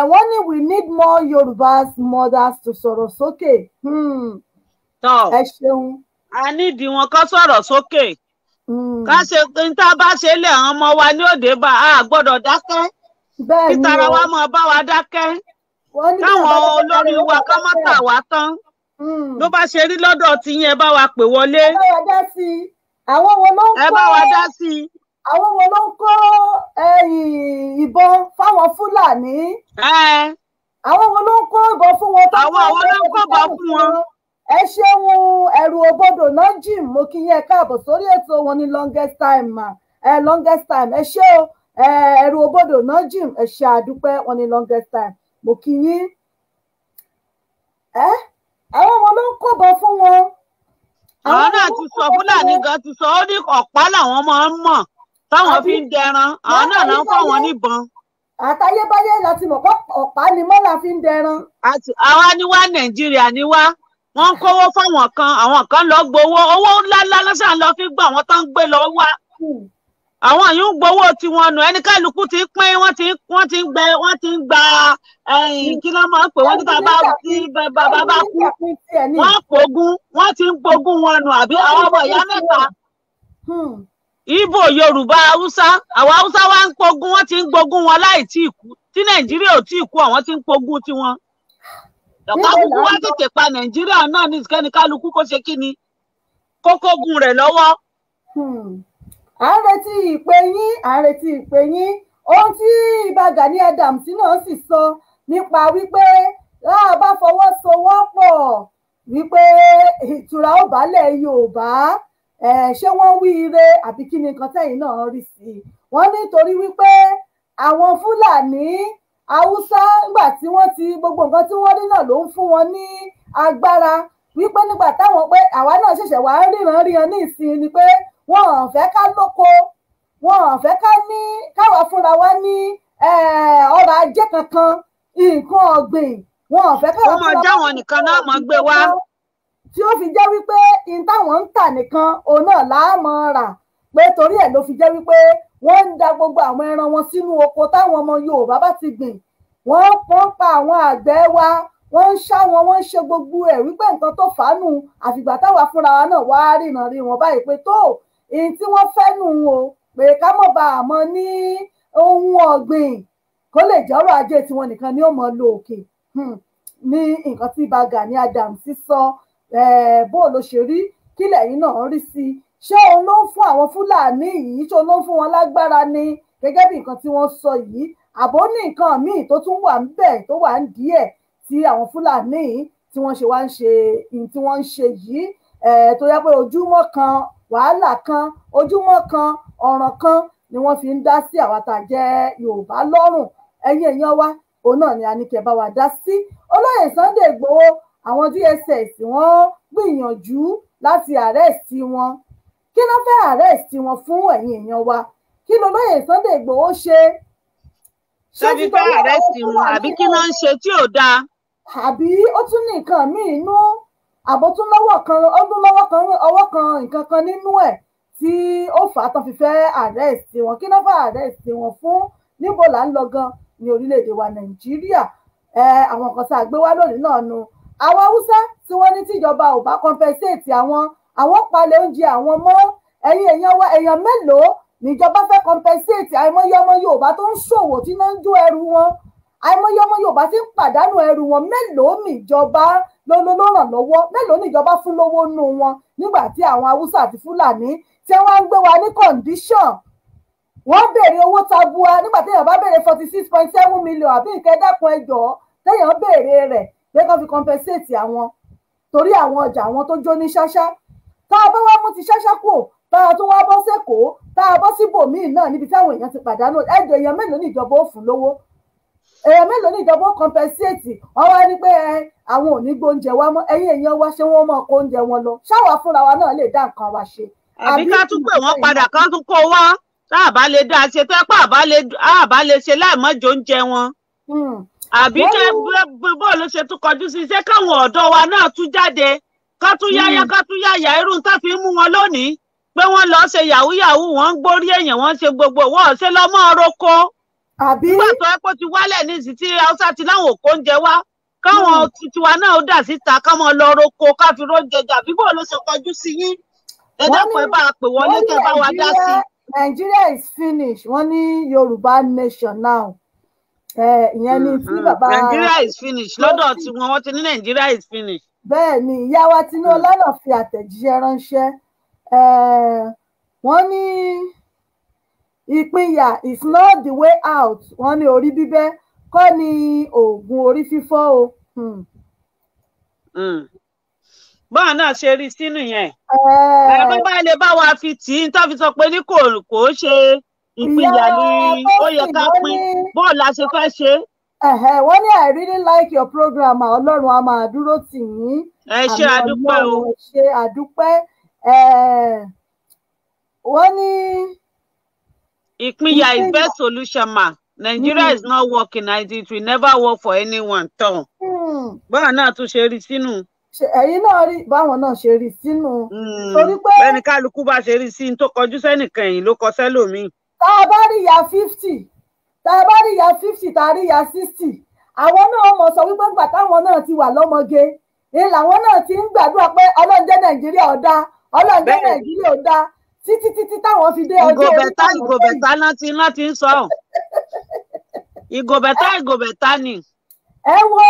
wọ́n ní we need more Yorùbá's mothers to sọ̀rọ̀ sókè. Hmm. ẹ ṣeun. a nídìí wọn kó sọ̀rọ̀ sókè hmm. ká ṣe n tá a bá ṣe lé àwọn ọmọ wa ní òde bá a gbọ́dọ̀ dákẹ́ kí tara wa máa bá wa dákẹ́ káwọn olórí wa ká má tà wá tán hmm. ló bá ṣe rí lọ́dọ̀ tí yẹn bá wa pè wọlé àwọn wo ló ń kó ẹ bá wa dá sí i àwọn wo ló ń kó ìbọn fáwọn fúlàní àwọn wo ló ń kó ìbọn fún wọn tó àwọn wo ló ń kó ìbọn fún wọn ẹ ṣeun ẹrù òbodò náà jìm mo kí yín ẹ káàbọ̀ sórí ètò wọn ní longest time ma ẹ longest time ẹ ṣé ẹrù òbodò náà jìm ẹ ṣe àdúpẹ́ wọn ní longest time mo kí yín ẹ àwọn ọmọ ló ń kọbọ fún wọn. àwọn náà ti sọ fúlàní gan ti sọ ó ní ọ̀pá làwọn máa ń mọ̀ táwọn fi ń dẹran àwọn náà náà ń kọ́ wọn níbọn. àtayébáyé láti mọ̀ pé ọ̀pá ni mọ́là fi ń dẹran. àwa ni wá nàìjíríà ni wá wọ́n ń kówó fáwọn kan àwọn kan lọ gbowó owó ńláńlá lọ́sàn-án lọ fi gbọ́ àwọn tó ń gbé lọ wá hmm àwọn yìí ń gbowó tiwọn nù ẹnikẹ́lùkù ti ń pín wọ́n ti wọ́n ti ń gbẹ wọ́n ti ń gba kí ló máa ń pè wọ́n ní bàbá tí bàbá bá kú wọ́n pògún wọ́n ti ń pògún wọn nù àbí àwọn ọmọ ìyá hmm. mẹ́ta Ìgbò hmm. Yorùbá Haúsá àwọn Haúsá wa ń pògún wọ́n ti ń gbógun wọn láì tí ì kú tí Nàìjíríà ò tí ì kú àwọn ti ń pògún tiwọn kálukú wá tètè pa Nàìjíríà náà ní kẹ́ni kálukú kó ṣe kí ni kókógun rẹ̀ lọ́wọ́. Hmm à ń retí ìpè yín à ń retí ìpè yín ohun tí ibà Gani Adams náà sì sọ nípa wípé láà bá fọwọ́sowọ́pọ̀ wípé ìtura ó bálẹ̀ Yorùbá ṣé wọ́n wí ire àbí kí ni nǹkan tẹ́yìn náà rí sí i wọ́n nítorí wípé àwọn Fúlàní Haúsá nígbà tí wọ́n ti gbogbo nǹkan tí wọ́n rí náà ló ń fún wọn ní agbára wípé nígbà táwọn pé àwa náà ṣẹ̀ṣẹ̀ wá ríran ríran ní ìsìn ni pé wọn ò fẹ́ ká lóko wọn ò fẹ́ ká ní káwa fúnra wa ní eh, ọrọ̀ ajé kankan nǹkan ọ̀gbìn wọn ò fẹ́ káwa fúnra wa. ọmọ jáwọn nìkan náà mọ̀ gbé wá. tí ó fi jẹ́ wípé n táwọn ń tà nìkan òun náà láàmọ́ rà pé torí ẹ̀ ló fi jẹ́ wípé wọ́n ń da gbogbo àwọn ẹran wọn sínú oko táwọn ọmọ Yorùbá bá ti gbìn wọ́n pọ́n pa àwọn àgbẹ̀ wa wọ́n ń ṣá wọn wọ́n ń ṣe gbogbo ẹ̀ wípé nǹkan tó fàánù àfìgbà táwa fúnra wa náà wá ríran rí wọn báyìí pé tó ìyìn tí wọ́n fẹ́ nù o pé ká mọ̀ bá a mọ ní ohun ọ̀gbìn kó lè jẹ́ ọrọ̀ ajé tiwọn nìkan ni ó mọ̀ lọ òkè hmm. ní nǹkan tí Ìbà Gani Adams sísọ bó ló ṣe rí kí lẹ́yìn náà rí sí i ṣé òun ló ń fún àwọn Fúlàní yìí ṣé òun ló ń fún wọn lágbára ni gẹ́gẹ́ bí nǹkan tí wọ́n sọ yìí àbó ní nǹkan míì tó tún wà ń bẹ̀ tó wà ń díẹ̀ tí àwọn Fúlàní yìí tí wọ́n ṣe wá ń ṣe tí wọ́n ń ṣe yìí tó yẹ pé ojúmọ́ kan wàhálà kan ojúmọ́ kan ọ̀ràn kan ni wọ́n fi ń dá sí àwa tá a jẹ́ yorùbá lọ́rùn ẹ̀yin èèyàn wa òun náà ni a ní kẹ́ bá wa dá sí olóyè Sunday Igboho àwọn DSS wọ́n gbìyànjú láti àrẹ́ẹ̀sì wọn kí ló fẹ́ àrẹ́ẹ̀sì wọn fún ẹ̀yin èèyàn wa kí lolóyè Sunday Igboho ṣe. ṣé ti fẹ́ àrẹ́ẹ̀sì wọn àbí kí ló ń ṣe tí ò dáa. àbí ó tún ní nǹkan míì nú. No? àbó tún lọ́wọ́ kan ó lọ́wọ́ kan ọwọ́ kan nǹkan kan nínú ẹ̀ tí ó fà á tán fi fẹ́ arrest wọn kí náà fà arrest wọn fún níbo là ń lọ gan ní orílẹ̀-èdè wa nàìjíríà àwọn kan tá a gbé wá lónìí náà nu àwọn haúsá tí wọ́n ní tíjọba ò bá compensate àwọn àwọn palẹ̀ oúnjẹ àwọn mọ́ ẹ̀yin èèyàn wa èèyàn mélòó níjọba fẹ́ compensate àìmọye ọmọ yorùbá tó ń ṣòwò tí náà ń jó ẹrù wọn àìmọye ọmọ yorùbá ti ń pàdánù ẹrù wọn mélòó níjọba lọ́lọ́lọ́rànlọ́wọ́ mélòó níjọba fún lówó nù wọn nígbà tí àwọn haúsá àti fúlàní tí wọ́n ń gbé wa ní condition wọ́n béèrè owó tabua nígbà tí èèyàn bá béèrè forty six point seven million àbí ìkẹ́dàkùn ẹjọ́ téèyàn béèrè rẹ̀ pé kán fi compensate àwọn torí àwọn ọjà àwọn tó jó ní ṣáṣá tá a bá wá mú ti ṣáṣá kù tá a tún wá bọ́ sẹ́kọ̀ọ́ tá a bọ́ síbòmíì náà níbi táwọn èèyàn ti pàdánù ẹjọ́ èèyàn mélòó níjọba ó fún lówó èèyàn mélòó ní ìjọba ó compensate ọwọ́ ẹni pé àwọn ò ní gbóúnjẹ wa mọ́ ẹ̀yin èèyàn wa ṣé wọ́n mọ̀ kó oúnjẹ wọn lọ ṣáwa fúnra wa náà lè dá nǹkan wa ṣe. àbí ká tún pè wọ́n padà ká tún kó wá tá a bá lè dá a ṣe tó pé a bá lè ṣe láìmọ́jọ oúnjẹ wọn. Hmm. àbí bó ló ṣe tún kọjú sí ṣé káwọn ọ̀dọ́ wa náà tún jáde ká tún yáyá hmm. ká tún yáyà irú tá fi ń mú wọn lónìí pé wọ́n lọ ṣe yàwúyàwú wọ́n ń gbórí èèyàn wọ́n ṣe gbogbo wọ́n ṣe lọ́mọ́ ọrọ́kọ́ àbí. ẹ kó ti wálẹ̀ ní ìsìn tí haúsá ti láwọn òkó oúnjẹ wá káwọn hmm. tiwa náà ó dà síta káwọn lọ roko káfi róúnjẹ jà bí ló ṣe kọjú sí yín ẹ dákun ẹ bá a pè wọlé kẹ bá wa dá sí. Nigeria is finished wọ́n ní Yorùbá nation now ìyẹn ni tí hmm, hmm. bàbá. Nigeria is finished lọ́dọ̀ tiwọn wọ́n ti ní Nigeria is finished. bẹ́ẹ̀ ni ìyá wa Tinúọlá náà fi àtẹ̀jíṣẹ́ ránṣẹ́ wọ́n ní. Uh, ìpínyà is not the way out wọn ní orí bíbẹ́ kọ́ ni oògùn orí fífọ́ o. Hmm. Hmm. báà náà ṣe rí sínú yẹn eh. ẹ bá bá lè bá wa fi tì í tó fi sọ pé ní kò kò ṣe ìpínyà ni ó yẹ ká pín bọ́ọ̀lù la ṣe fẹ́ ṣe. wọ́n ní I really like your program ọlọ́run a máa dúró tì yín. ẹ ṣe àdúpẹ́ o. ẹ ṣe àdúpẹ́ eh, wọ́n ní. ìpínyà is best solution ma Nigeria is mm-hmm. not working as it will never work for anyone tán mm-hmm. báwọn náà tún ṣe rí sínú ẹ̀yin náà rí báwọn náà ṣe rí sínú mm. torí pé bẹ́ẹ̀ni kálukú bá ṣe rí sí tó kọjú sẹ́nìkan yìí ló kọ sẹ́lòmíì. tá a bá rí ya fifty tá a bá rí ya fifty tá a rí ya sixty àwọn náà mọ̀ sọ wípé gbà táwọn náà ti wà lọ́mọge ni làwọn náà ti ń gbàdúrà pé ọlọ́run jẹ́ nàìjíríà ọ̀dá ọlọ́run jẹ́ nàìjíríà ọ̀dá títí títí táwọn fi dé ọjọ́ ìgòbẹ̀tá ìgòbẹ̀tá náà ti náà ti ń sọ ìgòbẹ̀tá ìgòbẹ̀tá ni. ẹ wo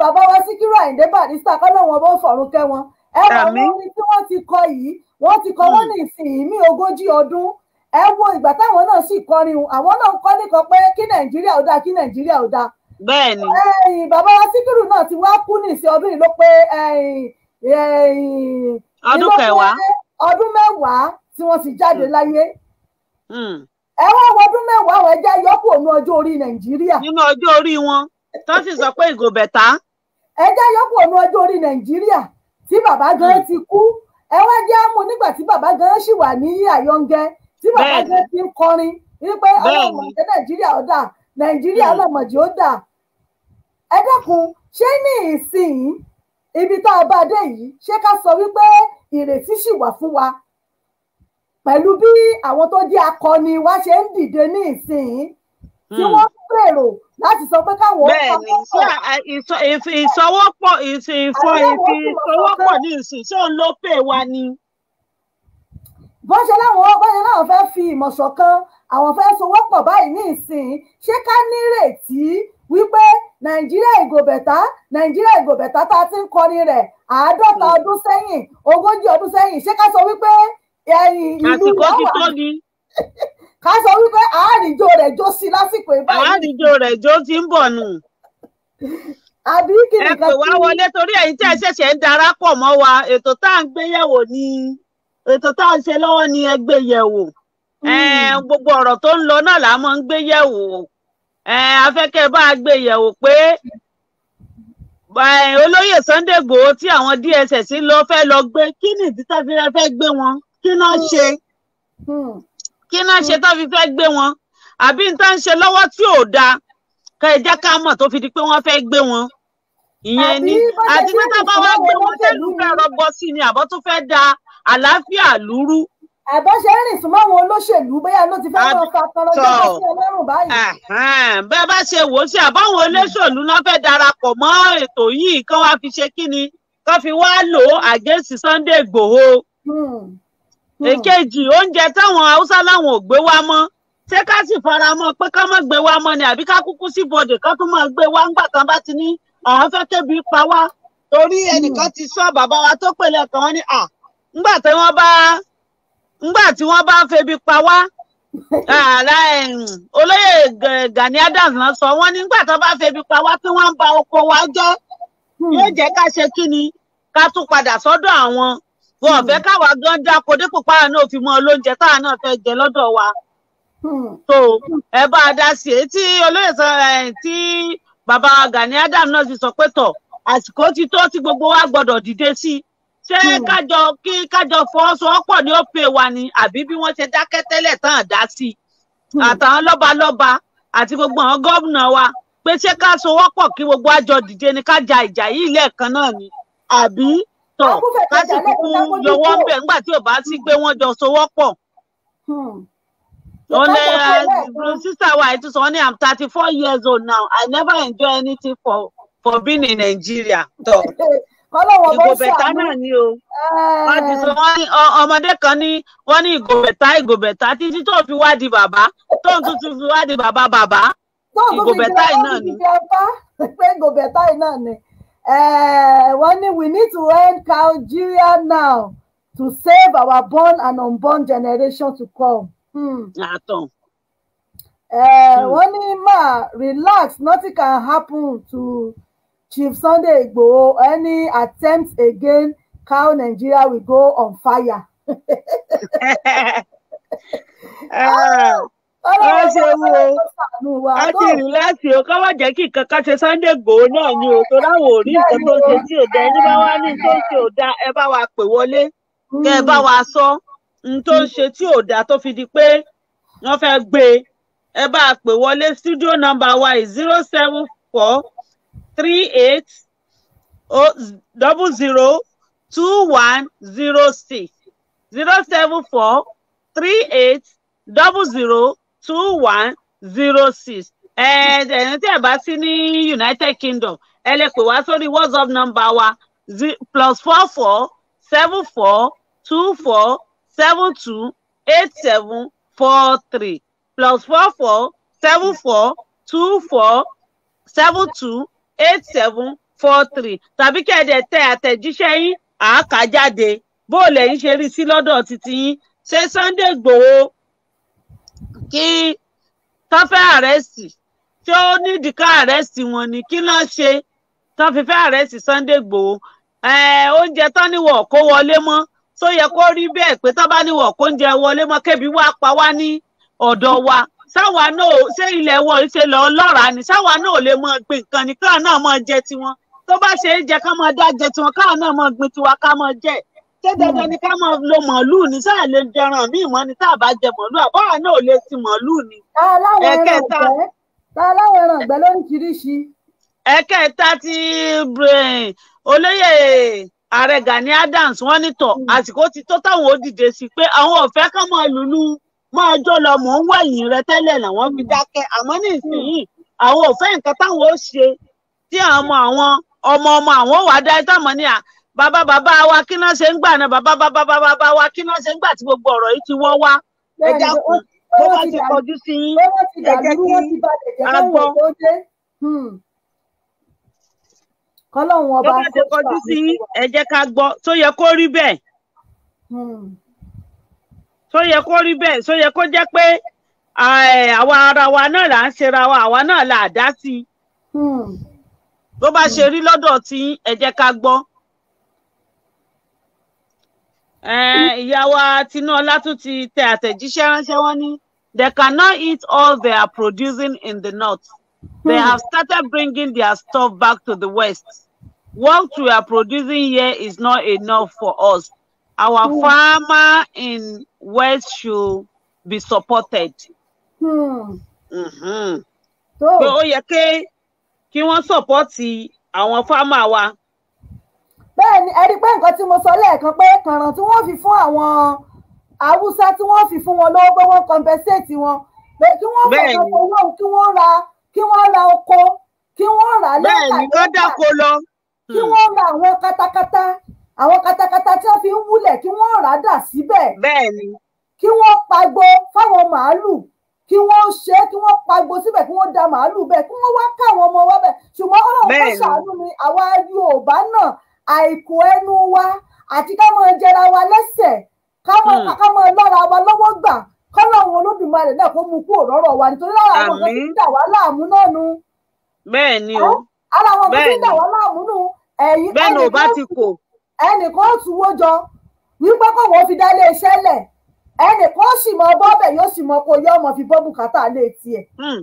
bàbá wa Síkírù Àyìndé Barrister kọ́lọ́wọ́n bó fọ̀run kẹ́ wọn ẹ wo orin tí wọ́n ti kọ yìí wọ́n ti kọ wọ́n ní ìsìn mí ogójì ọdún ẹ wo ìgbà táwọn náà sì kọrin àwọn náà kọ́ nìkan pé kí Nàìjíríà ó dáa kí Nàìjíríà ó dáa. bẹ́ẹ̀ni. bàbá wa Síkírù náà ti wá kú ní ìsìn ọdún yìí ló pé ọdún kẹwàá ọdún mẹ́wàá tí wọ́n ti jáde hmm. láyé hmm. ẹ wá wọdún mẹ́wàá àwọn ẹja yọkù ònú ọjọ́ orí nàìjíríà. nínú ọjọ́ orí wọn tó sì sọ pé ìgò bẹ̀tà. ẹja yọkù ònú ọjọ́ orí nàìjíríà tí bàbá gan hmm. ti kú ẹ wá jẹ́ àmú nígbà tí bàbá gan ṣì wà ní àyọǹgẹ tí bàbá gan ti ń kọrin wípé ọlọ́mọ ìjẹ́ nàìjíríà ó dà nàìjíríà ọlọ́mọ ìjẹ́ ó dà ẹ dákun ṣé ní ìsìn ibi tá a bá dé yìí ṣé ká sọ wípé ìrètí ṣì wà fún wa pẹ̀lú bí àwọn tó jẹ́ akọni wa ṣe ń dìde ní ìsìn tí hmm. wọ́n gbèrò láti sọ pé káwọn. bẹ́ẹ̀ni ìsọwọ́pọ̀ ìsọwọ́pọ̀ ní ìsìn ṣé òun ló pè wá ni. bó ṣe láwọn bó ṣe láwọn fẹ́ fi ìmọ̀ ṣọ̀kan àwọn fẹ́ sowọ́pọ̀ báyìí ní ìsìn ṣé ká nírètí wípé nàìjíríà ìgòbẹ̀tá nàìjíríà ìgòbẹ̀tá tá a ti ń kọrin rẹ̀ àádọ́ta hmm. ọdún sẹ́yìn ogójì ọdún sẹ́yìn ṣé ká sọ wípé ìlú lọ́wọ́ ká sọ wípé àárìnjó rẹ̀ jó sí lásìkò ìbáyìí. àárìnjó rẹ̀ jó ti ń bọ̀ nù. àbí kí nìkan tí. ẹ pè wá wọlé torí ẹ̀yin tí ẹ ṣẹ̀ṣẹ̀ ń darapọ̀ mọ́ wa ètò tá à ń gbé yẹ̀wò ni ètò tá à ń ṣe lọ́wọ́ ni ẹ gbé yẹ̀wò. Hmm. gbogbo ọ̀rọ̀ tó ń lọ náà là á mọ̀ ń gbé yẹ̀wò. afẹ́kẹ́ bá a gbé yẹ̀wò pé olóyè Sunday Igboho tí àwọn DSS lọ fẹ́ lọ gbé kí nìdí tá a fi fẹ́ gbé wọn kí náà ṣe hmm. kí náà ṣe tó fi fẹ́ gbé wọn àbí n tá ń ṣe lọ́wọ́ tí ò dáa ká ẹ jẹ́ ká mọ̀ tó fi di pé wọ́n fẹ́ gbé wọn ìyẹn ni àti pé tá a bá wá gbé wọn tẹ́lú fẹ́ rọgbọ sí ni àbọ̀ tó fẹ́ da àlàáfíà lúrú. àbọ̀ ṣe ń rìn súnmọ́ àwọn olóṣèlú bóyá ló ti fẹ́ lọ fa tọrọ jẹ́ sí ọlọ́run báyìí. bẹ́ẹ̀ bá ṣe wò ó sí àbáwọn olóṣèlú náà fẹ́ darapọ̀ mọ́ ètò yìí kán wá fi ṣe kí ni kán fi wá lò ó against Sunday Igboho. Hmm. Hmm. èkejì oúnjẹ táwọn haúsá láwọn ò gbé wá mọ́ ṣé ká sì fara mọ́ pé ká má gbé wá mọ́ ni àbí ká kúkú sí bòdè ká tún máa gbé wá ńgbà kan bá ti ní àwọn fẹ́ kébi pa wá torí hmm. ẹnìkan ti sọ bàbá wa tó pèlè kan wọ́n ní à ńgbà tí wọ́n bá ńgbà tí wọ́n bá febi pa wá olóyè Gani Adams náà sọ wọ́n ní ńgbà tí wọ́n bá febi pa wá tí wọ́n ń ba oko wa jẹ́ hmm. yóò jẹ́ ká ṣe kí ni ká tún padà sọ́dọ̀ àwọn wọn ò hmm. fẹ́ káwa gan dáko dípò pára náà fi mọ olóúnjẹ táwa náà fẹ́ jẹ lọ́dọ̀ wa tó hmm. ẹ bá a dá sí i olóyè sọ ẹ tí bàbá wa Gani Adam náà ti sọ pé tọ àsìkò ti tó tí gbogbo wa gbọ́dọ̀ dìde sí i ṣé hmm. kájọ kí kájọ fọwọ́sowọ́pọ̀ ni ó pè wá ni àbí bí wọ́n ṣe dákẹ́ tẹ́lẹ̀ tán dá sí i àtàwọn lọ́balọ́ba àti gbogbo àwọn gómìnà wa pé ṣé ká sowọ́pọ̀ kí gbogbo àjọ dìde ni ká ja ìjà yìí lẹ́ẹ̀kan náà ni àbí tọ̀ kásìkò yọwọ́ ń bẹ̀ nígbà tí ò bá sí pé wọ́n jọ sowọ́ pọ̀. Only uh, sister wife is only I'm 34 years old now. I never enjoy anything for for being in Nigeria. So, ìgò bẹ̀tà náà ni o. Wọ́n ti sọ eh. wọ́n ní ọmọdé kan ní wọ́n ní ìgò bẹ̀tà ìgò bẹ̀tà títí tó fi wá di bàbá tó ń tuntun fi wá di bàbá bàbá. Ìgò bẹ̀tà yìí náà ni. Ìgò bẹ̀tà yìí náà ni. Eh, wọ́n we need to end Nigeria now to save our born and unborn generation to come. Hmm. Uh, wọ́n ní ma relax nothing can happen to Chief Sunday Igboho any attempt again cow Nigeria will go on fire. uh. oh. a rìn láti o káwá jẹ́ kí nǹkan ṣe Sunday náà ni o tó láwọn ò rí nǹkan tó ṣe tí ò dá ẹni bá wá ní tó ṣe ò dá ẹ wa pè wọlé kẹ ẹ wa sọ ṣe tí ò dá tó fi pé fẹ gbé e. ẹ bá wọlé studio number one zero seven four three eight double zero two one zero six zero seven four three eight double zero. two one zero six ẹ̀ẹ́dẹ̀ẹ́n tí ẹ̀ bá sí ní United Kingdom ẹ lè pè wá sórí WhatsApp number wa plus four four seven four two four seven two eight seven four three plus four four seven four two four seven two eight seven four three tàbí kẹ́ẹ̀dẹ̀ tẹ àtẹ̀jíṣẹ́ yín àákà jáde bó o lẹ́yìn ṣe rí sí lọ́dọ̀ títí yín ṣé Sunday Igboho kí tó fẹ́ àrẹ́sì ṣé ó nídìí ká àrẹ́sì wọn ni kí náà ṣe tó fi fẹ́ àrẹ́sì Sunday Igboho eh, oúnjẹ tán ni wọ́n kó wọlé mọ́ tó yẹ kó rí bẹ́ẹ̀ pé tó bá ní wọ́n kó oúnjẹ wọlé mọ́ kébi wá pa wá ní ọ̀dọ̀ wa sáwa náà ṣé ilẹ̀ wọ̀ ṣe lọ lọ́ràá ni sáwa náà lè mọ gbin nǹkan ní káà náà mọ jẹ tiwọn tó bá ṣe é jẹ ká mọ dá jẹ tiwọn káà náà mọ gbin tiwa ká mọ jẹ ṣé dandan hmm. ni ká máa lo màálù ní sáà lè jẹran míì mọ́ ni tá a bá jẹ màálù àbáwá náà ò lè ti màálù ni. ẹ̀kẹta láwọn ẹran ọ̀gbẹ́ lóríṣiríṣi. ẹ̀kẹta ti olóyè ààrẹ Gani Adams wọ́n ní tọ̀ hmm. àsìkò ti tó táwọn ó dìde sí pé àwọn ọ̀fẹ́ kan máa lùlù máa jó lọ mò ń wẹ̀yìn rẹ tẹ́lẹ̀ làwọn fi hmm. dákẹ́ àmọ́ nísìnyí àwọn ọ̀fẹ́ nǹkan táwọn ó ṣe tí àwọn ọmọ àwọn ọmọ ọmọ àwọn wà dá ẹtọ́ bàbá bàbá wa kí náà ṣe ń gbà náà bàbá bàbá bàbá wa kí náà ṣe ń gbà tí gbogbo ọ̀rọ̀ yìí ti wọ́n wá ẹ dákun bó bá ti kọjú sí yín ẹ jẹ́ kí a gbọ́. Hmm. kọ́lọ́hún ọba bó bá ti kọjú sí yín ẹ jẹ́ ká gbọ́ tó yẹ kó rí bẹ́ẹ̀ tó hmm. yẹ kó rí bẹ́ẹ̀ tó yẹ kó jẹ́ pé àwa ara wa náà là ń ṣera wa àwa náà là dá sí i hmm. bó bá ṣe rí lọ́dọ̀ tí ẹ jẹ́ ká gbọ́. Eh, ìyá tinúọlá tún ti tẹ àtẹ̀jíṣẹ́ ránṣẹ́ wọn ní they cannot eat all they are producing in the north they hmm. have started bringing their stuff back to the west what we are producing here is not enough for us our hmm. farmer in west should be supported. Hmm. Mm-hmm. So, ó yẹ kí wọ́n sọ̀pọ́tì àwọn fámà wa bẹ́ẹ̀ ni ẹ rí pé nǹkan tí mo sọ lẹ́ẹ̀kan pé kànràn tí wọ́n fi fún àwọn haúsá tí wọ́n fi fún wọn lówó pé wọ́n compensate wọn pé kí wọ́n fọwọ́ owó kí wọ́n ra kí wọ́n ra oko kí wọ́n rà lẹ́ka lẹ́ka kí wọ́n ra àwọn katakata àwọn katakata tí wọ́n fi ń wúlẹ̀ kí wọ́n rà dà síbẹ̀ kí wọ́n pagbo fáwọn màálù kí wọ́n ṣe kí wọ́n pagbo síbẹ̀ kí wọ́n da màálù bẹ́ẹ̀ kí wọ́n wá káwọn ọmọ wa bẹ́ẹ̀ ṣùgbọ́n ọlọ́run kò ṣàánú mi àwa Yorùbá náà àìkú ẹnu wa àti ká máa jẹra wa lẹ́sẹ̀ ká máa hmm. lọ́ra wa lọ́wọ́ gbà kọ́lọ̀ àwọn olódùmarè náà kó wa nítorí lára àwọn ọmọ tó ń dà wá láàmú náà ara àwọn ń dà wá láàmú nu ẹnìkan jọ wípé wọ́n fi dá ilé iṣẹ́ lẹ̀ ẹnìkan ó ọmọ fi bọ́ bùkátà lé tiẹ̀. Hmm.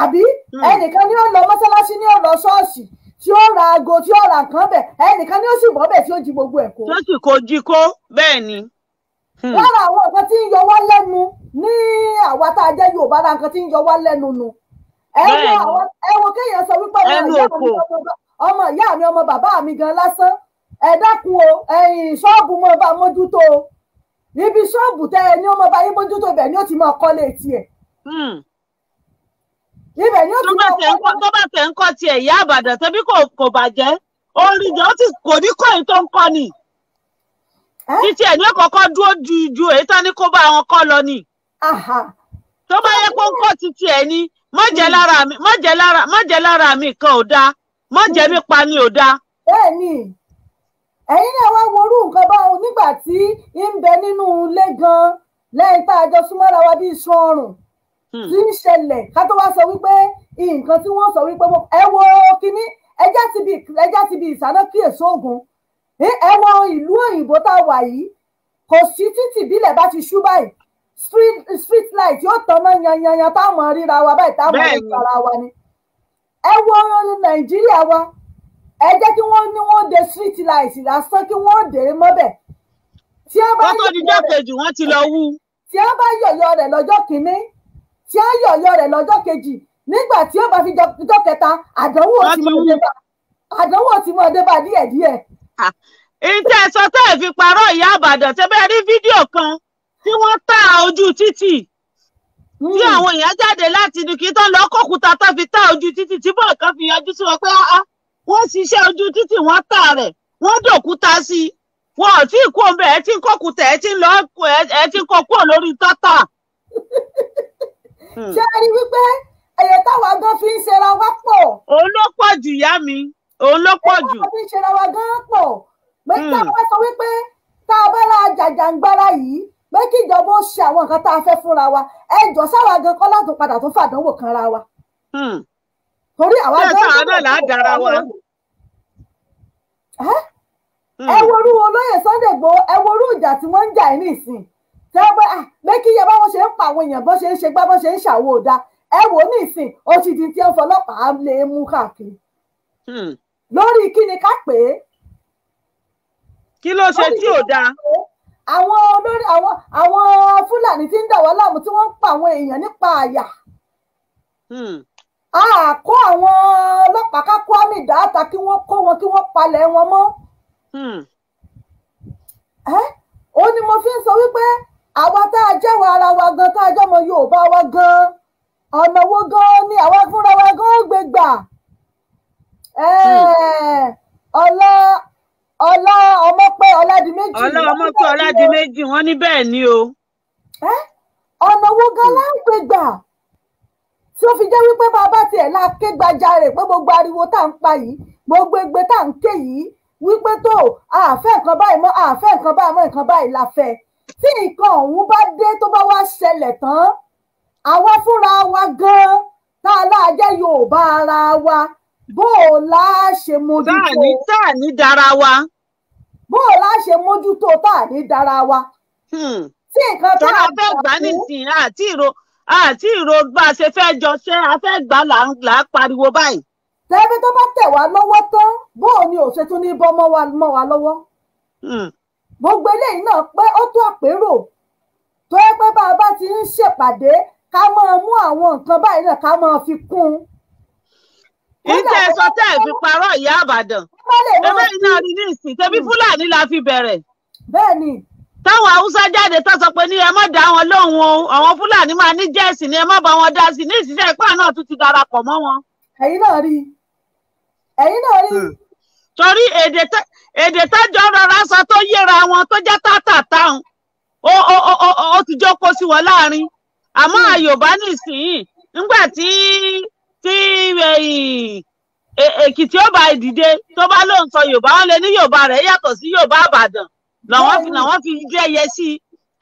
àbí hmm. ẹnìkan ni ó lọ tí ó ra aago tí ó ra nǹkan bẹ̀ ẹnìkan ni ó sì bẹ tí ó ji gbogbo ẹ̀ kó. tó sì kó jí kó bẹ́ẹ̀ ni. lára hmm. àwọn nǹkan tí ń yọ wá lẹ́nu ní àwa tá a jẹ́ Yorùbá lára nǹkan tí ń yọ wá lẹ́nu nu. ẹ wo kéèyàn sọ wípé ọmọ ìyá mi ọmọ bàbá mi gan lásán ẹ dákun ṣọ́ọ̀bù bá mójútó ibi ṣọ́ọ̀bù ibẹ̀ tó bá tẹ̀ ń kọ́ tiẹ̀ ìyá àbàdàn tẹ́bí kò bàjẹ́ orin jẹ́ ó ti kò ní kọ́ èyí tó ń kọ́ ni títí ẹ̀ ní ó kọ́kọ́ dúró ju ju èyí tó ní kó bá wọn kọ́ lọ ni tó bá yẹ kó ń kọ́ títí ẹ̀ ní, mọ̀jẹ̀ hmm. lára mi kan ò dáa mọ̀jẹ̀ hmm. mi pa ni ò dáa. bẹ́ẹ̀ni ẹ̀yin náà wá worú nǹkan báwọn nígbà tí ń bẹ nínú ilé gan lẹ́yìn tá a jọ súnmọ́ra wa bíi iṣan ọrùn Hmm. tí ń ṣẹlẹ̀ ká tó wá sọ wípé nǹkan tí wọ́n sọ wípé ẹ wo kínní ẹjá ti bi ẹjá ti bi ìsáná kíyèsí ogun ẹ wo ìlú òyìnbó tá a wà yìí kò sí títì bílẹ̀ bá ti ṣú báyìí street street light yóò tọ́nà yanyanyan táwọn ríra wa báyìí táwọn ríra wa ni ẹ wo nàìjíríà wa ẹ jẹ́ kí wọ́n ní wọ́n de street light lásán kí wọ́n dè é mọ́bẹ̀ tí a bá yọ̀yọ̀ rẹ̀ lọ́jọ́ kìíní tí á yọ̀yọ̀ rẹ̀ lọ́jọ́ kejì nígbà tí ó bá fi jọ kẹta àdánwò tí mo dé bá àdánwò tí mo dé bá díẹ̀ díẹ̀. ìtẹ́ sọ tẹ́ ẹ̀ fi parọ́ ìyá àbàdàn tẹ́ bẹ́ẹ̀ rí fídíò kan tí wọ́n ta ojú títì hmm. tí àwọn èèyàn jáde láti inú kí tó lọ kókúta tó fi ta ojú títì tí bọ́ọ̀ kan fi yanjú sí wọn pé wọ́n ṣiṣẹ́ ojú títì wọ́n tà rẹ̀ wọ́n dòkúta sí i wọn ò tí ì kó ń bẹ̀ ẹ́ tí ń kókúta ẹ́ tí ń kó kúrò lórí tọ́tà. Hmm. ṣé ẹ rí wípé ẹyẹ táwa gan fi ń ṣera wa pọ̀. òun ló jù mi òun ló jù. ẹyẹ táwa fi ń ṣera gan pọ̀ pé hmm. táwa sọ wípé tá a bá ra yìí pé ó wa ẹ jọ sáwà gan kọ́ láti hmm. torí àwa gan. Sunday ẹ ìjà tí wọ́n ń jà tẹ́gbẹ́ mẹ́kíyẹ ah, bá wọ́n ṣe ń pa àwọn èèyàn bó ṣe ń ṣe gbá bó ṣe ń ṣàwò ọ̀dà ẹ wò ní ìsìn ó ti di tí ọlọ́pàá lè mú káàkiri. Hmm. lórí kí ni ká pè é. kí ló ṣe tí ò dáa. àwọn olórí àwọn àwọn fúlàní tí ń dà wá láàmú tí wọ́n ń pa àwọn èèyàn nípa àyà. Hmm. a kó àwọn ọlọ́pàá ká kó àmì ìdáàtà kí wọ́n kó wọn kí wọ́n palẹ̀ wọn mọ́. Hmm. ó ní mo fi ń sọ wípé àwa tá a jẹ́wọ́ ara wa gan tá a jẹ́ ọmọ Yorùbá wa gan ọ̀nà wo gan ni àwa fúnra wa gan ó gbé gbà ọlá ọlá ọmọpẹ ọládìméjì ọlá ọmọpẹ ọládìméjì wọ́n ní bẹ́ẹ̀ ni o. ọ̀nà wo gan la ń gbé gbà tí ó fi jẹ́ wípé bàbá tiẹ̀ la ké gbajarè pé gbogbo ariwo tá à ń pa yìí gbogbo egbe tá à ń ké yìí wípé tó àfẹ́ nǹkan báyìí mọ́ àfẹ́ nǹkan báyìí mọ́ nǹkan báyìí la fẹ́ tí nǹkan ọ̀hún bá dé tó bá wá ṣẹlẹ̀ tán àwa fúnra wa gan-an tá a láà jẹ́ Yorùbá ara wa bó o la ṣe mójútó. tá a ní tá a ní dára wa. bó o la ṣe mójútó tá a ní dára wa. Hmm. tí nǹkan tá a fẹ́ gbà nísìnyí àti ìró àti ìró bá a ṣe fẹ́ jọ ṣe a fẹ́ gbà là ń pariwo báyìí. tẹ́bí tó bá tẹ̀ wá lọ́wọ́ tán bó o ni ò ní bọ́ mọ́ wa lọ́wọ́. Hmm gbogbo eléyìí náà pé ó tó àpérò tó yẹ pé bá a bá ti ń ṣèpàdé ká máa mú àwọn nǹkan báyìí náà ká máa fi kún un. ìtẹ́ ẹ̀sọ́ tẹ́ ẹ̀ fi parọ́ ìyá àbàdàn eléyìí náà rí ní ìsìn tẹ́bí hmm. fúlàní la fi bẹ̀rẹ̀. bẹ́ẹ̀ni. táwọn haúsá jáde tó sọ pé ní ẹ má dá wọn lóhùn o àwọn fúlàní máa ní jẹ́ẹ̀sì ni ẹ má bá wọn dá sí ní ìsinsìnyí ìpá náà tún ti darapọ̀ mọ́ wọn. ẹ̀yin náà rí ẹ̀yin náà rí. Hmm. torí èdè tẹjọ rọra sọ tó yẹra wọn tó jẹ́ tátàtà òun ó ti jọ kó sí wọn láàrin àmọ́ hmm. àyòbá nìsín nígbà tí tí eh, eh, èkìtì ó bá ìdìde tó bá lóun sọ yorùbá wọn lè ní yorùbá rẹ yàtọ sí yorùbá àbàdàn làwọn fi hmm. làwọn fi jẹyẹ sí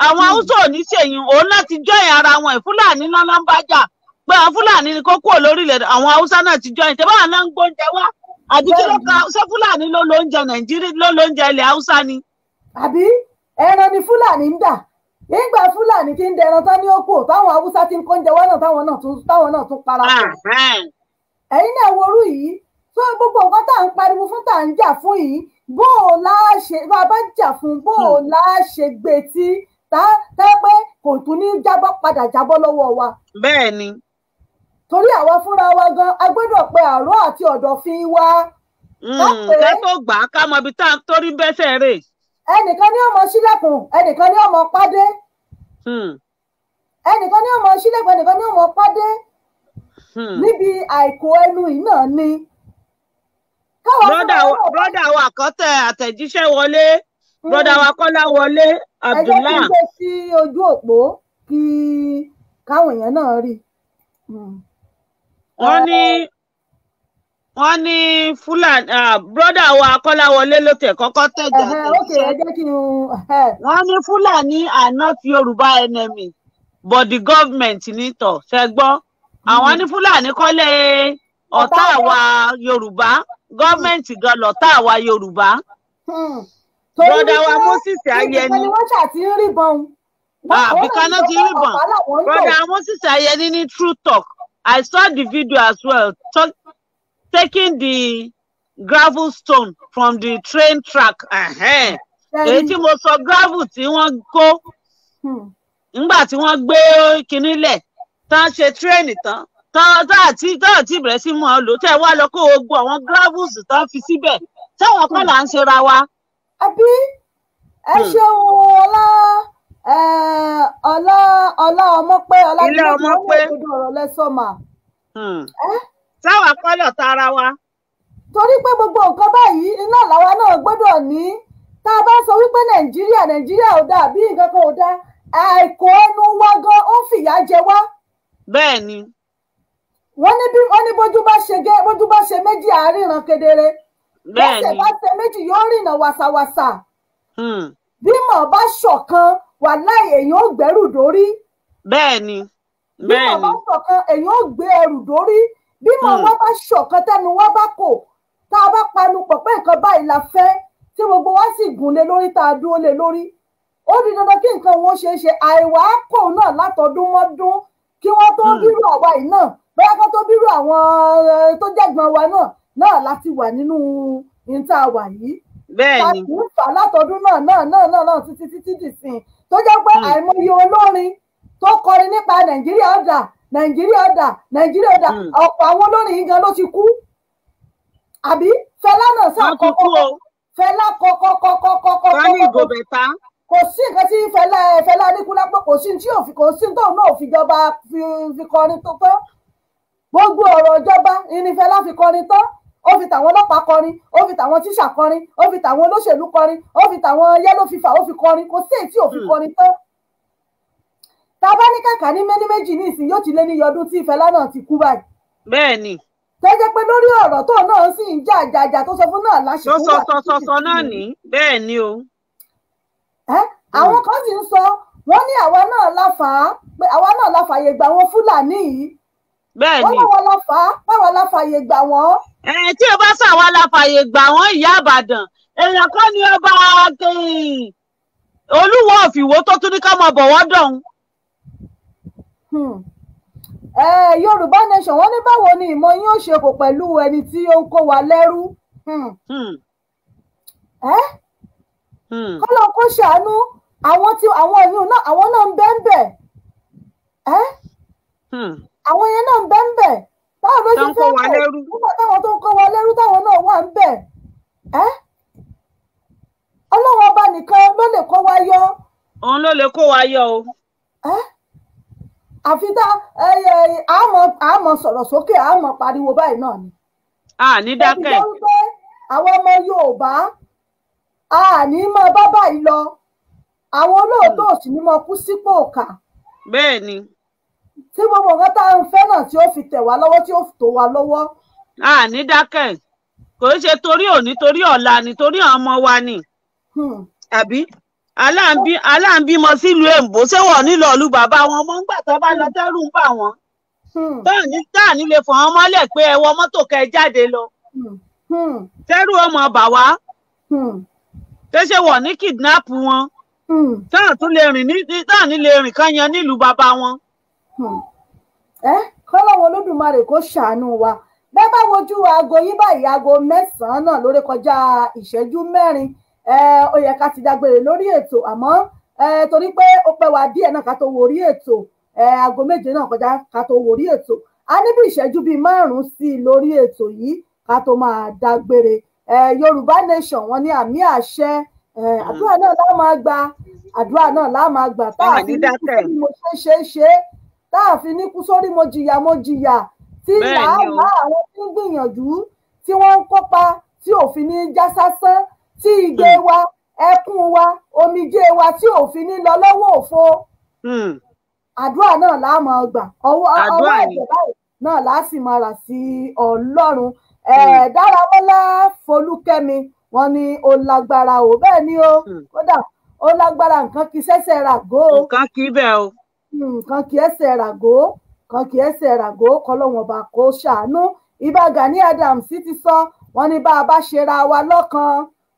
àwọn hmm. haúsá òní ṣèyún òun náà ti jọyìn ara wọn ẹ fúlàní náà ló ń bá jà pé àwọn fúlàní ni kó kúrò lórílẹ̀ àwọn haúsá náà ti jọyìn tẹ báwọn náà ń gbóúnjẹ wá àbí kí ló ka ṣé fúlàní ló lóúnjẹ nàìjíríà ló lóúnjẹ ilẹ̀ haúsá ni. àbí ẹran ni fúlàní ń dà nígbà fúlàní ti ń dẹran tán ní òkú táwọn haúsá ti ń kóúnjẹ wọ́n náà táwọn náà tún táwọn náà tún para pọ̀. ẹ̀yin náà worú yìí tó gbogbo nǹkan tá à ń pariwo fún tá à ń jà fún yìí bó o láṣẹ bá a bá jà fún bó o hmm. láṣẹ gbé e tí tá tá pé kò tún ní jábọ́ padà jábọ́ lọ́wọ́ wa. bẹ́ẹ̀ torí àwa fúnra wa gan a gbọ́dọ̀ pe àárọ̀ àti ọ̀dọ̀fin wa. Hmm, ká tó gbà ká mọ ibi tá à torí bẹ́sẹ̀ rè. ẹnìkan ní ọmọ sílẹ̀kùn ẹnìkan ní ọmọ pádé. Hmm. ẹnìkan ní ọmọ ẹnìkan ní ọmọ hmm. níbi ẹnu yìí náà ni. bọ́dà wa kan àtẹ̀jíṣẹ́ wọlé bọ́dà wa kọ́lá wọlé Abdullah. ẹ jẹ́ kí n gbé sí ojú òpó kí káwọn èèyàn náà rí i. mm wọ́n ní wọ́n ní fúlàní brọ́dà wa kọ́láwọlé ló tẹ̀ kọ́kọ́ tẹ̀jà wọ́n ní fúlàní are not yorùbá enemy but the government ní tọ̀ ṣe gbọ́ àwọn ní hmm. fúlàní kọ́lé ọ̀tá àwa yorùbá gọ́ọ̀mẹ̀ntì gan lọ̀tá àwa yorùbá hmm. brọ́dà ah, wa moses ayẹni àbíkaná ti rí bọ̀n brọ́dà moses ayẹni ní true talk I saw the video as well, talk, taking the gravel stone from the train track. Èyí tí mo sọ gravel tí wọ́n kó hmm. nígbà tí wọ́n gbé kinní lẹ̀ tán ṣe tírẹ́ẹ̀nì tán tán tá àti tán àti ìbẹ̀rẹ̀ sí mọ́ ọ lò tẹ́ wá lọ kó o gbọ́ àwọn gravels tán fi síbẹ̀ táwọn kọ́ là ń ṣera wa. Àbí ẹ hmm. ṣeun ọlá. Eh, ọlá ọlá ọmọ pé ọlá ilé ọmọ pé ọ̀rọ̀ lẹsọmà. Hmm. Eh? sáwà kọlọ tara wa. torí pé gbogbo nǹkan báyìí iná làwa náà gbọ́dọ̀ ní tá a bá sọ wípé nàìjíríà nàìjíríà ò dáa bí nǹkan kan ò dáa àìkó ẹnu wa gan ó fìyà jẹ wá. bẹ́ẹ̀ ni. wọ́n ní bí wọ́n ní bójú bá ṣe gé bójú bá ṣe méjì àáríran kedere. bẹ́ẹ̀ ni lẹ́sẹ̀ bá ṣe méjì yóò rìnà wàsàwàsà. Hmm. bímọ bá ṣọ̀kan wàláì èèyàn ò gbẹ́rù dórí. bẹ́ẹ̀ ni bẹ́ẹ̀ ni bí màmá ṣọ̀kan èèyàn ò gbé ẹrù dórí bí hmm. màmá bá ṣọ̀kan tẹnu wá bá kò tá a bá panu pọ̀ pé nǹkan báyìí la fẹ́ tí gbogbo wa sì gùn lé lórí tá a dúró lé lórí ó di dandan kí nǹkan wọn ṣe é ṣe àìwá kò náà látọdún mọ́dún kí wọ́n tó hmm. bírú àwa yìí náà bóyá kó tó bírú àwọn eh, tó jẹ́gbọ́n wa náà náà láti wà nínú ìta wà yìí. bẹ́ẹ̀ ni ká sì fà látọdún náà náà náà náà títí títí dìsìn tó jẹ́ pé hmm. àìmọye olórin tó kọrin nípa nàìjíríà ọ̀dà nàìjíríà ọ̀dà nàìjíríà ọ̀dà ọ̀pọ̀ àwọn olórin yìí gan ló ti kú àbí fẹlá náà sá kọkọ fẹlá kọkọ kọkọ kọkọ kọkọ kò sí nǹkan tí fẹlá fẹlá Aníkúlápó kò sí tí òfin kò sí tóun náà fi jọba fi kọrin tó tán gbogbo ọ̀rọ̀ ìjọba ni fẹlá fi kọrin tán ó fi tàwọn ọlọ́pàá kọrin ó fi tàwọn tíṣà kọrin ó fi tàwọn olóṣèlú kọrin ó fi tàwọn yẹ́lò fífà ó fi kọrin kò sí èyí ò fi hmm. kọrin tán tá a bá ní kàkà ní méní méjì ní ìsìn yóò ti lé ní ọdún tí ìfẹ́lá náà ti kú báyìí. bẹ́ẹ̀ni. tó jẹ́ pé lórí ọ̀rọ̀ tó náà sì ń jà jàjà tó sọ fún náà láṣìkú wà. tó sọ sọ náà ní bẹ́ẹ̀ ni o. ẹ àwọn kan sì ń sọ wọn ní àwa náà la bẹ́ẹ̀ ni. báwo la fà á báwo la fààyè gbà wọ́n. ẹ tí o bá fà wá la fààyè gbà wọ́n ìyá ni ọba olúwo òfìwò tó tún ní ká máa bọ̀wọ́ dọ̀hún. Hmm. yorùbá nation wọ́n ní báwo ni ìmọ̀ yín ó ṣe kò pẹ̀lú ẹni tí ó ń kó wa lẹ́rú. Hmm. Hmm. kọ́lọ́ kó ṣàánú àwọn tí àwọn ìyún náà àwọn náà ń bẹ́ẹ̀ bẹ́ẹ̀. àwọn yẹn náà ń bẹ ń bẹ báwo ló ṣe fẹ́ bẹ̀ nígbà táwọn tó ń kó wa lẹ́rú táwọn náà wà ń bẹ̀ ẹ́ ọlọ́wọ́ ọba nìkan ló lè kó wa yọ. òun ló lè kó wa yọ o. àfi tá àmọ́ sọ̀rọ̀ sókè àmọ́ pariwo báyìí náà ni. a ní dákẹ́. àwọn ọmọ Yorùbá a ní máa bá báyìí lọ àwọn olóòótọ́ òsì ni mo kú sípò kà. bẹ́ẹ̀ tí gbogbo nǹkan tá à ń fẹ́ náà tí ó fi tẹ̀ wá lọ́wọ́ tí ó fi tó wá lọ́wọ́. a ní dákẹ́ kò ṣe torí òní torí ọ̀la ni torí àwọn ọmọ wa ni hmm. àbí aláǹbímọ sílùú èǹbó ṣé wọn nílò ọlú bàbá wọn mọ ńgbà tó bá lọ tẹrù ń bà wọn hmm. táàní lè fọ wọn mọ́lẹ̀ pé ẹ wọ mọ́tò kẹ jáde lọ hmm. tẹrù ọmọ bà wá ṣé ṣe wọn ní kidnap wọn táà tún lè rìn táàní lè rìn kan nílùú bàbá wọn ẹ hmm. eh? kọ́lọ́wọ́ olódùmarè kó ṣàánú wa bẹ́ẹ̀ bá wojú aago yín báyìí aago mẹ́sàn-án náà lórí kọjá ìṣẹ́jú mẹ́rin eh, ó yẹ ká ti dágbére lórí ètò àmọ́ eh, torí pé ó pẹ́ wá díẹ̀ náà ká tó wo orí ètò aago méje náà kọjá ká tó wo ètò a ní ìṣẹ́jú bíi márùn-ún sí i lórí ètò yìí ká tó máa dágbére Yorùbá Nation wọn ní àmì àṣẹ àdúrà náà lá máa gbà àdúrà náà lá máa gbà tá a fi ní kí mo ṣe ṣe ṣe tá a fi ní kú sórí mo jìyà mo jìyà tí làálàá àwọn tí ń gbìyànjú tí wọ́n ń kópa tí òfin ní já sásán tí igbe hmm. wa ẹkún wa omijé wa tí òfin ní lọ lọ́wọ́ òfo hmm. àdúrà náà la máa gbà ọwọ́ ọwọ́ ẹ̀jẹ̀ báyìí náà la sì máa rà sí Ọlọ́run hmm. Dáramọ́lá Folúkẹ́mi wọ́n ní ó lágbára o bẹ́ẹ̀ ni o kódà ó lágbára nǹkan kí sẹ́sẹ̀ rà gó. nǹkan kí bẹ́ẹ̀ o kàn kí ẹsẹ̀ ràgó kàn kí ẹsẹ̀ ràgó kọlọ́wọ́n bá kó ṣàánú ibà Gani Adams ti sọ wọ́n ní bá a bá ṣera wa lọ́kàn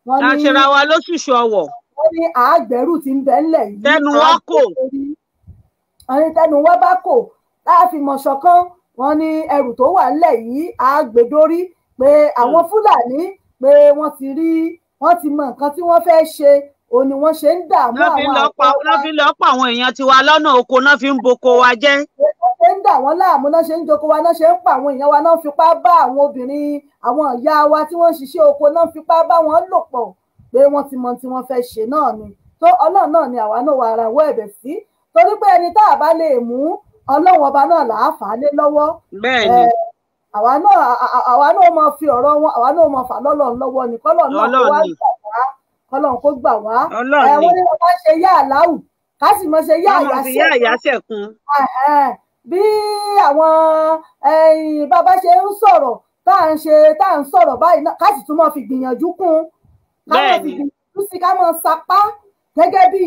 wọ́n ní àṣera wa lóṣùṣù ọwọ̀ wọ́n ní àágbẹ̀rù ti ń bẹ ńlẹ̀ yìí tẹnu wọn kò wọ́n ní tẹnu wọn bá kò láàfin mọ̀ṣọ̀kan wọ́n ní ẹrù tó wà ńlẹ̀ yìí àágbèdórí pé àwọn hmm. Fúlàní pé wọ́n ti rí wọ́n ti mọ nǹkan tí wọ́n fẹ́ ṣe òun ni wọ́n ṣe ń dààmú àwọn àpò wa. wọ́n fi lọ pa àwọn èèyàn tiwa lọ́nà oko náà fi ń boko wa jẹ́. wọ́n ṣe ń dà wọ́n láàmú náà ṣe ń joko wa náà ṣe ń pa àwọn èèyàn wa náà fipá bá àwọn obìnrin àwọn ìyá wa tí wọ́n ṣiṣẹ́ oko náà fipá bá wọn lò pọ̀ pé wọ́n ti mọ tí wọ́n fẹ́ ṣe náà ni tó ọlọ́run náà ni àwa náà wà ara wọ ẹ̀bẹ̀ sí torí pé ẹni tá a bá lè mú ọlọ́run ọba náà là á fà á lé lọ́wọ́ àwa náà àwa náà mọ fi ọ̀rọ̀ wọn àwa náà mọ fà lọ́lọ́run lọ́wọ́ nìkan lọ́run náà wá gbà kọlọ́run kó gbà wá ẹ̀wọ́n ní wọ́n ṣe yá àláwù ká sì mọ ṣe yá àyàṣẹ̀kùn bí àwọn bàbá ṣe ń sọ̀rọ̀ tá à ń ṣe tá à ń sọ̀rọ̀ báyìí náà ká sì tún máa fi gbìyànjú kún ká máa fi gbìyànjú sí ká máa sapá gẹ́gẹ́ bí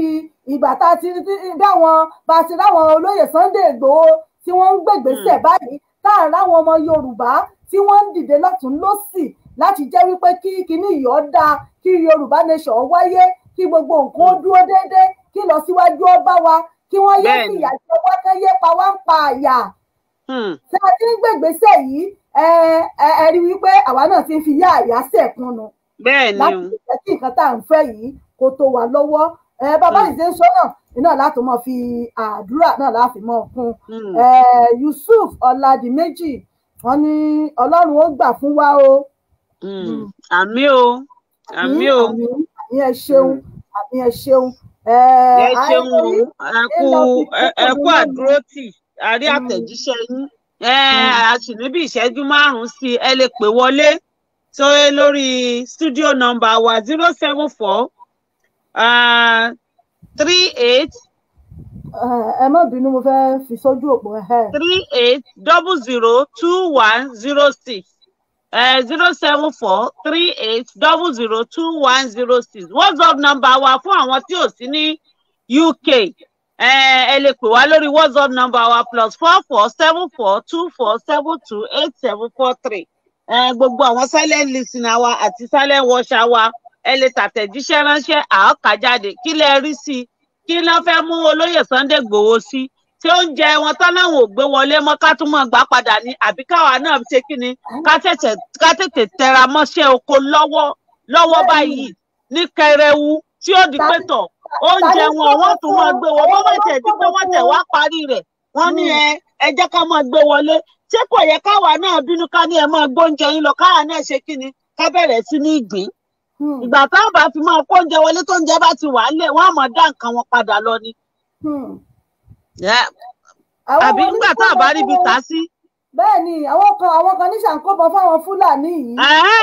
ìgbà tá a ti rí àwọn bá a ti ráwọn olóyè Sunday Ìgbòho tí wọ́n ń gbègbèsè hmm. báyìí tá à ń ráwọn ọmọ Yorùbá tí wọ́n ń dìde lọ́tún lọ́sì láti jẹ́ wípé kí kinní ìyọ́ dáa kí yorùbá nation wáyé kí gbogbo nǹkan dúró déédéé kí lọ síwájú ó wa kí wọ́n yé kí ìyàjọ wá yé pa wá ń pa àyà. Hmm. tá a ti ń gbègbèsè yìí ẹ rí wípé àwa náà ti ń fi yá àyà sẹ̀kún nu. bẹ́ẹ̀ o láti jẹ́ kí nǹkan tá à ń fẹ́ yìí kó hmm. ń sọ́nà iná láti mọ̀ fi àdúrà náà láti mọ̀ kún. Hmm. Yusuf Ọládìméjì wọ́n ní ọlọ́run ó gbà fún wa o. àmì o àmì o àmì ẹ ṣeun mm. àmì ẹ ṣeun. ẹ ṣeun ẹ kú àdúró tì a rí mm. àtẹ̀jíṣẹ́ yín mm. a sì ní bí ìṣẹ́jú márùn-ún sí ẹ lè pè wọlé sórí lórí studio number wa zero seven four uh, three eight. ẹ má bínú mo fẹ́ fi sójú òpó. three eight double zero two one zero six. Eh, zero seven four three eight double zero two one zero six whatsapp number wa fún àwọn tí ò sí ní uk eh, ẹ lè pè wá lórí whatsapp number wa plus four four seven four two four seven two eight seven four three eh, gbogbo àwọn silent listener wa àti silent watcher wa ẹ lè tàtẹ̀jíṣẹ́ ránṣẹ́ àọ́kà jáde kí lẹ rí sí i kí ló fẹ́ mú olóyè Sunday Igboho sí. Si tí oúnjẹ wọn tán náà ò gbé wọlé mọ́ ká tún mọ́ gbà padà ní àbí káwa náà ṣe kí ni ká tètè tẹra mọ́ṣẹ́ oko lọ́wọ́ lọ́wọ́ báyìí ní kẹrẹwu tí ó di pé tọ̀ oúnjẹ wọn wọ́n tún mọ́ gbé wọ́n bọ́wọ́ tẹ̀ di pé wọ́n tẹ̀ wá parí rẹ̀ wọ́n ní ẹ ẹ jẹ́ ká mọ́ gbé wọlé ṣé kò yẹ káwa náà bínú ká ní ẹ mọ́ gbóúnjẹ yín lọ káwa náà ṣe kí ni ká bẹ̀rẹ̀ sí ní ìgbín hmm. ìgbà táwọn bá fi máa kó wọlé tó oúnjẹ bá ti wà á lẹ̀ wọ́n á dá nǹkan wọn padà lọ ni. Hmm. àbí nígbà tá a bá ríbi tà sí. bẹ́ẹ̀ ni àwọn kan àwọn kan ní ṣàǹkóbọ̀ fáwọn fúlàní yìí.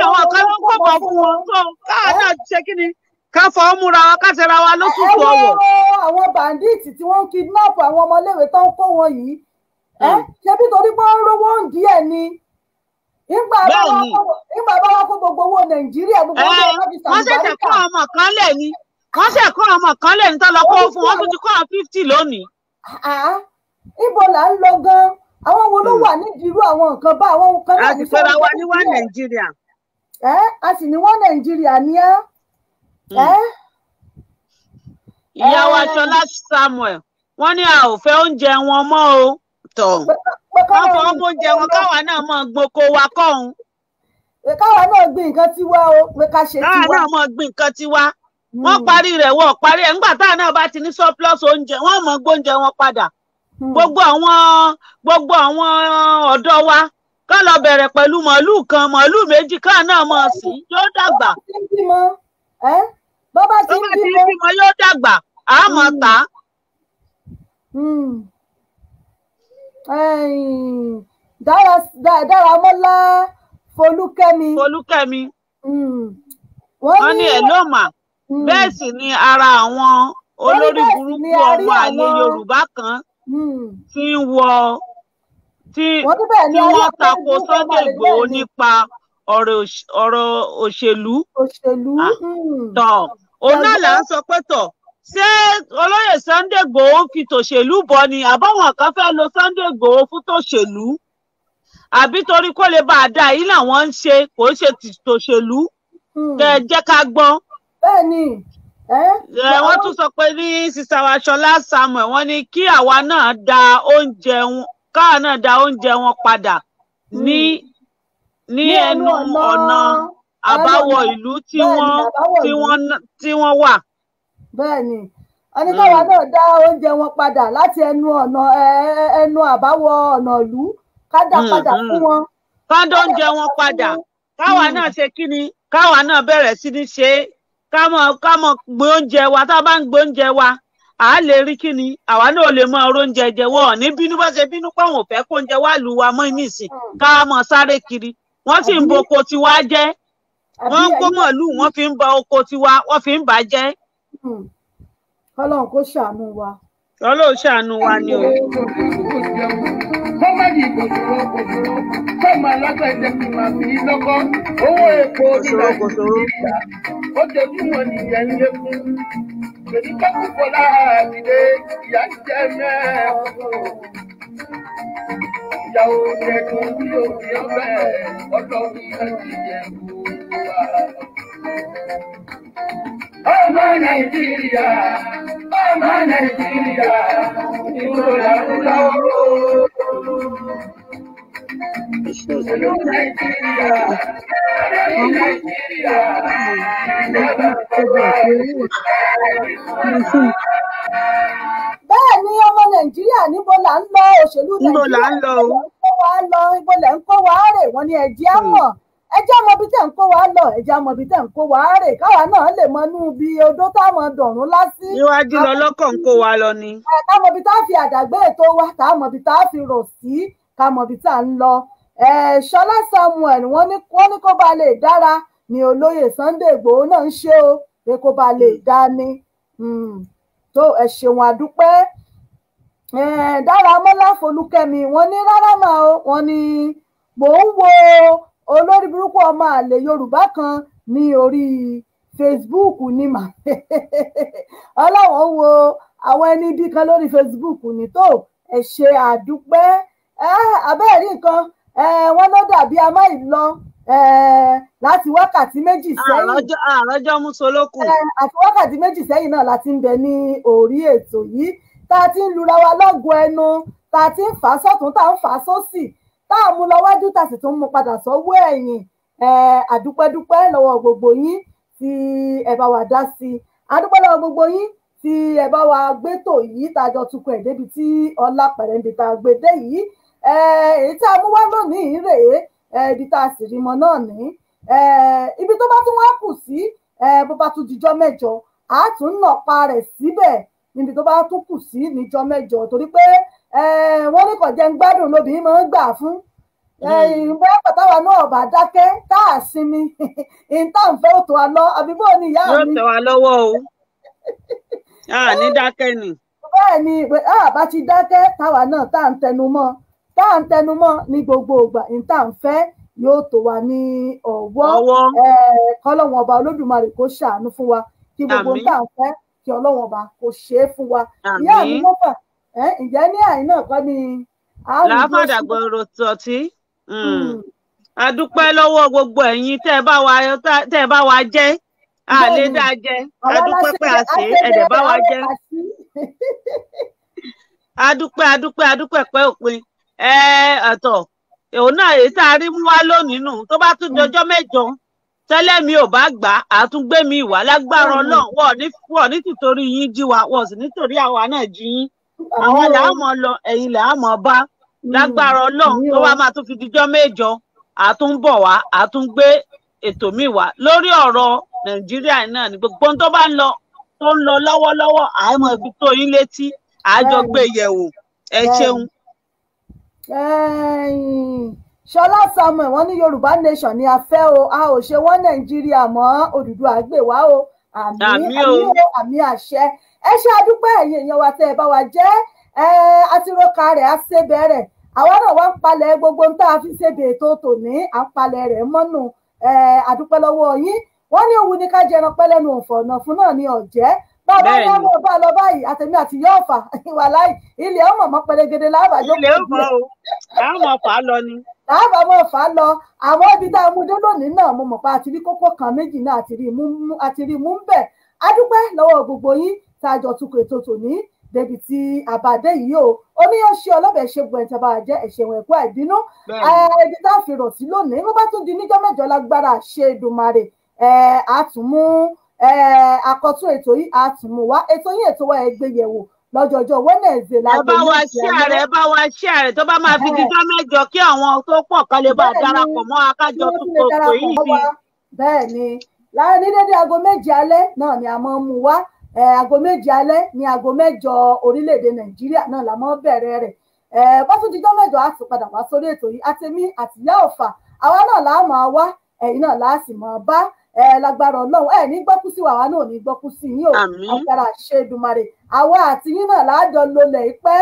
àwọn kan ló ń kóbọ̀ fún wọn tó káàdà ṣe kí ni ká fọ ọ́ múra wa ká wa lóṣùṣù ọwọ́. àwọn bàǹdíìtì tí wọ́n ń kidnap àwọn ọmọléèwé tó ń kó wọn yìí hmm. ṣe bí torí pé ń rówó ń ni ìgbà bá kó gbogbo owó nàìjíríà gbogbo owó ọlọ́fíìsì àgbáríkà. wọ́n ṣẹ̀ ọmọ kan lẹ̀ ni fún wọn tó ti lónìí. ibo là ń lọ gan àwọn wo ló hmm. wà nídìí irú àwọn nǹkan bá àwọn kan náà. a sì pera wa ní wá nàìjíríà. ẹ a sì ní wá nàìjíríà ní á. Hmm. ìyá wa ṣọlá samuel wọn ní a ò fẹ́ oúnjẹ wọn mọ́ o tọ wọn fọ ọmọ oúnjẹ wọn káwa náà mọ gboko wa kọhún. pé káwa náà gbin nǹkan tiwa o pé ká ṣe tiwa. káwa náà mọ gbin nǹkan tiwa. wọ́n hmm. parí rẹ̀ wọ́n parí ẹ̀ ńgbà táwọn náà bá ti ní surplus oúnjẹ wọ́n mọ̀ gbóúnjẹ wọn padà hmm. gbogbo àwọn gbogbo àwọn ọ̀dọ́ wa ká lọ bẹ̀rẹ̀ pẹ̀lú màálùú kan màálùú méjì ká náà mọ̀ sí yóò dàgbà. bó bá ti ń bímọ yóò dàgbà àmọ́ ta. dáramọ́lá folúkẹ́mi. folúkẹ́mi. Hmm. wọ́n ní ẹ̀ ló mà. Hmm. bẹ́ẹ̀ sì ni ara àwọn olórí burúkú ọmọ àlè yorùbá kan hmm. ti ń wọ tí wọ́n tako Sunday Igboho nípa ọ̀rọ̀ òṣèlú ah, hmm. tọ̀ òun náà là ń sọ pé tọ̀ ṣé olóyè Sunday Igboho fi tòṣèlú bọ ni àbọ̀wọ̀n kan fẹ́ lo Sunday Igboho fún tòṣèlú àbí torí kó lè bá a dá yìí làwọn ń ṣe kò ń ṣe tòṣèlú kẹ jẹ́ ká gbọ́n bẹ́ẹ̀ ni. wọ́n tún sọ pé ní sísá wa Ṣọlá Samuel wọ́n ní kí àwa náà da oúnjẹ wọn káà náà da oúnjẹ wọn padà hmm. ní ní ẹnu ọ̀nà àbáwọ̀ ìlú tí wọ́n tí wọ́n tí wọ́n wà. bẹ́ẹ̀ ni ẹni hmm. káwa náà dá oúnjẹ wọn padà láti ẹnu ọ̀nà ẹnu àbáwọ̀ ọ̀nà ìlú ká dá hmm, padà fún wọn. ká dóúnjẹ wọn padà káwa náà ṣe kí ni káwa náà bẹ̀rẹ̀ sí ní ṣe ká mọ̀ ká mọ̀ gbé oúnjẹ wa tá a bá ń gbé oúnjẹ wa à á lè rí kí ni àwa náà lè mọ ọ̀rọ̀ oúnjẹ jẹ wọn ní bínú bá ṣe bínú pé àwọn ò fẹ́ kó oúnjẹ wá lù wá mọ́ nísìn ká mọ sáré kiri wọ́n sì ń bo oko tiwa jẹ́ wọ́n ń kó mọ̀lú wọ́n fi ń ba oko tiwa wọ́n fi ń bà jẹ́. Hmm. Ọlọ́run kó ṣàánú wa. Ọlọ́run ṣàánú wa ni o kòsòrò kòsòrò fẹ́ẹ̀mù alágbẹ̀dẹ kì máa fi lọ́kọ́ owó epo rírà ìdílé ìyá ó dojúmọ̀ nìyẹn ń lékún lòdì kọ́kùkọ́ láàbìlé ìyá ń jẹ mẹ́ẹ̀ẹ́dọ́gbọ̀n ìyàwó ẹ̀dùn bí òbí ọbẹ̀ ọlọ́run náà ti yẹ kó wá ọmọ nàìjíríà ọmọ nàìjíríà ìrora ńlá oró. Ìlú Nàìjíríà, ìlú Nàìjíríà, ìjọba ìjọba ìlú. Bẹ́ẹ̀ ni ọmọ Nàìjíríà níbo là ń lọ òṣèlú Nàìjíríà. Níbo là ń lọ o? Níbo là ń kó wa rè wọ́n ní ẹ̀jẹ̀ á mọ̀. ẹ jẹ́ mọ tẹ̀ ń kó wa lọ ẹ jẹ́ mọ ibi tẹ̀ ń kó wa rè káwa náà lè mọ inú ibi odó táwọn dọ̀rùn lásì. níwájú lọ lọ́kọ̀ ń kó wa lọ ni. ká mọ ibi tá a fi àdàgbé ètò wa ká mọ ibi tá a fi rò sí ká mọ ibi tá a ń lọ. ṣọlá samuel wọn ní kó ba lè dára ni olóye sunday igbòho náà ń ṣe o pé kó ba lè dá ni. Hmm. tó ẹ ṣeun àdúpẹ́ dára mọ́lá folúkẹ́mi wọn ní rárá màá wọn ní mò ń wo. olórí burúkú ọmọ àlè yorùbá kan ní orí facebook ni mà ọlọ́wọ́n wo àwọn ẹni bí kan lórí facebook ni tó ẹ ṣe àdúpẹ́ abẹ́ẹ̀rí nǹkan wọ́n ló dàbí amáìlọ láti wákàtí méjì ah, sẹ́yìn àrọ́jọ́ ah, musolókù àti wákàtí méjì sẹ́yìn náà láti ń bẹ ní orí ètò yìí tá a ti ń lura wa lọ́gùn ẹnu tá a ti ń fà á sọ́tún tá a ń fà á sósì. So tá a mú lọ wájú tá a sì tún mú padà sọ́wọ́ ẹ̀yìn àdúpẹ́dúpẹ́ lọ́wọ́ gbogbo yín tí ẹ bá wa dá sí i àdúpẹ́ lọ́wọ́ gbogbo yín tí ẹ bá wa gbé tò yìí tá a jọ tukọ̀ ẹ̀ débi tí ọlá pẹ̀rẹ̀ níbi tá a gbé dé yìí èyí tá a mú wá lónìí rèé ibi tá a sì rí mọ náà ní ibi tó bá tún wá kù sí bó bá tún dijọ́ mẹ́jọ àá tún nọ̀pa rẹ̀ síbẹ̀ níbi tó bá tún kù sí níjọ́ mẹ́jọ torí pé wọ́n ní kò jẹun gbádùn lóbìnrin máa ń gbà fún hmm. bóyá pàtàwà náà bá dákẹ́ tá a sinmi ìtàǹfẹ́ òtò àlọ́ àbíbó ni ìyá mi. yóò tẹ̀ wá lọ́wọ́ o a ní dákẹ́ ni. bẹ́ẹ̀ ni àbá ti dákẹ́ táwa náà tá à ń tẹnu mọ́ tá à ń tẹnu mọ́ ní gbogbo ìgbà yóò tó wa ní fún wa kí gbogbo kí ọlọ́wọ́n ọba kò ṣe fún wa ìyá ǹjẹ́ ní àìná kọ́ ni. làáfàdà gbọ́rọ̀ tọ̀tí mm. hmm. a dúpẹ́ lọ́wọ́ gbogbo ẹ̀yin tẹ́ ẹ bá wa jẹ́ a lè dá jẹ́ a dúpẹ́ pé a ṣe ẹ̀dẹ̀ bá wa jẹ́ a dúpẹ́ a dúpẹ́ a dúpẹ́ pé òpin ẹ ọ̀tọ̀ òun náà èyí tá a rí mú wá lónìí nù tó bá tún dọjọ́ hmm. mẹ́jọ tẹ́lẹ̀ mi ò bá gbà á tún gbé mi ìwà lágbára hmm. Ọlọ́run wọ́n ní yín jí wa wọ́n sì nítorí àwa náà jí yín àwọn làá mọ lọ ẹ̀yin làá mọ bá hmm. lágbára Ọlọ́run tó wá máa tún fi dijọ́ mẹ́jọ àtúnbọ̀ wá àtúngbé ètò míì wá lórí ọ̀rọ̀ Nàìjíríà náà ni gbogbo tó bá lọ tó ń lọ lọ́wọ́lọ́wọ́ àmọ́ ibi tó yín létí àjọ gbé yẹ̀wò ẹ ṣeun. Ṣọlá Samuel wọ́n ní Yorùbá nation ni a fẹ́ o a ò ṣe wọ́n Nàìjíríà mọ́ Odùduwà gbè wá o àmì àmì o àmì àṣẹ ẹ ṣe àdúpẹ́ ẹ̀yin èèyàn wa tẹ́ ẹ bá wa jẹ́ àtirọ́ka rẹ̀ àṣebẹ̀rẹ̀ àwa náà wá ń palẹ̀ gbogbo ń tá a fi ṣe bèètò tòní à ń palẹ̀ rẹ̀ mọ́nù àdúpẹ́ lọ́wọ́ yín wọ́n ní òun ní ká jẹran pẹ́ lẹ́nu òfò ọ̀nà fún náà ní ọ̀jẹ́ bàbá ní ọmọ ọba lọ báyìí àtẹ̀mí àti yọ̀ọ̀fà ìwà láì ilẹ̀ ọmọ ọmọ pẹlẹgẹdẹ láàbàjọ́ ilẹ̀ ọmọ o láwọn lọ ni. láàbà mọ̀ fà á lọ àwọn ibi tá a mú dé lónìí náà mo mọ̀ pa àti rí kókó kan méjì náà àti mú bẹ́ẹ̀ adúpẹ́ lọ́wọ́ gbogbo yín tá a jọ tukọ̀ ètò tòní débi tí àbàdé yìí o ó ní yóò ṣe ọlọ́bẹ̀ ṣe gbọ̀n ìjọba àjẹ ẹ̀ṣẹ̀wọ̀n ẹ̀kọ́ àìbínú ẹni tá a fi rọ̀ sí lónìí bó bá tún di níjọ́ mẹ́jọ lágbára ṣe Èdùmàrè àtúmú àkọ́tún ètò yìí àtúmú wa ètò yìí ètò wa ẹ̀ gbé yẹ̀wò lọ́jọ́jọ́ wẹ́nẹ̀ẹ̀dẹ̀ lágbo ní bá wa ṣí ààrẹ ẹ bá wa ṣí ààrẹ tó bá máa fi dídán mẹ́jọ kí àwọn tó pọ̀ kan lè bá darapọ̀ mọ́ akájọ tuntun kò yìí ni. bẹ́ẹ̀ ni láàrin ní dédé aago méje alẹ́ náà ni a máa ń mú wa aago méje alẹ́ ní aago mẹ́jọ orílẹ̀-èdè nàìjíríà náà la mọ́ bẹ̀rẹ̀ rẹ̀ bọ́sùdíjọ́ mẹ́jọ á padà wá sórí ètò yìí àtẹ̀mí àtìyá ọ̀fà àwa náà là á máa wá náà là á sì máa bá lágbára ọlọ́run ẹ̀ ní gbọ́kú sí wa àwa náà ní gbọ́kú sí yín o àgbàrá àwa àti yín náà lo lẹ̀ pẹ́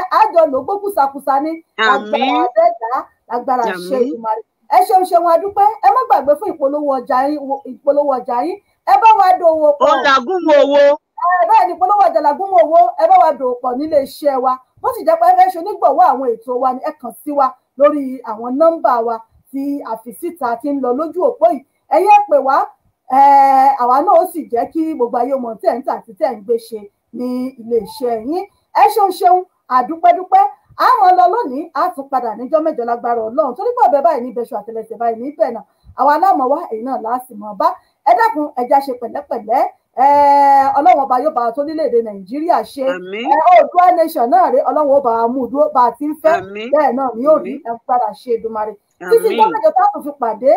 bẹ́ẹ̀ ni polówó ọ̀jọ̀lá gúnmọ̀ owó ẹ bá wa dòwò pọ̀ nílé iṣẹ́ wa bó sì jẹ́ pé ẹ fẹ́ ṣe onígbọ̀wọ́ àwọn ètò wa ni ẹ kàn sí wa lórí àwọn nọ́mbà wa tí àfìsíta ti ń lọ lójú òpó yìí ẹ̀yẹ́ pè wá àwa náà ó sì jẹ́ kí gbogbo ayé mọ̀ tẹ̀ ń tà àti tẹ̀ ń gbé ṣe ní ilé iṣẹ́ yín ẹ ṣeun ṣeun àdúpẹ́dúpẹ́ a mọ̀ lọ lónìí a tún padà níjọ́ mẹ́jọ lágbára ọlọ́run torí pé ọ̀bẹ báyìí níbẹ̀ ṣọ àtẹlẹsẹ̀ báyìí níbẹ̀ náà àwa aláàmọ̀ wá èyí náà láàsì mọ̀ bá ẹ dákun ẹja ṣe pẹ̀lẹ́pẹ̀lẹ́ ọlọ́run ọba yóò bá tó nílẹ̀-èdè nàìjíríà ṣe oòdùà nation náà rè ọlọ́run ọba àmúdúró bá a ti ń fẹ́ bẹ́ẹ̀ náà ni yóò rí ẹ̀fúnpadà ṣe Èdùmàrè títí ìgbàlejò táàbù fi pàdé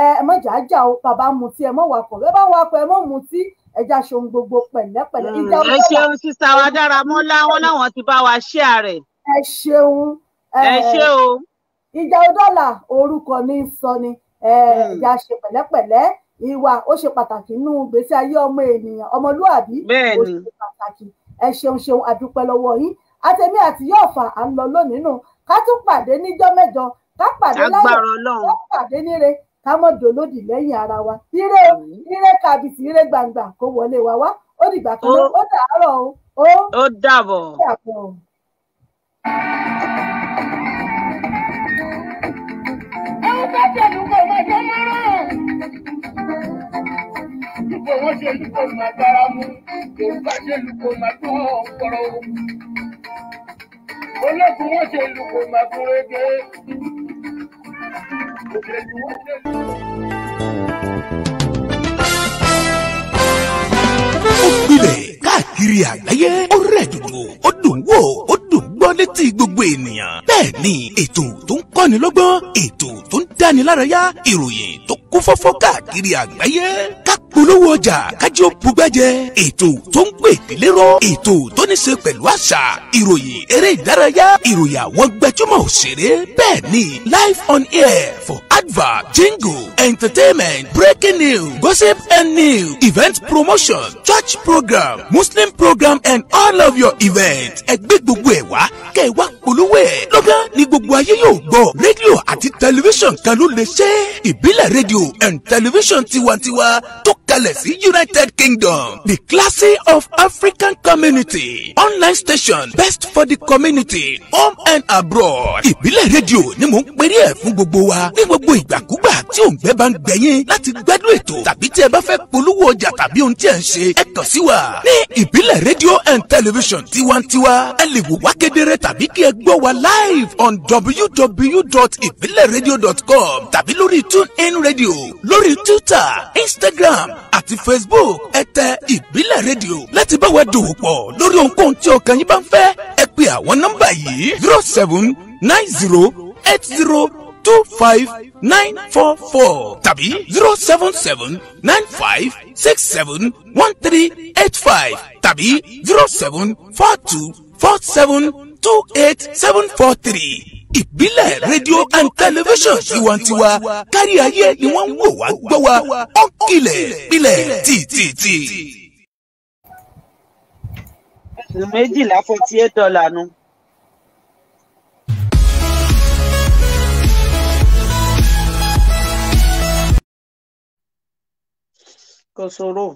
ẹ mọ jàájà o bàbá mutí ẹ mọ wakọ̀ bẹ́ẹ̀ bá wakọ̀ ẹ mọ mutí ẹja ṣohun gbogbo pẹ̀lẹ́pẹ̀lẹ́. Mm. ẹ ṣeun sísá wa dára mọ́lá wọn láwọn ti bá wa ṣí ààrẹ. ẹ ṣeun. ẹ ṣe o. ìjà ọdọ́là orúkọ ní sọ ni ẹja mm. ṣe pẹ̀lẹ́pẹ̀lẹ́ ìwà ó ṣe pàtàkì nínú ìgbésí ayé ọmọ ènìyàn ọmọlúàbí ó ṣe pàtàkì ẹ ṣeun ṣeun àdúpẹ́ lọ́wọ́ yín àtẹmí àti yọọfà à ń lọ lónìí nù ká tún pàdé níjọ́ mẹ́jọ ká pàdé láyọ̀ ká pàdé níre ká mọ dòlódì lẹ́yìn ara wa ire ire kàbìtì ire gbangba kó wọlé wa wá ó dìgbà kan náà ó dàárọ̀ o ó dàbọ̀. ẹ wọ́n bá tẹ̀lé kọ́ ọmọ ìjọba rẹ̀. Lúkọ wọ́n ṣe lúkọ máa gbára mú, Yorùbá ṣe lúkọ máa tó hàn kọ́rọ́. Olókùn wọ́n ṣe lúkọ máa gún régé. Òṣèlú wọ́n ṣe lúkọ. Ó gbilẹ̀ káàkiri àgbáyé ó rẹ̀ dòdò ó dùn wò ó dùn gbọ́ létí gbogbo ènìyàn bẹ́ẹ̀ ni ètò tó ń kọ́ni lọ́gbọ́n ètò tó ń dáni lárayá ìròyìn tó kún fọ́fọ́ káàkiri àgbáyé ká polówó ọjà kájí ó bugbẹ́jẹ ètò tó ń pè ìlérò ètò tó ní ṣe pẹ̀lú àṣà ìròyìn eré ìdárayá ìròyìn àwọn gbajúmọ̀ òṣèré bẹ́ẹ̀ ni live on air for advert jingle entertainment breaking news gossip and news event promotion church program muslim program and all of your events ẹgbẹ́ gbogbo ẹ̀ wá kẹ́ ẹ wá polówó ẹ̀ lọ́gán ni gbogbo ayé yóò gbọ́ rédíò àti tẹlifíṣàn kan ló lè ṣe ìbílẹ̀ rédíò and tẹlifíṣàn tiwantiwa tó kalẹ̀ sí United Kingdom the classy of African community online station best for the community home and abroad ìbílẹ̀ rédíò ni mò ń perí ẹ̀ fún gbogbo wa ní gbogbo ìgbàkúgbà tí òǹgbẹ́ bá ń gbẹ̀yìn láti gbádùn ètò tàbí tí ẹ bá fẹ́ polówó ọjà tàbí ohun tí ẹ ń ṣe ẹ kàn sí wa ní ìbílẹ̀ rédíò and television tiwantiwa ẹ lè wò wá kedere tàbí kí ẹ gbọ́ wa live on www.ibileradio.com tàbí lórí tune in radio lórí Twitter Instagram àti Facebook ẹ tẹ ìbílẹ̀ rédíò láti bá wa dòwò pọ̀ lórí ohunkóhun tí ọkàn yín bá ń fẹ́ ẹ pe àwọn nọ́mbà yìí zero seven nine zero eight zero two five nine four four tàbí zero seven seven nine five six seven one three eight five tàbí zero seven four two four seven two eight seven four three ìbílẹ̀ rédíò and tẹlifíṣàn tiwantiwa kárí ayé ni wọ́n ń wò wá gbọ́ wa ó kilẹ̀ pilẹ̀ tìtìtì. ẹ̀sùn méjìlá forty eight dollar nu. kò sọ̀rọ̀.